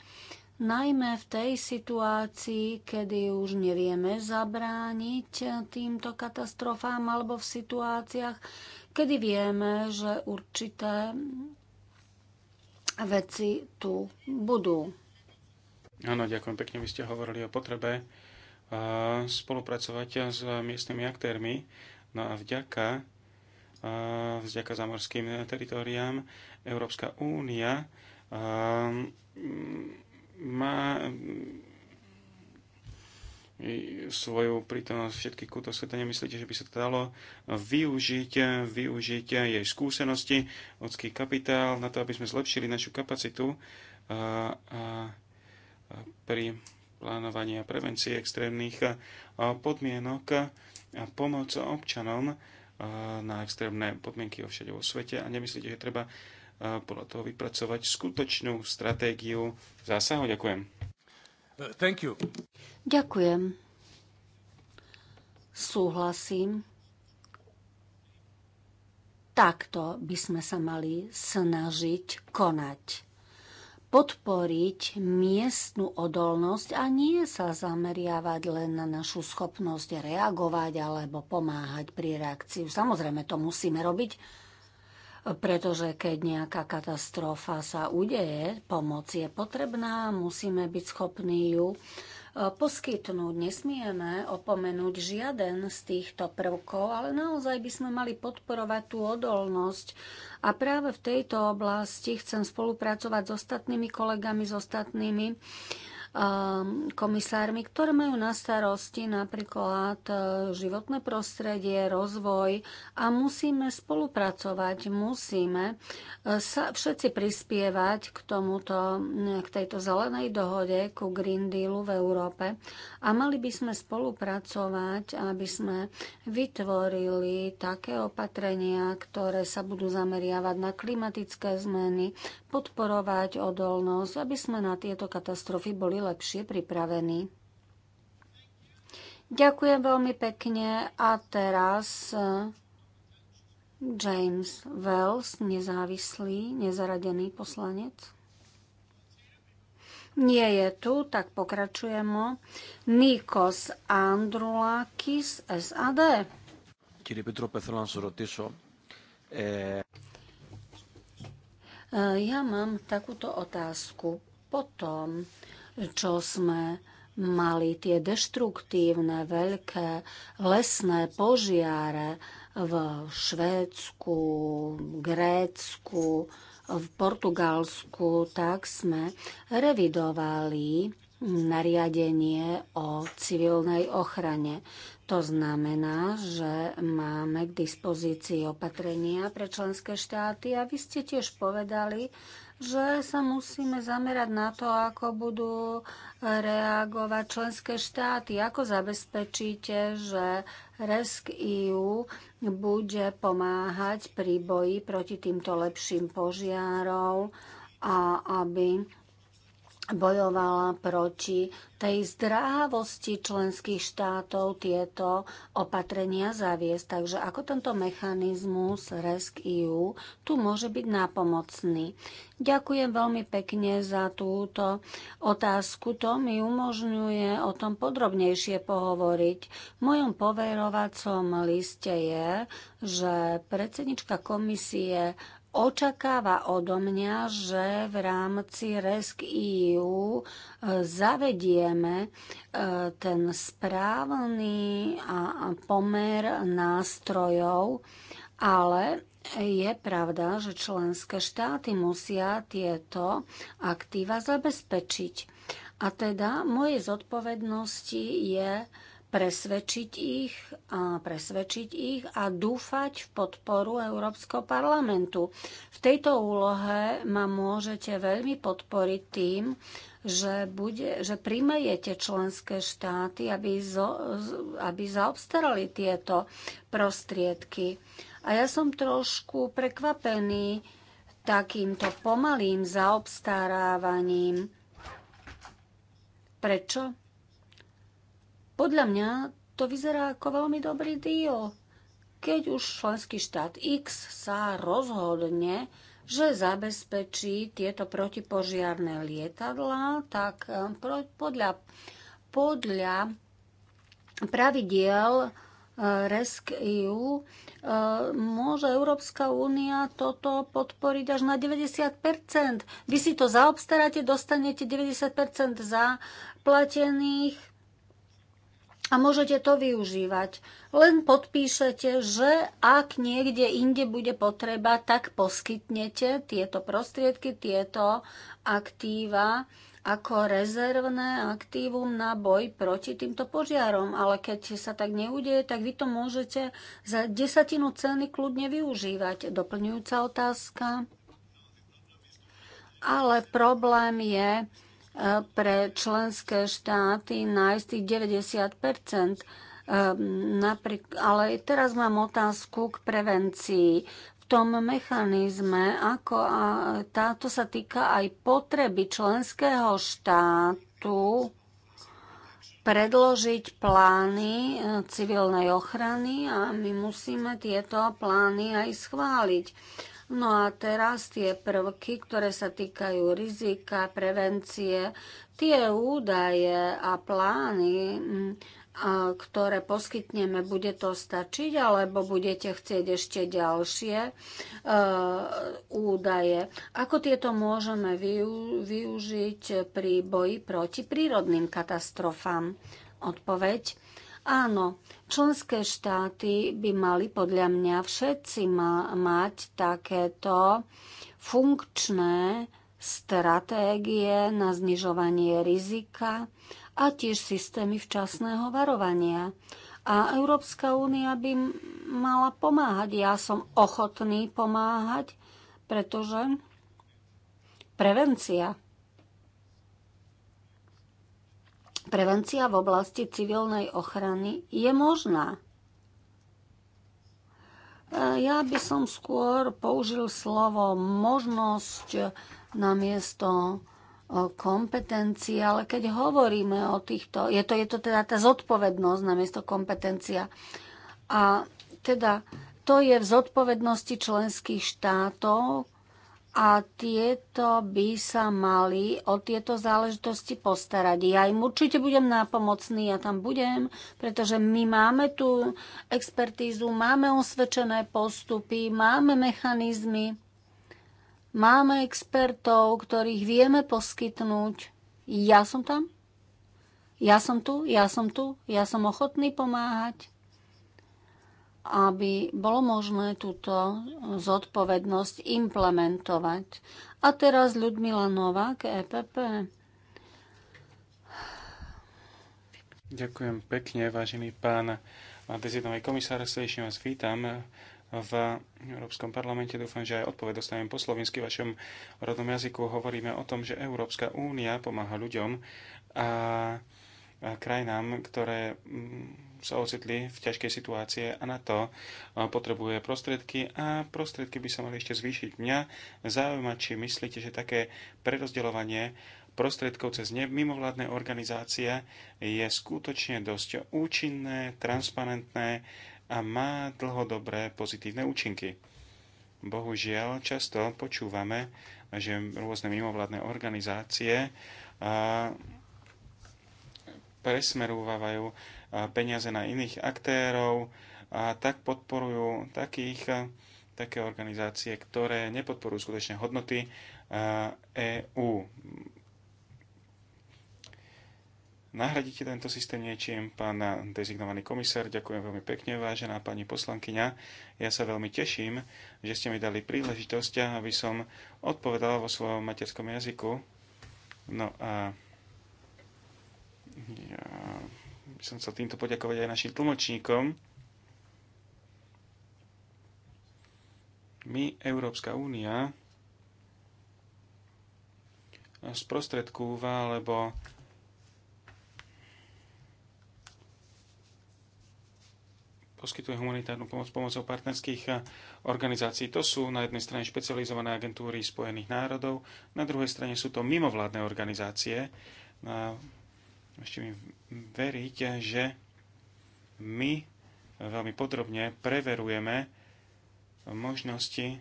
najmä v tej situácii, kedy už nevieme zabrániť týmto katastrofám alebo v situáciách, kedy vieme, že určité veci tu budú. Áno, ďakujem pekne. Vy ste hovorili o potrebe spolupracovať s miestnymi aktérmi. No a vďaka vďaka zamorským teritoriám. Európska únia ehm, má mm, svoju prítomnosť všetkých kútov sveta. Nemyslíte, že by sa to dalo využiť, využiť jej skúsenosti, ľudský kapitál, na to, aby sme zlepšili našu kapacitu a, a, pri plánovaní a prevencii extrémnych podmienok a pomoc občanom na extrémne podmienky o všade vo svete a nemyslíte, že treba podľa toho vypracovať skutočnú stratégiu zásahu? Ďakujem. Uh, thank you. Ďakujem. Súhlasím. Takto by sme sa mali snažiť konať podporiť miestnu odolnosť a nie sa zameriavať len na našu schopnosť reagovať alebo pomáhať pri reakciu. Samozrejme, to musíme robiť, pretože keď nejaká katastrofa sa udeje, pomoc je potrebná, musíme byť schopní ju poskytnúť. Nesmieme opomenúť žiaden z týchto prvkov, ale naozaj by sme mali podporovať tú odolnosť. A práve v tejto oblasti chcem spolupracovať s ostatnými kolegami, s ostatnými Um, komisármi, ktoré majú na starosti napríklad uh, životné prostredie, rozvoj a musíme spolupracovať, musíme uh, sa všetci prispievať k tomuto, uh, k tejto zelenej dohode, ku Green Dealu v Európe a mali by sme spolupracovať, aby sme vytvorili také opatrenia, ktoré sa budú zameriavať na klimatické zmeny, podporovať odolnosť, aby sme na tieto katastrofy boli lepšie pripravení. Ďakujem veľmi pekne a teraz e, James Wells, nezávislý, nezaradený poslanec. Nie je tu, tak pokračujeme. Nikos Andrulakis, SAD. Kýrie vám Ja mám takúto otázku. Potom, čo sme mali tie deštruktívne veľké lesné požiare v Švédsku, Grécku, v Portugalsku, tak sme revidovali nariadenie o civilnej ochrane. To znamená, že máme k dispozícii opatrenia pre členské štáty a vy ste tiež povedali, že sa musíme zamerať na to, ako budú eh, reagovať členské štáty, ako zabezpečíte, že Resk EU bude pomáhať pri boji proti týmto lepším požiarov a aby bojovala proti tej zdrávosti členských štátov tieto opatrenia zaviesť. Takže ako tento mechanizmus RESC EU tu môže byť nápomocný. Ďakujem veľmi pekne za túto otázku. To mi umožňuje o tom podrobnejšie pohovoriť. V mojom poverovacom liste je, že predsednička komisie očakáva odo mňa, že v rámci Resk EU e, zavedieme e, ten správny pomer nástrojov, ale je pravda, že členské štáty musia tieto aktíva zabezpečiť. A teda mojej zodpovednosti je presvedčiť ich a presvedčiť ich a dúfať v podporu Európskeho parlamentu. V tejto úlohe ma môžete veľmi podporiť tým, že, bude, že primejete členské štáty, aby, zo, aby zaobstarali tieto prostriedky. A ja som trošku prekvapený takýmto pomalým zaobstarávaním. Prečo? Podľa mňa to vyzerá ako veľmi dobrý deal. Keď už členský štát X sa rozhodne, že zabezpečí tieto protipožiarné lietadlá, tak eh, podľa, podľa pravidiel eh, RESC-EU eh, môže Európska únia toto podporiť až na 90%. Vy si to zaobstaráte, dostanete 90% zaplatených a môžete to využívať. Len podpíšete, že ak niekde inde bude potreba, tak poskytnete tieto prostriedky, tieto aktíva ako rezervné aktívum na boj proti týmto požiarom. Ale keď sa tak neudeje, tak vy to môžete za desatinu ceny kľudne využívať. Doplňujúca otázka. Ale problém je, pre členské štáty nájsť tých 90 ehm, ale teraz mám otázku k prevencii. V tom mechanizme, ako a táto sa týka aj potreby členského štátu predložiť plány e, civilnej ochrany a my musíme tieto plány aj schváliť. No a teraz tie prvky, ktoré sa týkajú rizika, prevencie, tie údaje a plány, mm, ktoré poskytneme, bude to stačiť, alebo budete chcieť ešte ďalšie e, údaje. Ako tieto môžeme využiť pri boji proti prírodným katastrofám? Odpoveď. Áno, Členské štáty by mali podľa mňa všetci ma- mať takéto funkčné stratégie na znižovanie rizika a tiež systémy včasného varovania. A Európska únia by mala pomáhať. Ja som ochotný pomáhať, pretože prevencia prevencia v oblasti civilnej ochrany je možná. E, ja by som skôr použil slovo možnosť na miesto e, kompetencie, ale keď hovoríme o týchto, je to, je to teda tá zodpovednosť na miesto kompetencia. A teda to je v zodpovednosti členských štátov, a tieto by sa mali o tieto záležitosti postarať. Ja im určite budem nápomocný, ja tam budem, pretože my máme tú expertízu, máme osvedčené postupy, máme mechanizmy, máme expertov, ktorých vieme poskytnúť. Ja som tam, ja som tu, ja som tu, ja som ochotný pomáhať aby bolo možné túto zodpovednosť implementovať. A teraz Ľudmila Novák, EPP. Ďakujem pekne, vážený pán dezinový komisár. Srdečne vás vítam v Európskom parlamente. Dúfam, že aj odpoveď dostanem po slovinsky. V vašom rodnom jazyku hovoríme o tom, že Európska únia pomáha ľuďom a Eh, krajinám, ktoré mm, sa ocitli v ťažkej situácie a na to eh, potrebuje prostriedky a prostriedky by sa mali ešte zvýšiť. Mňa zaujíma, či myslíte, že také prerozdeľovanie prostriedkov cez mimovládne organizácie je skutočne dosť účinné, transparentné a má dlhodobé pozitívne účinky. Bohužiaľ, často počúvame, že rôzne mimovládne organizácie eh, presmerúvajú eh, peniaze na iných aktérov a tak podporujú takých, eh, také organizácie, ktoré nepodporujú skutočne hodnoty EÚ. Eh, e Nahradíte tento systém niečím, pán dezignovaný komisár. Ďakujem veľmi pekne, vážená pani poslankyňa. Ja sa veľmi teším, že ste mi dali príležitosť, aby som odpovedala vo svojom materskom jazyku. No a ja by som chcel týmto poďakovať aj našim tlmočníkom. My, Európska únia, sprostredkúva, lebo poskytuje humanitárnu pomoc pomocou partnerských organizácií. To sú na jednej strane špecializované agentúry Spojených národov, na druhej strane sú to mimovládne organizácie. Na ešte mi veriť, že my veľmi podrobne preverujeme možnosti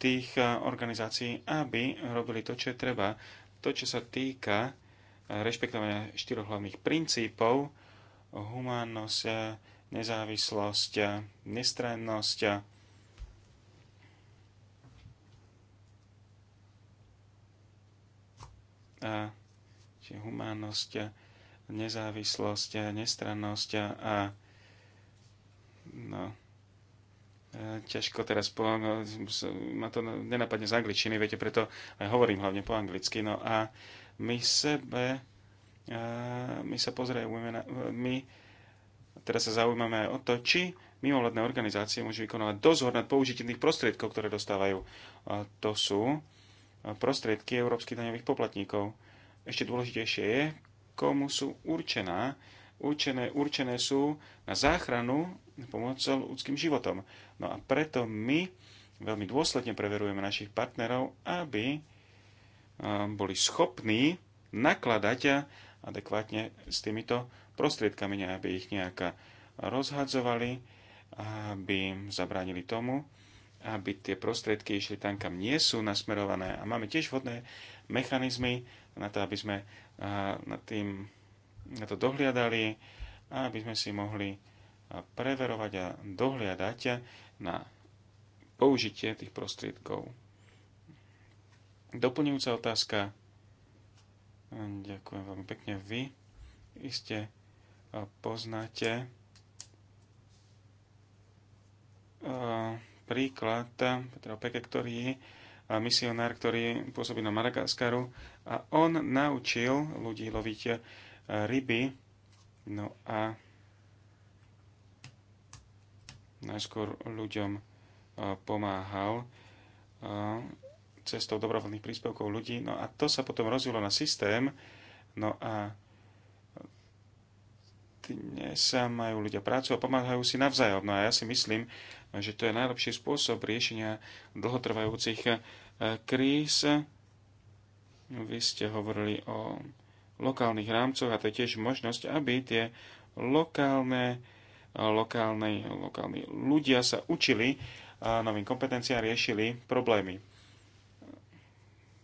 tých eh, organizácií, aby robili to, čo je treba. To, čo sa týka eh, rešpektovania štyroch hlavných princípov, humánnosť, eh, nezávislosť, nestrannosť, Uh, humánnosť, nezávislosť, nestrannosť a no, e, ťažko teraz po, no, ma to nenapadne z angličtiny, viete, preto aj hovorím hlavne po anglicky. No a my sebe, e, my sa pozrieme, na, my teraz sa zaujímame aj o to, či mimovládne organizácie môžu vykonávať dozor nad použitím tých prostriedkov, ktoré dostávajú. To sú e, prostriedky európskych daňových poplatníkov ešte dôležitejšie je, komu sú určená. Určené, určené sú na záchranu pomocou ľudským životom. No a preto my veľmi dôsledne preverujeme našich partnerov, aby um, boli schopní nakladať adekvátne s týmito prostriedkami, aby ich nejak rozhadzovali, aby zabránili tomu, aby tie prostriedky išli tam, kam nie sú nasmerované. A máme tiež vhodné mechanizmy na to, aby sme na, tým na to dohliadali a aby sme si mohli preverovať a dohliadať na použitie tých prostriedkov. Doplňujúca otázka. Ďakujem veľmi pekne. Vy iste poznáte príklad Petra Peke, ktorý misionár, ktorý pôsobí na Madagaskaru a on naučil ľudí loviť eh, ryby. No a najskôr ľuďom eh, pomáhal eh, cestou dobrovoľných príspevkov ľudí. No a to sa potom rozvilo na systém. No a dnes sa majú ľudia prácu a pomáhajú si navzájom. No a ja si myslím, že to je najlepší spôsob riešenia dlhotrvajúcich kríz. Vy ste hovorili o lokálnych rámcoch a to je tiež možnosť, aby tie lokálne, lokálne, lokálni ľudia sa učili novým kompetenciám riešili problémy.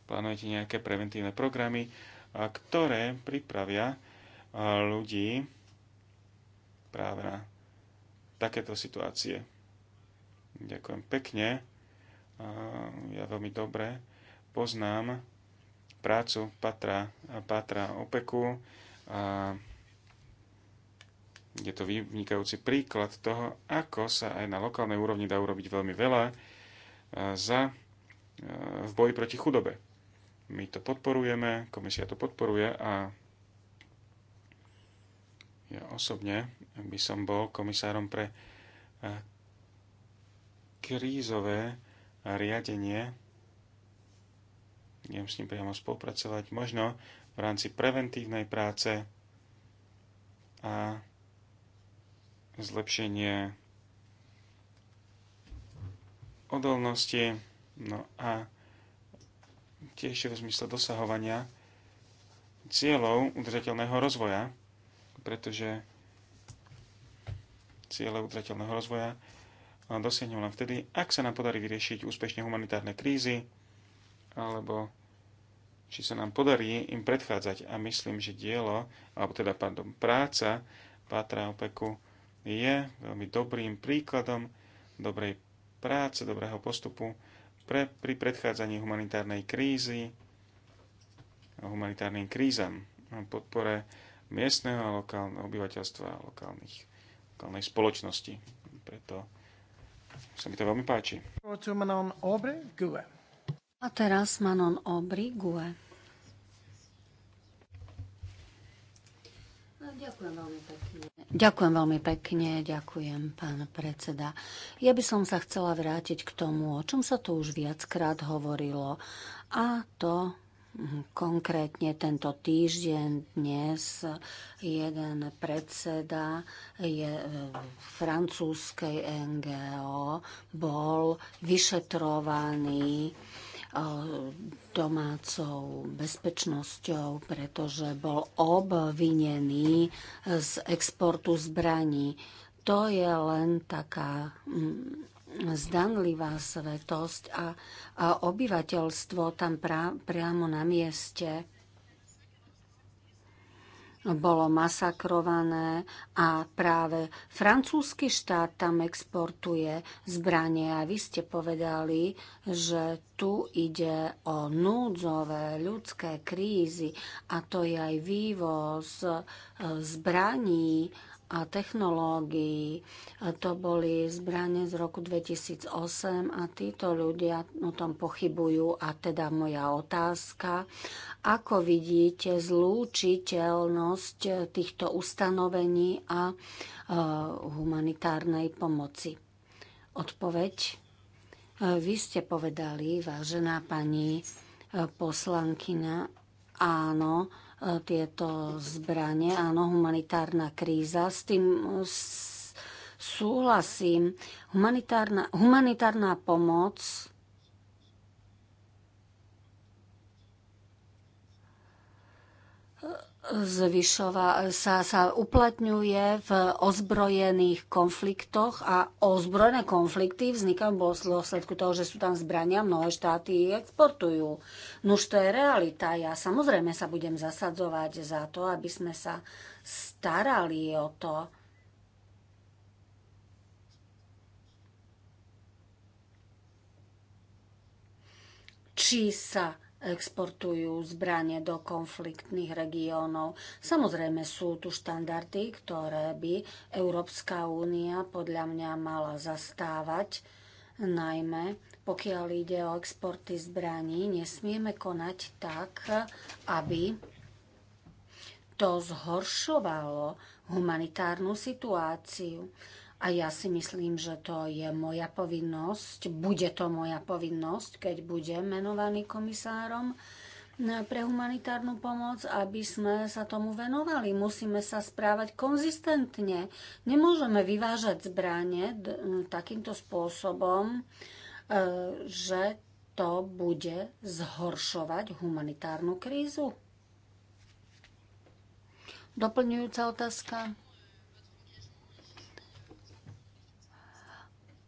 Plánujete nejaké preventívne programy, ktoré pripravia ľudí práve na takéto situácie. Ďakujem pekne ja veľmi dobre poznám prácu Patra, Patra Opeku. A je to vynikajúci príklad toho, ako sa aj na lokálnej úrovni dá urobiť veľmi veľa e, za, e, v boji proti chudobe. My to podporujeme, komisia to podporuje a ja osobne, by som bol komisárom pre e, krízové riadenie. Budem s ním priamo spolupracovať, možno v rámci preventívnej práce a zlepšenie odolnosti, no a tiež v zmysle dosahovania cieľov udržateľného rozvoja, pretože cieľe udržateľného rozvoja dosiahnu len vtedy, ak sa nám podarí vyriešiť úspešne humanitárne krízy, alebo či sa nám podarí im predchádzať. A myslím, že dielo, alebo teda pardon, práca Pátra Opeku je veľmi dobrým príkladom dobrej práce, dobrého postupu pre, pri predchádzaní humanitárnej krízy a humanitárnym krízam a podpore miestneho a lokálneho obyvateľstva a lokálnych, lokálnej spoločnosti. Preto sa mi to veľmi páči. A teraz Manon Obri Gue. No, ďakujem veľmi pekne. Ďakujem veľmi pekne, ďakujem pán predseda. Ja by som sa chcela vrátiť k tomu, o čom sa tu už viackrát hovorilo, a to Mhm, konkrétne tento týždeň dnes jeden predseda je e, francúzskej NGO bol vyšetrovaný e, domácou bezpečnosťou, pretože bol obvinený e, z exportu zbraní. To je len taká zdanlivá svetosť a, a obyvateľstvo tam pra, priamo na mieste bolo masakrované a práve francúzsky štát tam exportuje zbranie a vy ste povedali, že tu ide o núdzové ľudské krízy a to je aj vývoz e, zbraní a technológií. To boli zbranie z roku 2008 a títo ľudia o tom pochybujú. A teda moja otázka, ako vidíte zlúčiteľnosť týchto ustanovení a e, humanitárnej pomoci? Odpoveď. E, vy ste povedali, vážená pani e, poslankyňa, áno, E, tieto zbranie. Áno, humanitárna kríza, s tým e, súhlasím. Humanitárna, humanitárna pomoc zvyšova, sa, sa uplatňuje v ozbrojených konfliktoch a ozbrojené konflikty vznikajú v dôsledku toho, že sú tam zbrania, mnohé štáty exportujú. už to je realita. Ja samozrejme sa budem zasadzovať za to, aby sme sa starali o to, či sa exportujú zbranie do konfliktných regiónov. Samozrejme sú tu štandardy, ktoré by Európska únia podľa mňa mala zastávať, najmä pokiaľ ide o exporty zbraní, nesmieme konať tak, aby to zhoršovalo humanitárnu situáciu. A ja si myslím, že to je moja povinnosť, bude to moja povinnosť, keď budem menovaný komisárom eh, pre humanitárnu pomoc, aby sme sa tomu venovali. Musíme sa správať konzistentne. Nemôžeme vyvážať zbranie eh, takýmto spôsobom, eh, že to bude zhoršovať humanitárnu krízu. Doplňujúca otázka.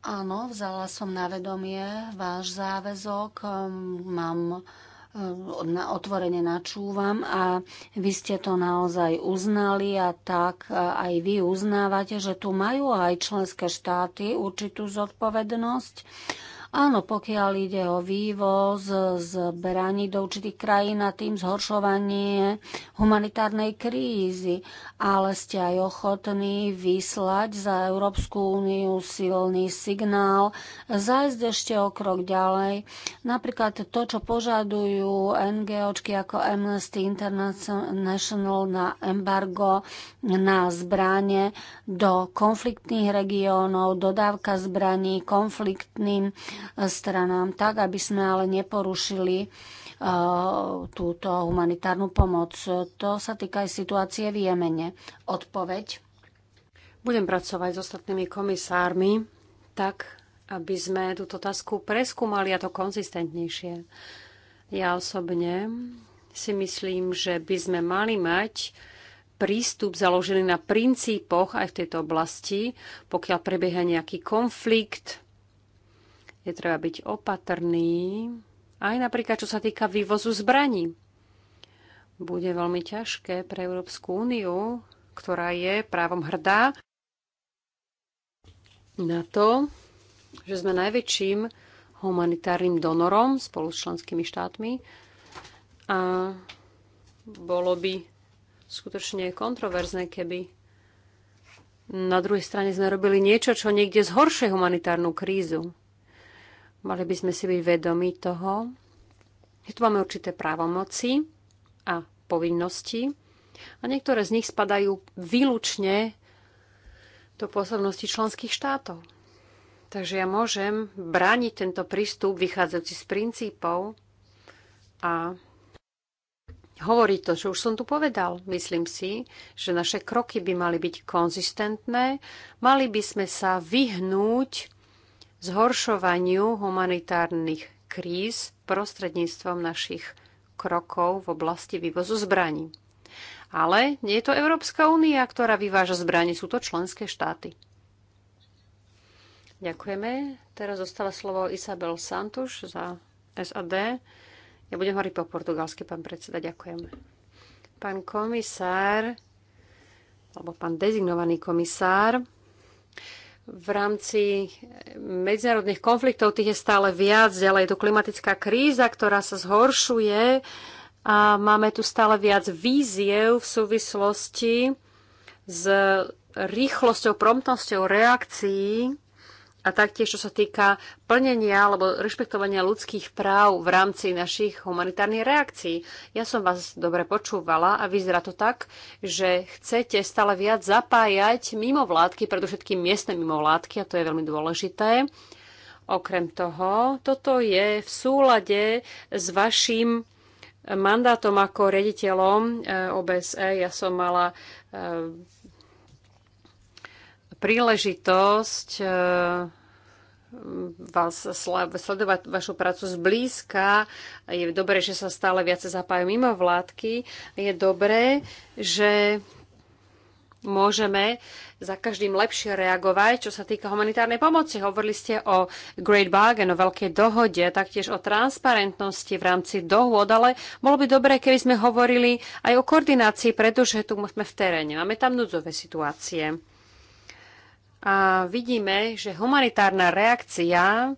Áno, vzala som na vedomie váš záväzok. Hm, mám hm, na, otvorene načúvam a vy ste to naozaj uznali a tak aj vy uznávate, že tu majú aj členské štáty určitú zodpovednosť Áno, pokiaľ ide o vývoz zbraní do určitých krajín a tým zhoršovanie humanitárnej krízy, ale ste aj ochotní vyslať za Európsku úniu silný signál, zájsť ešte o krok ďalej. Napríklad to, čo požadujú NGOčky ako Amnesty International na embargo na zbranie do konfliktných regiónov, dodávka zbraní konfliktným stranám, tak aby sme ale neporušili eh, túto humanitárnu pomoc. To sa týka aj situácie v Jemene. Odpoveď? Budem pracovať s ostatnými komisármi tak, aby sme túto otázku preskúmali a to konzistentnejšie. Ja osobne si myslím, že by sme mali mať prístup založený na princípoch aj v tejto oblasti, pokiaľ prebieha nejaký konflikt, je treba byť opatrný, aj napríklad čo sa týka vývozu zbraní. Bude veľmi ťažké pre Európsku úniu, ktorá je právom hrdá na to, že sme najväčším humanitárnym donorom spolu s členskými štátmi a bolo by skutočne kontroverzné, keby na druhej strane sme robili niečo, čo niekde zhoršuje humanitárnu krízu. Mali by sme si byť vedomi toho, že tu máme určité právomoci a povinnosti a niektoré z nich spadajú výlučne do pôsobnosti členských štátov. Takže ja môžem brániť tento prístup vychádzajúci z princípov a hovoriť to, čo už som tu povedal. Myslím si, že naše kroky by mali byť konzistentné, mali by sme sa vyhnúť zhoršovaniu humanitárnych kríz prostredníctvom našich krokov v oblasti vývozu zbraní. Ale nie je to Európska únia, ktorá vyváža zbranie, sú to členské štáty. Ďakujeme. Teraz zostala slovo Isabel Santuš za SAD. Ja budem hovoriť po portugalsky, pán predseda, ďakujem. Pán komisár, alebo pán dezignovaný komisár, v rámci medzinárodných konfliktov tých je stále viac, ďalej je tu klimatická kríza, ktorá sa zhoršuje a máme tu stále viac víziev v súvislosti s rýchlosťou, promptnosťou reakcií a taktiež, čo sa týka plnenia alebo rešpektovania ľudských práv v rámci našich humanitárnych reakcií. Ja som vás dobre počúvala a vyzerá to tak, že chcete stále viac zapájať mimovládky, predovšetkým miestne mimovládky, a to je veľmi dôležité. Okrem toho, toto je v súlade s vašim mandátom ako rediteľom eh, OBSE. Ja som mala eh, príležitosť eh, vás sledovať vašu prácu zblízka. Je dobré, že sa stále viac zapájajú mimo vládky. Je dobré, že môžeme za každým lepšie reagovať, čo sa týka humanitárnej pomoci. Hovorili ste o Great Bargain, o veľkej dohode, taktiež o transparentnosti v rámci dohôd, ale bolo by dobré, keby sme hovorili aj o koordinácii, pretože tu sme v teréne. Máme tam núdzové situácie. A vidíme, že humanitárna reakcia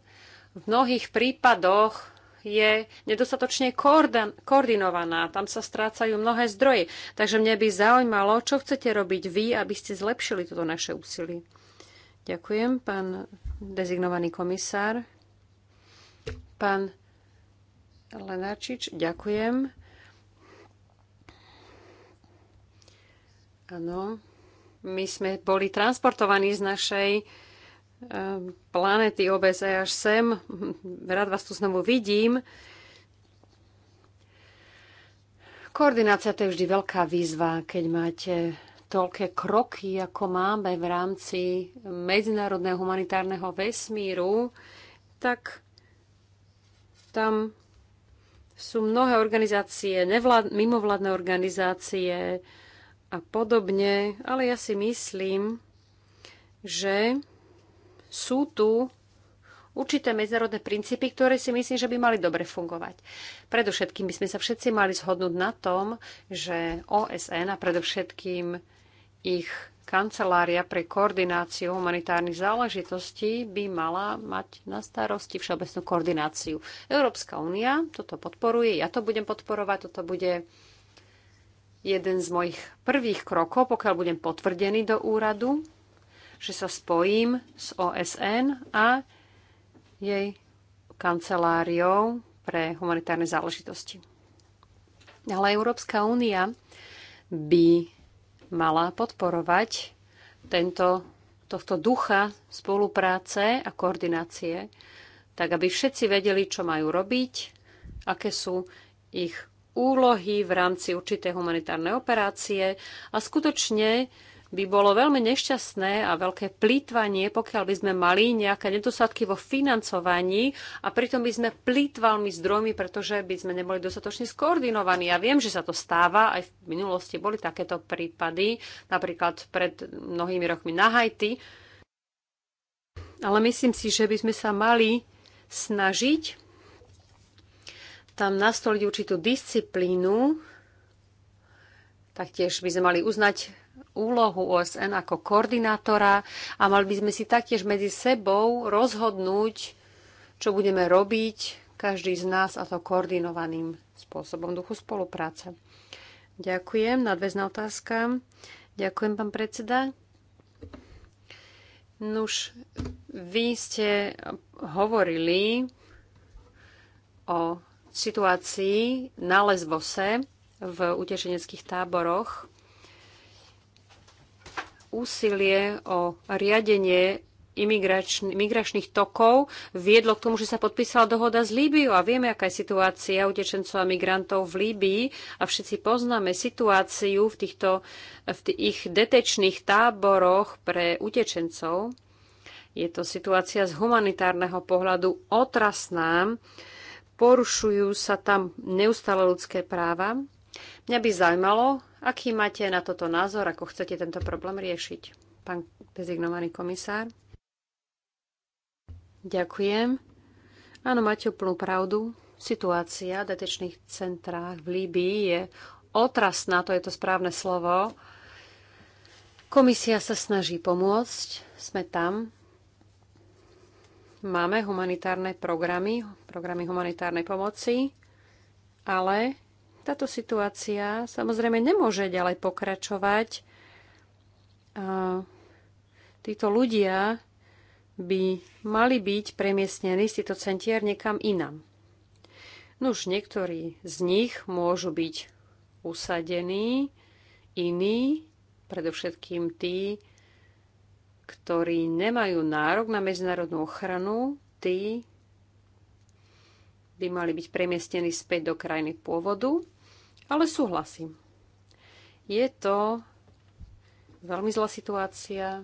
v mnohých prípadoch je nedostatočne koordinovaná. Tam sa strácajú mnohé zdroje. Takže mne by zaujímalo, čo chcete robiť vy, aby ste zlepšili toto naše úsilie. Ďakujem, pán dezignovaný komisár. Pán Lenáčič, ďakujem. Áno, my sme boli transportovaní z našej e, planety OBSE až sem. Rád vás tu znovu vidím. Koordinácia to je vždy veľká výzva, keď máte toľké kroky, ako máme v rámci medzinárodného humanitárneho vesmíru, tak tam sú mnohé organizácie, nevlád, mimovládne organizácie, a podobne, ale ja si myslím, že sú tu určité medzinárodné princípy, ktoré si myslím, že by mali dobre fungovať. Predovšetkým by sme sa všetci mali zhodnúť na tom, že OSN a predovšetkým ich kancelária pre koordináciu humanitárnych záležitostí by mala mať na starosti všeobecnú koordináciu. Európska únia toto podporuje, ja to budem podporovať, toto bude jeden z mojich prvých krokov, pokiaľ budem potvrdený do úradu, že sa spojím s OSN a jej kanceláriou pre humanitárne záležitosti. Ale Európska únia by mala podporovať tento, tohto ducha spolupráce a koordinácie, tak aby všetci vedeli, čo majú robiť, aké sú ich úlohy v rámci určitej humanitárnej operácie a skutočne by bolo veľmi nešťastné a veľké plýtvanie, pokiaľ by sme mali nejaké nedostatky vo financovaní a pritom by sme plýtvalmi zdrojmi, pretože by sme neboli dostatočne skoordinovaní. Ja viem, že sa to stáva, aj v minulosti boli takéto prípady, napríklad pred mnohými rokmi na Haiti, ale myslím si, že by sme sa mali snažiť tam nastoliť určitú disciplínu, taktiež by sme mali uznať úlohu OSN ako koordinátora a mali by sme si taktiež medzi sebou rozhodnúť, čo budeme robiť, každý z nás a to koordinovaným spôsobom duchu spolupráce. Ďakujem. Nadväzná otázka. Ďakujem, pán predseda. Nuž, vy ste hovorili o situácii na Lesbose v utečeneckých táboroch. Úsilie o riadenie migračných tokov viedlo k tomu, že sa podpísala dohoda s Líbiou a vieme, aká je situácia utečencov a migrantov v Líbii a všetci poznáme situáciu v, týchto, v tých detečných táboroch pre utečencov. Je to situácia z humanitárneho pohľadu otrasná porušujú sa tam neustále ľudské práva. Mňa by zaujímalo, aký máte na toto názor, ako chcete tento problém riešiť, pán dezignovaný komisár. Ďakujem. Áno, máte úplnú pravdu. Situácia v detečných centrách v Líbii je otrasná, to je to správne slovo. Komisia sa snaží pomôcť, sme tam, máme humanitárne programy, programy humanitárnej pomoci, ale táto situácia samozrejme nemôže ďalej pokračovať. Títo ľudia by mali byť premiestnení z týchto centier niekam inam. Nuž, niektorí z nich môžu byť usadení, iní, predovšetkým tí, ktorí nemajú nárok na medzinárodnú ochranu, tí by mali byť premiestnení späť do krajiny pôvodu, ale súhlasím. Je to veľmi zlá situácia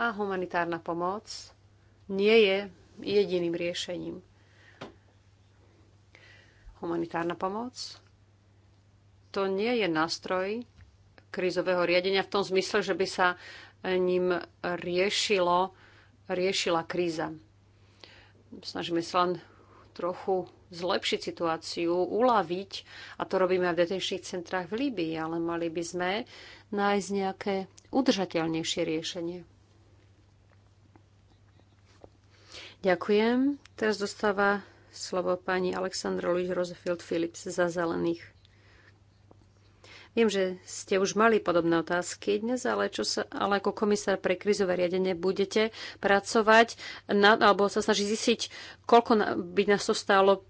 a humanitárna pomoc nie je jediným riešením. Humanitárna pomoc to nie je nástroj krízového riadenia v tom zmysle, že by sa ním riešilo, riešila kríza. Snažíme sa len trochu zlepšiť situáciu, uľaviť, a to robíme aj v detenčných centrách v Líbii, ale mali by sme nájsť nejaké udržateľnejšie riešenie. Ďakujem. Teraz dostáva slovo pani Aleksandra Luis Rosefield Phillips za zelených. Viem, že ste už mali podobné otázky dnes, ale, čo sa, ale ako komisár pre krizové riadenie budete pracovať na, alebo sa snaží zistiť, koľko by nás to stálo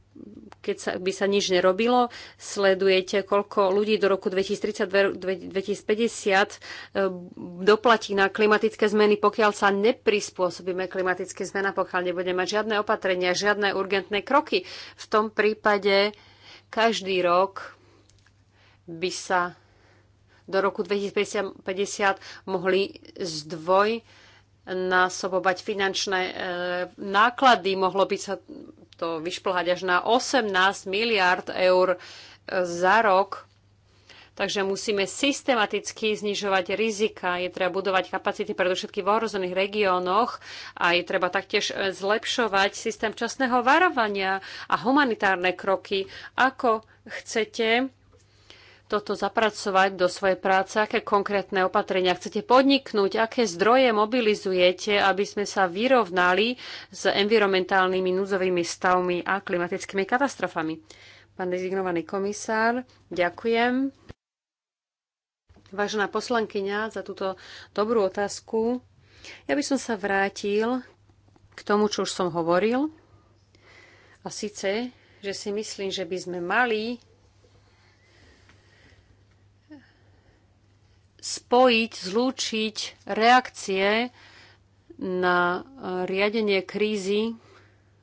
keď sa, by sa nič nerobilo. Sledujete, koľko ľudí do roku 2030, 2050 e, doplatí na klimatické zmeny, pokiaľ sa neprispôsobíme klimatické zmena, pokiaľ nebudeme mať žiadne opatrenia, žiadne urgentné kroky. V tom prípade každý rok by sa do roku 2050 mohli zdvoj násobovať finančné e, náklady. Mohlo by sa to vyšplhať až na 18 miliard eur e, za rok. Takže musíme systematicky znižovať rizika, je treba budovať kapacity predovšetkým v ohrozených regiónoch a je treba taktiež e, zlepšovať systém časného varovania a humanitárne kroky. Ako chcete toto zapracovať do svojej práce? Aké konkrétne opatrenia chcete podniknúť? Aké zdroje mobilizujete, aby sme sa vyrovnali s environmentálnymi núdzovými stavmi a klimatickými katastrofami? Pán dezignovaný komisár, ďakujem. Vážená poslankyňa, za túto dobrú otázku. Ja by som sa vrátil k tomu, čo už som hovoril. A síce, že si myslím, že by sme mali spojiť, zlúčiť reakcie na riadenie krízy,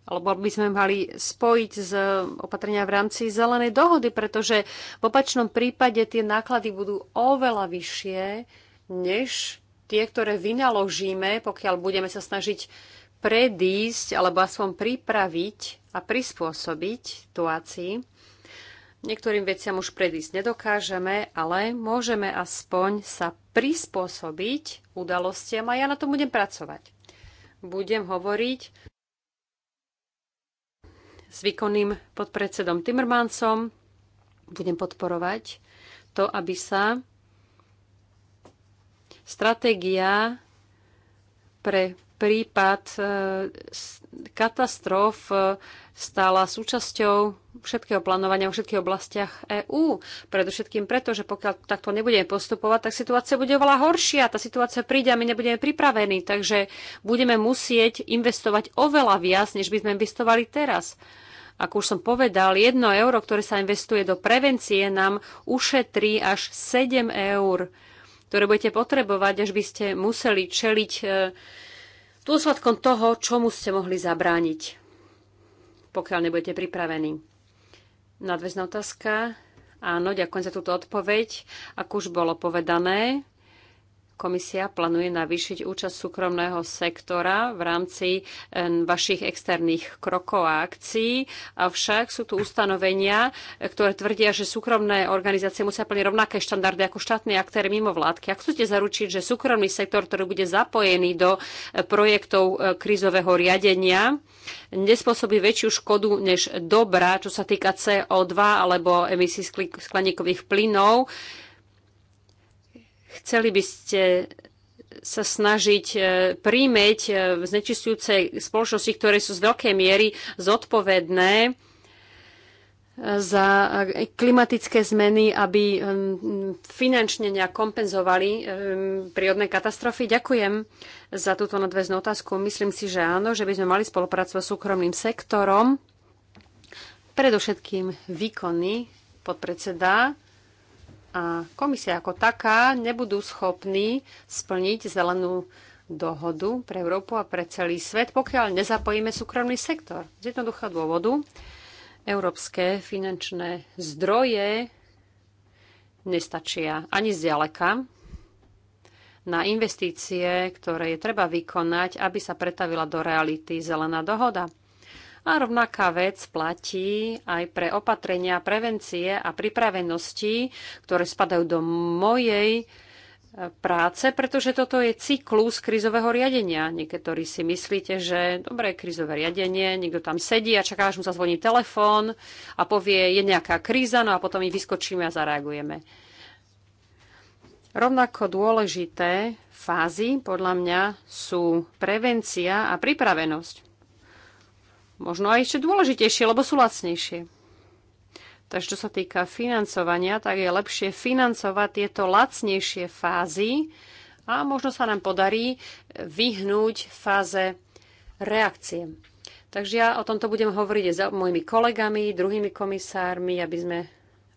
alebo by sme mali spojiť z opatrenia v rámci zelenej dohody, pretože v opačnom prípade tie náklady budú oveľa vyššie, než tie, ktoré vynaložíme, pokiaľ budeme sa snažiť predísť alebo aspoň pripraviť a prispôsobiť situácii. Niektorým veciam už predísť nedokážeme, ale môžeme aspoň sa prispôsobiť udalostiam a ja na tom budem pracovať. Budem hovoriť s výkonným podpredsedom Timmermansom, budem podporovať to, aby sa stratégia pre prípad e, katastrof e, stala súčasťou všetkého plánovania vo všetkých oblastiach EÚ. Predovšetkým preto, že pokiaľ takto nebudeme postupovať, tak situácia bude oveľa horšia. Tá situácia príde a my nebudeme pripravení. Takže budeme musieť investovať oveľa viac, než by sme investovali teraz. Ako už som povedal, jedno euro, ktoré sa investuje do prevencie, nám ušetrí až 7 eur, ktoré budete potrebovať, až by ste museli čeliť e, dôsledkom toho, čomu ste mohli zabrániť, pokiaľ nebudete pripravení. Nadväzná otázka. Áno, ďakujem za túto odpoveď. Ako už bolo povedané, Komisia plánuje navýšiť účasť súkromného sektora v rámci vašich externých krokov a akcií. Avšak sú tu ustanovenia, e, ktoré tvrdia, že súkromné organizácie musia plniť rovnaké štandardy ako štátne aktéry mimo vládky. Ak chcete zaručiť, že súkromný sektor, ktorý bude zapojený do e, projektov e, krízového riadenia, nespôsobí väčšiu škodu než dobra, čo sa týka CO2 alebo emisí skleníkových plynov, Chceli by ste sa snažiť e, príjmeť e, znečistujúce spoločnosti, ktoré sú z veľkej miery zodpovedné e, za klimatické zmeny, aby finančne nejak kompenzovali prírodné katastrofy. Ďakujem za túto nadväznú otázku. Myslím si, že áno, že by sme mali spolupracovať s súkromným sektorom. Predovšetkým výkony podpredseda a komisia ako taká nebudú schopní splniť zelenú dohodu pre Európu a pre celý svet, pokiaľ nezapojíme súkromný sektor. Z jednoduchého dôvodu európske finančné zdroje nestačia ani zďaleka na investície, ktoré je treba vykonať, aby sa pretavila do reality zelená dohoda. A rovnaká vec platí aj pre opatrenia prevencie a pripravenosti, ktoré spadajú do mojej e, práce, pretože toto je cyklus krizového riadenia. Niektorí si myslíte, že dobre, krizové riadenie, niekto tam sedí a čaká, až mu zazvoní telefón a povie, je nejaká kríza, no a potom my vyskočíme a zareagujeme. Rovnako dôležité fázy podľa mňa sú prevencia a pripravenosť možno aj ešte dôležitejšie, lebo sú lacnejšie. Takže čo sa týka financovania, tak je lepšie financovať tieto lacnejšie fázy a možno sa nám podarí vyhnúť fáze reakcie. Takže ja o tomto budem hovoriť s mojimi kolegami, druhými komisármi, aby sme,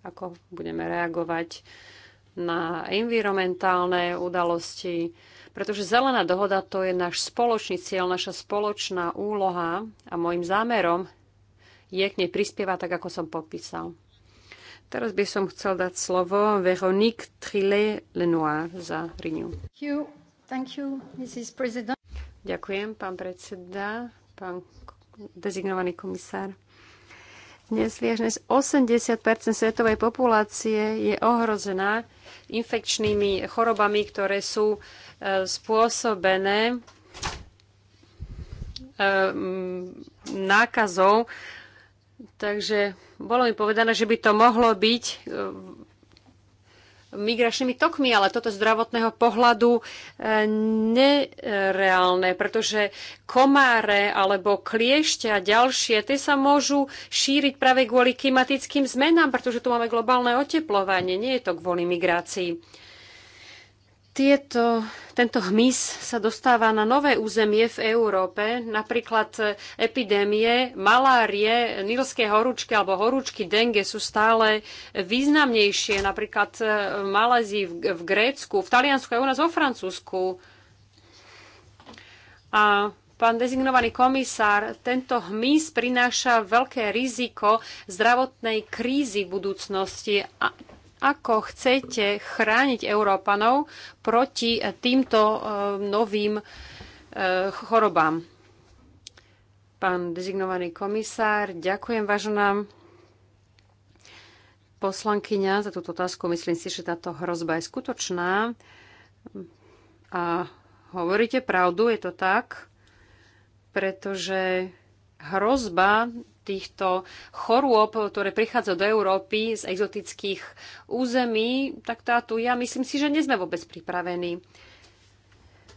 ako budeme reagovať na environmentálne udalosti, pretože zelená dohoda to je náš spoločný cieľ, naša spoločná úloha a môjim zámerom je k nej prispievať tak, ako som popísal. Teraz by som chcel dať slovo Veronique Trillet-Lenoir za Renew. Ďakujem, pán predseda, pán dezignovaný komisár. Dnes viac než 80 svetovej populácie je ohrozená infekčnými chorobami, ktoré sú e, spôsobené e, nákazou. Takže bolo mi povedané, že by to mohlo byť e, migračnými tokmi, ale toto zdravotného pohľadu e, nereálne, pretože komáre alebo kliešťa a ďalšie, tie sa môžu šíriť práve kvôli klimatickým zmenám, pretože tu máme globálne oteplovanie, nie je to kvôli migrácii tieto, tento hmyz sa dostáva na nové územie v Európe, napríklad epidémie, malárie, nilské horúčky alebo horúčky dengue sú stále významnejšie, napríklad e, v Malézii, v, v Grécku, v Taliansku a u nás vo Francúzsku. A pán dezignovaný komisár, tento hmyz prináša veľké riziko zdravotnej krízy v budúcnosti. A ako chcete chrániť Európanov proti týmto eh, novým eh, chorobám? Pán dezignovaný komisár, ďakujem vážená poslankyňa za túto otázku. Myslím si, že táto hrozba je skutočná. A hovoríte pravdu, je to tak, pretože hrozba týchto chorôb, ktoré prichádza do Európy z exotických území, tak tátu ja myslím si, že nie sme vôbec pripravení.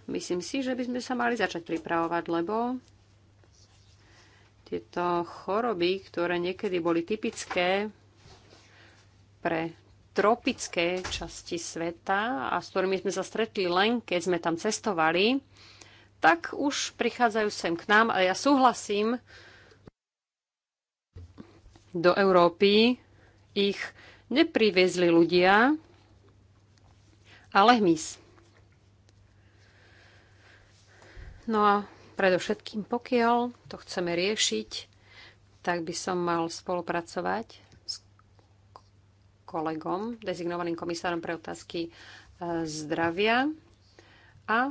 Myslím si, že by sme sa mali začať pripravovať, lebo tieto choroby, ktoré niekedy boli typické pre tropické časti sveta a s ktorými sme sa stretli len, keď sme tam cestovali, tak už prichádzajú sem k nám a ja súhlasím do Európy, ich nepriviezli ľudia, ale hmyz. No a predovšetkým, pokiaľ to chceme riešiť, tak by som mal spolupracovať s kolegom, dezignovaným komisárom pre otázky e, zdravia a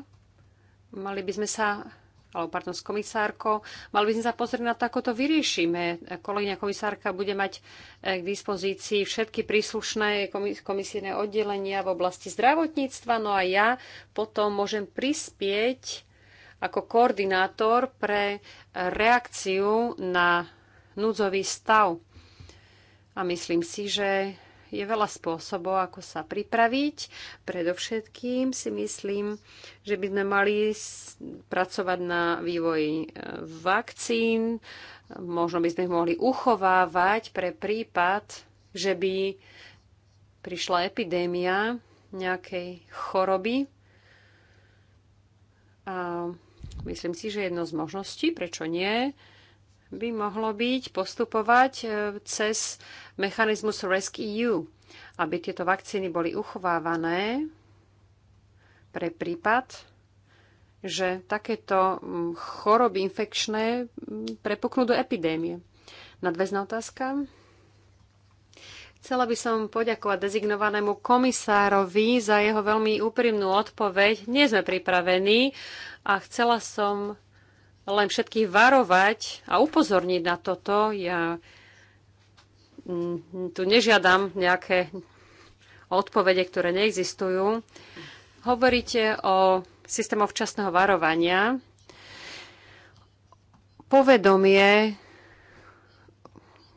mali by sme sa alebo pardon, s komisárkou. Mali by sme sa pozrieť na to, ako to vyriešime. Kolegyňa komisárka bude mať e, k dispozícii všetky príslušné komisijné oddelenia v oblasti zdravotníctva, no a ja potom môžem prispieť ako koordinátor pre reakciu na núdzový stav. A myslím si, že je veľa spôsobov, ako sa pripraviť. Predovšetkým si myslím, že by sme mali pracovať na vývoji e, vakcín. Možno by sme ich mohli uchovávať pre prípad, že by prišla epidémia nejakej choroby. A myslím si, že jedno z možností, prečo nie, by mohlo byť postupovať e, cez mechanizmus RESC-EU, aby tieto vakcíny boli uchovávané pre prípad, že takéto choroby infekčné prepuknú do epidémie. Nadväzná otázka. Chcela by som poďakovať dezignovanému komisárovi za jeho veľmi úprimnú odpoveď. Nie sme pripravení a chcela som len všetkých varovať a upozorniť na toto. Ja mm, tu nežiadam nejaké odpovede, ktoré neexistujú. Hovoríte o systémoch včasného varovania. Povedomie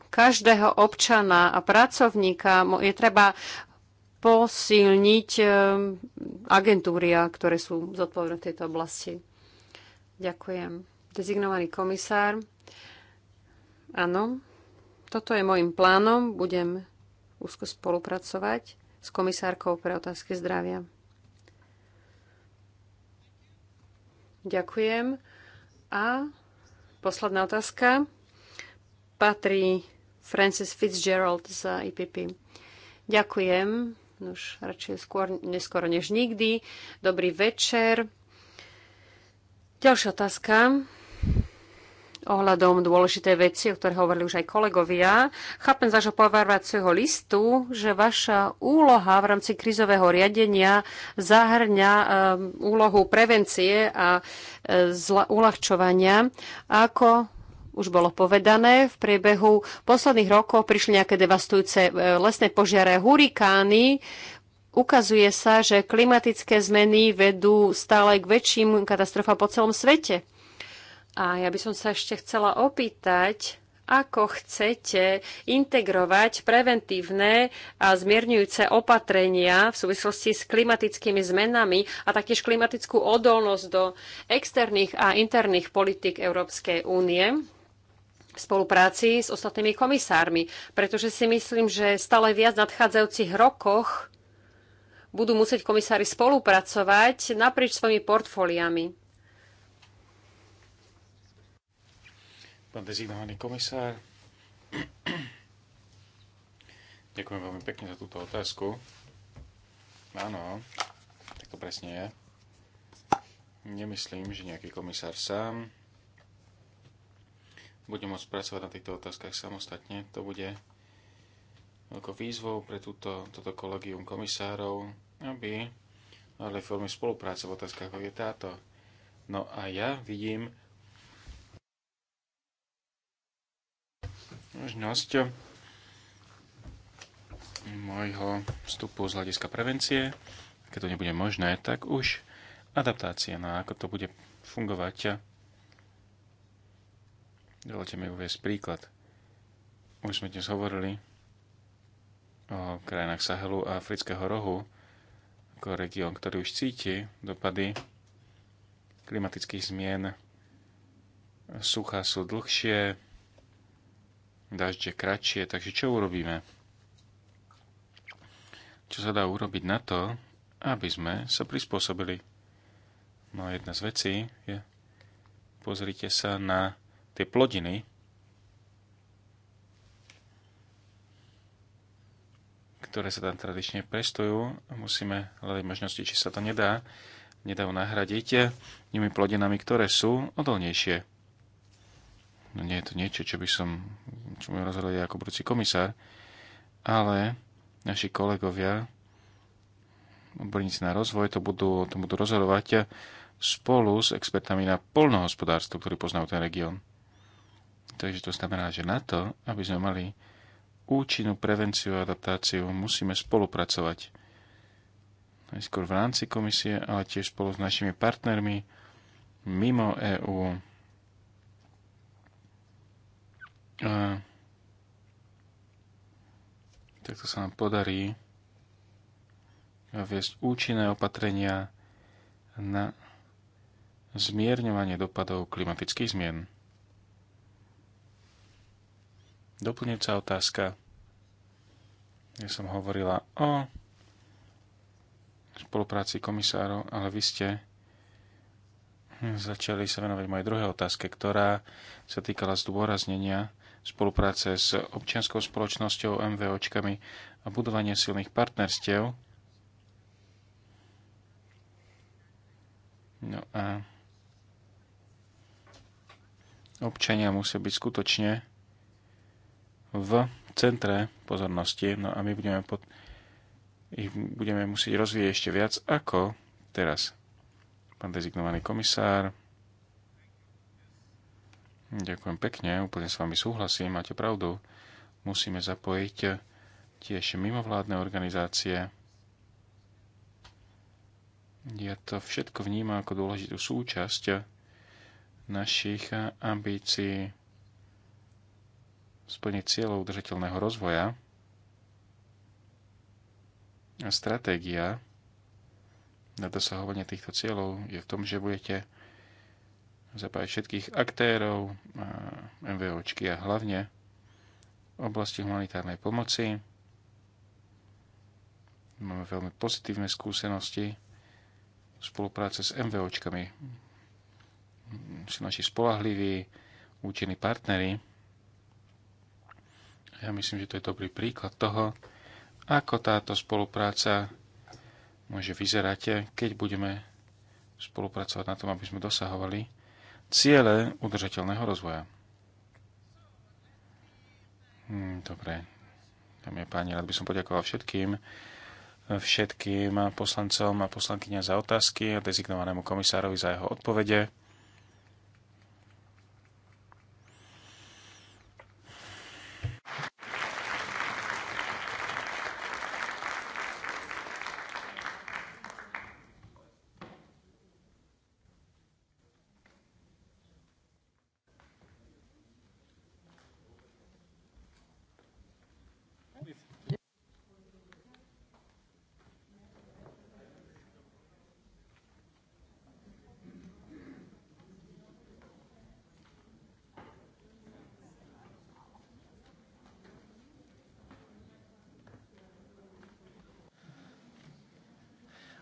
každého občana a pracovníka je treba posilniť ehm, agentúria, ktoré sú zodpovedné v tejto oblasti. Ďakujem dezignovaný komisár. Áno, toto je môjim plánom. Budem úzko spolupracovať s komisárkou pre otázky zdravia. Ďakujem. A posledná otázka patrí Francis Fitzgerald z IPP. Ďakujem. Už radšej skôr, neskôr než nikdy. Dobrý večer. Ďalšia otázka ohľadom dôležitej veci, o ktorej hovorili už aj kolegovia. Chápem z vášho povárvacieho listu, že vaša úloha v rámci krizového riadenia zahrňa um, úlohu prevencie a e, zla, uľahčovania. Ako už bolo povedané, v priebehu posledných rokov prišli nejaké devastujúce e, lesné požiare, hurikány, Ukazuje sa, že klimatické zmeny vedú stále k väčším katastrofám po celom svete. A ja by som sa ešte chcela opýtať, ako chcete integrovať preventívne a zmierňujúce opatrenia v súvislosti s klimatickými zmenami a taktiež klimatickú odolnosť do externých a interných politik Európskej únie v spolupráci s ostatnými komisármi, pretože si myslím, že stále viac v nadchádzajúcich rokoch budú musieť komisári spolupracovať naprieč svojimi portfóliami. pán dezignovaný komisár. Ďakujem veľmi pekne za túto otázku. Áno, tak to presne je. Nemyslím, že nejaký komisár sám bude môcť pracovať na týchto otázkach samostatne. To bude veľkou výzvou pre túto, toto kolegium komisárov, aby ale formy spolupráce v otázkach je táto. No a ja vidím možnosť môjho vstupu z hľadiska prevencie. Keď to nebude možné, tak už adaptácia na no ako to bude fungovať. Dovolte mi uviesť príklad. Už sme dnes hovorili o krajinách Sahelu a Afrického rohu, ako región, ktorý už cíti dopady klimatických zmien. Sucha sú dlhšie, je kratšie, takže čo urobíme? Čo sa dá urobiť na to, aby sme sa prispôsobili? No a jedna z vecí je, pozrite sa na tie plodiny, ktoré sa tam tradične pestujú. Musíme hľadať možnosti, či sa to nedá, nedá nahradiť nimi plodinami, ktoré sú odolnejšie. No nie je to niečo, čo by som čo by rozhodol ja ako budúci komisár, ale naši kolegovia, odborníci na rozvoj, to budú, to budú rozhodovať spolu s expertami na polnohospodárstvo, ktorí poznajú ten región. Takže to znamená, že na to, aby sme mali účinnú prevenciu a adaptáciu, musíme spolupracovať. Najskôr v rámci komisie, ale tiež spolu s našimi partnermi mimo EÚ A takto sa nám podarí viesť účinné opatrenia na zmierňovanie dopadov klimatických zmien. Doplňujúca otázka. Ja som hovorila o spolupráci komisárov, ale vy ste začali sa venovať mojej druhej otázke, ktorá sa týkala zdôraznenia spolupráce s občianskou spoločnosťou, MVOčkami a budovanie silných partnerstiev. No a občania musia byť skutočne v centre pozornosti, no a my budeme, pod, ich budeme musieť rozvíjať ešte viac ako teraz. Pán dezignovaný komisár, Ďakujem pekne, úplne s vami súhlasím, máte pravdu. Musíme zapojiť tiež mimovládne organizácie. Ja to všetko vnímam ako dôležitú súčasť našich ambícií splniť cieľov udržateľného rozvoja a stratégia na dosahovanie týchto cieľov je v tom, že budete zapájať všetkých aktérov, MVOčky a hlavne v oblasti humanitárnej pomoci. Máme veľmi pozitívne skúsenosti v spolupráce s MVOčkami. Sú naši spolahliví, účení partnery. Ja myslím, že to je dobrý príklad toho, ako táto spolupráca môže vyzerať, keď budeme spolupracovať na tom, aby sme dosahovali ciele udržateľného rozvoja. Hm, dobre, tam je páni, rád by som poďakoval všetkým všetkým poslancom a poslankyňa za otázky a dezignovanému komisárovi za jeho odpovede.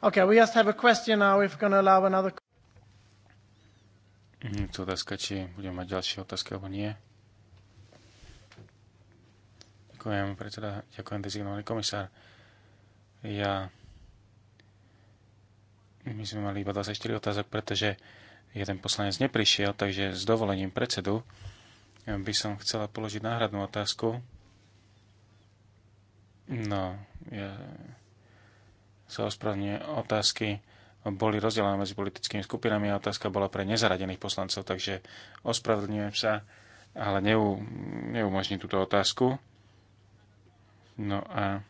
Okay, we just have a question now if allow another... Je to mhm, otázka, či budeme mať ďalšie otázky alebo nie. Ďakujem, predseda, ďakujem, dezignovaný komisár. Ja... My sme mali iba 24 otázok, pretože jeden poslanec neprišiel, takže s dovolením predsedu eh, by som chcela položiť náhradnú otázku. No, ja sa ospravne otázky boli rozdelené medzi politickými skupinami a otázka bola pre nezaradených poslancov, takže ospravedlňujem sa, ale neu, neumožní túto otázku. No a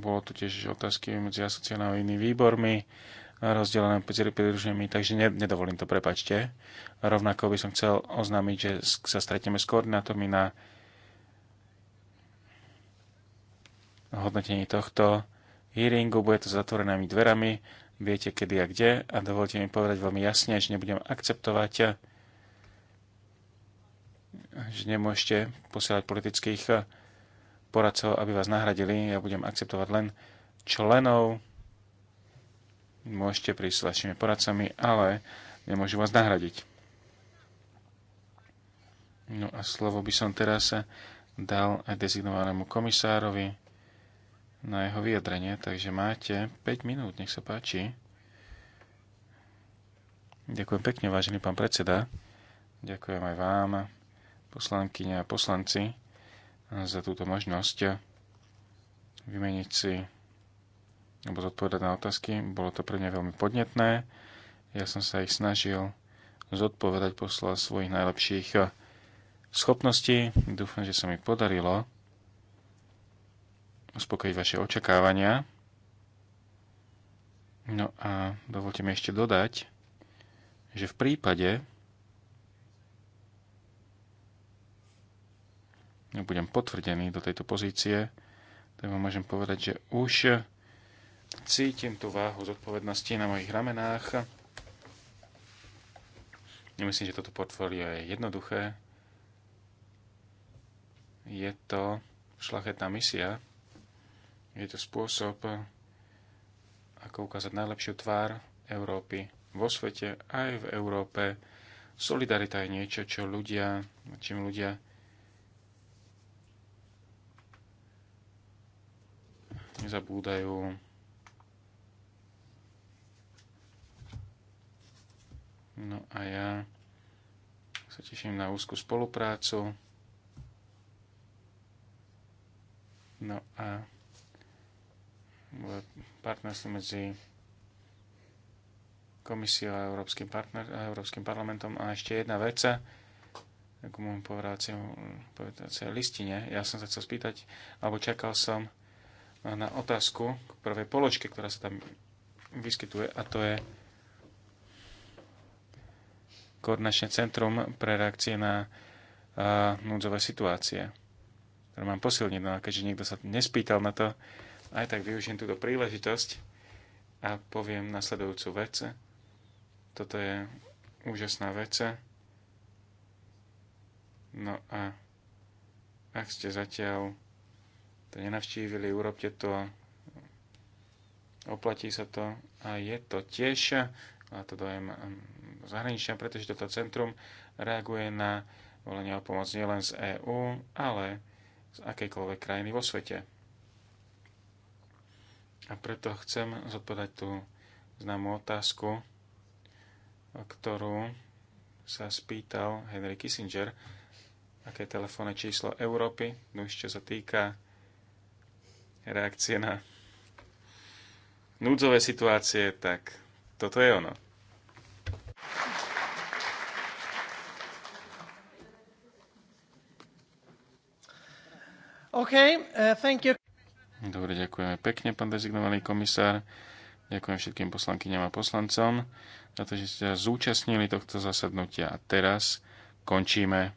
bolo tu tiež otázky medzi asociálnymi výbormi rozdelené pridruženými, takže nedovolím to, prepačte. Rovnako by som chcel oznámiť, že sa stretneme s koordinátormi na hodnotení tohto hearingu. Bude to zatvorenými dverami. Viete, kedy a kde. A dovolte mi povedať veľmi jasne, že nebudem akceptovať, že nemôžete posielať politických poradcov, aby vás nahradili. Ja budem akceptovať len členov. Môžete prísť s vašimi poradcami, ale nemôžu vás nahradiť. No a slovo by som teraz dal aj dezignovanému komisárovi na jeho vyjadrenie, takže máte 5 minút, nech sa páči. Ďakujem pekne, vážený pán predseda. Ďakujem aj vám, poslankyňa a poslanci, za túto možnosť vymeniť si alebo zodpovedať na otázky. Bolo to pre mňa veľmi podnetné. Ja som sa ich snažil zodpovedať posla svojich najlepších schopností. Dúfam, že sa mi podarilo uspokojiť vaše očakávania. No a dovolte mi ešte dodať, že v prípade, no, budem potvrdený do tejto pozície, tak vám môžem povedať, že už cítim tú váhu zodpovednosti na mojich ramenách. Nemyslím, že toto portfólio je jednoduché. Je to šlachetná misia, je to spôsob, ako ukázať najlepšiu tvár Európy vo svete aj v Európe. Solidarita je niečo, čo ľudia, čím ľudia nezabúdajú. No a ja sa teším na úzkú spoluprácu. No a partnerstvo medzi komisiou a Európskym, partner, a Európskym parlamentom. A ešte jedna vec, ako môžem povedať, povedať listine. Ja som sa chcel spýtať, alebo čakal som na otázku k prvej položke, ktorá sa tam vyskytuje, a to je koordinačné centrum pre reakcie na núdzové situácie, ktoré mám posilniť. No a keďže niekto sa nespýtal na to, aj tak využijem túto príležitosť a poviem nasledujúcu vec. Toto je úžasná vec. No a ak ste zatiaľ to nenavštívili, urobte to, oplatí sa to a je to tiež, a to dojem zahraničia, pretože toto centrum reaguje na volenie o pomoc nielen z EÚ, ale z akejkoľvek krajiny vo svete. A preto chcem zodpovedať tú známu otázku, ktorú sa spýtal Henry Kissinger, aké je telefónne číslo Európy, no čo sa týka reakcie na núdzové situácie, tak toto je ono. Okay, uh, thank you. Dobre, ďakujem pekne, pán dezignovaný komisár. Ďakujem všetkým poslankyňam a poslancom za to, že ste zúčastnili tohto zasadnutia. A teraz končíme.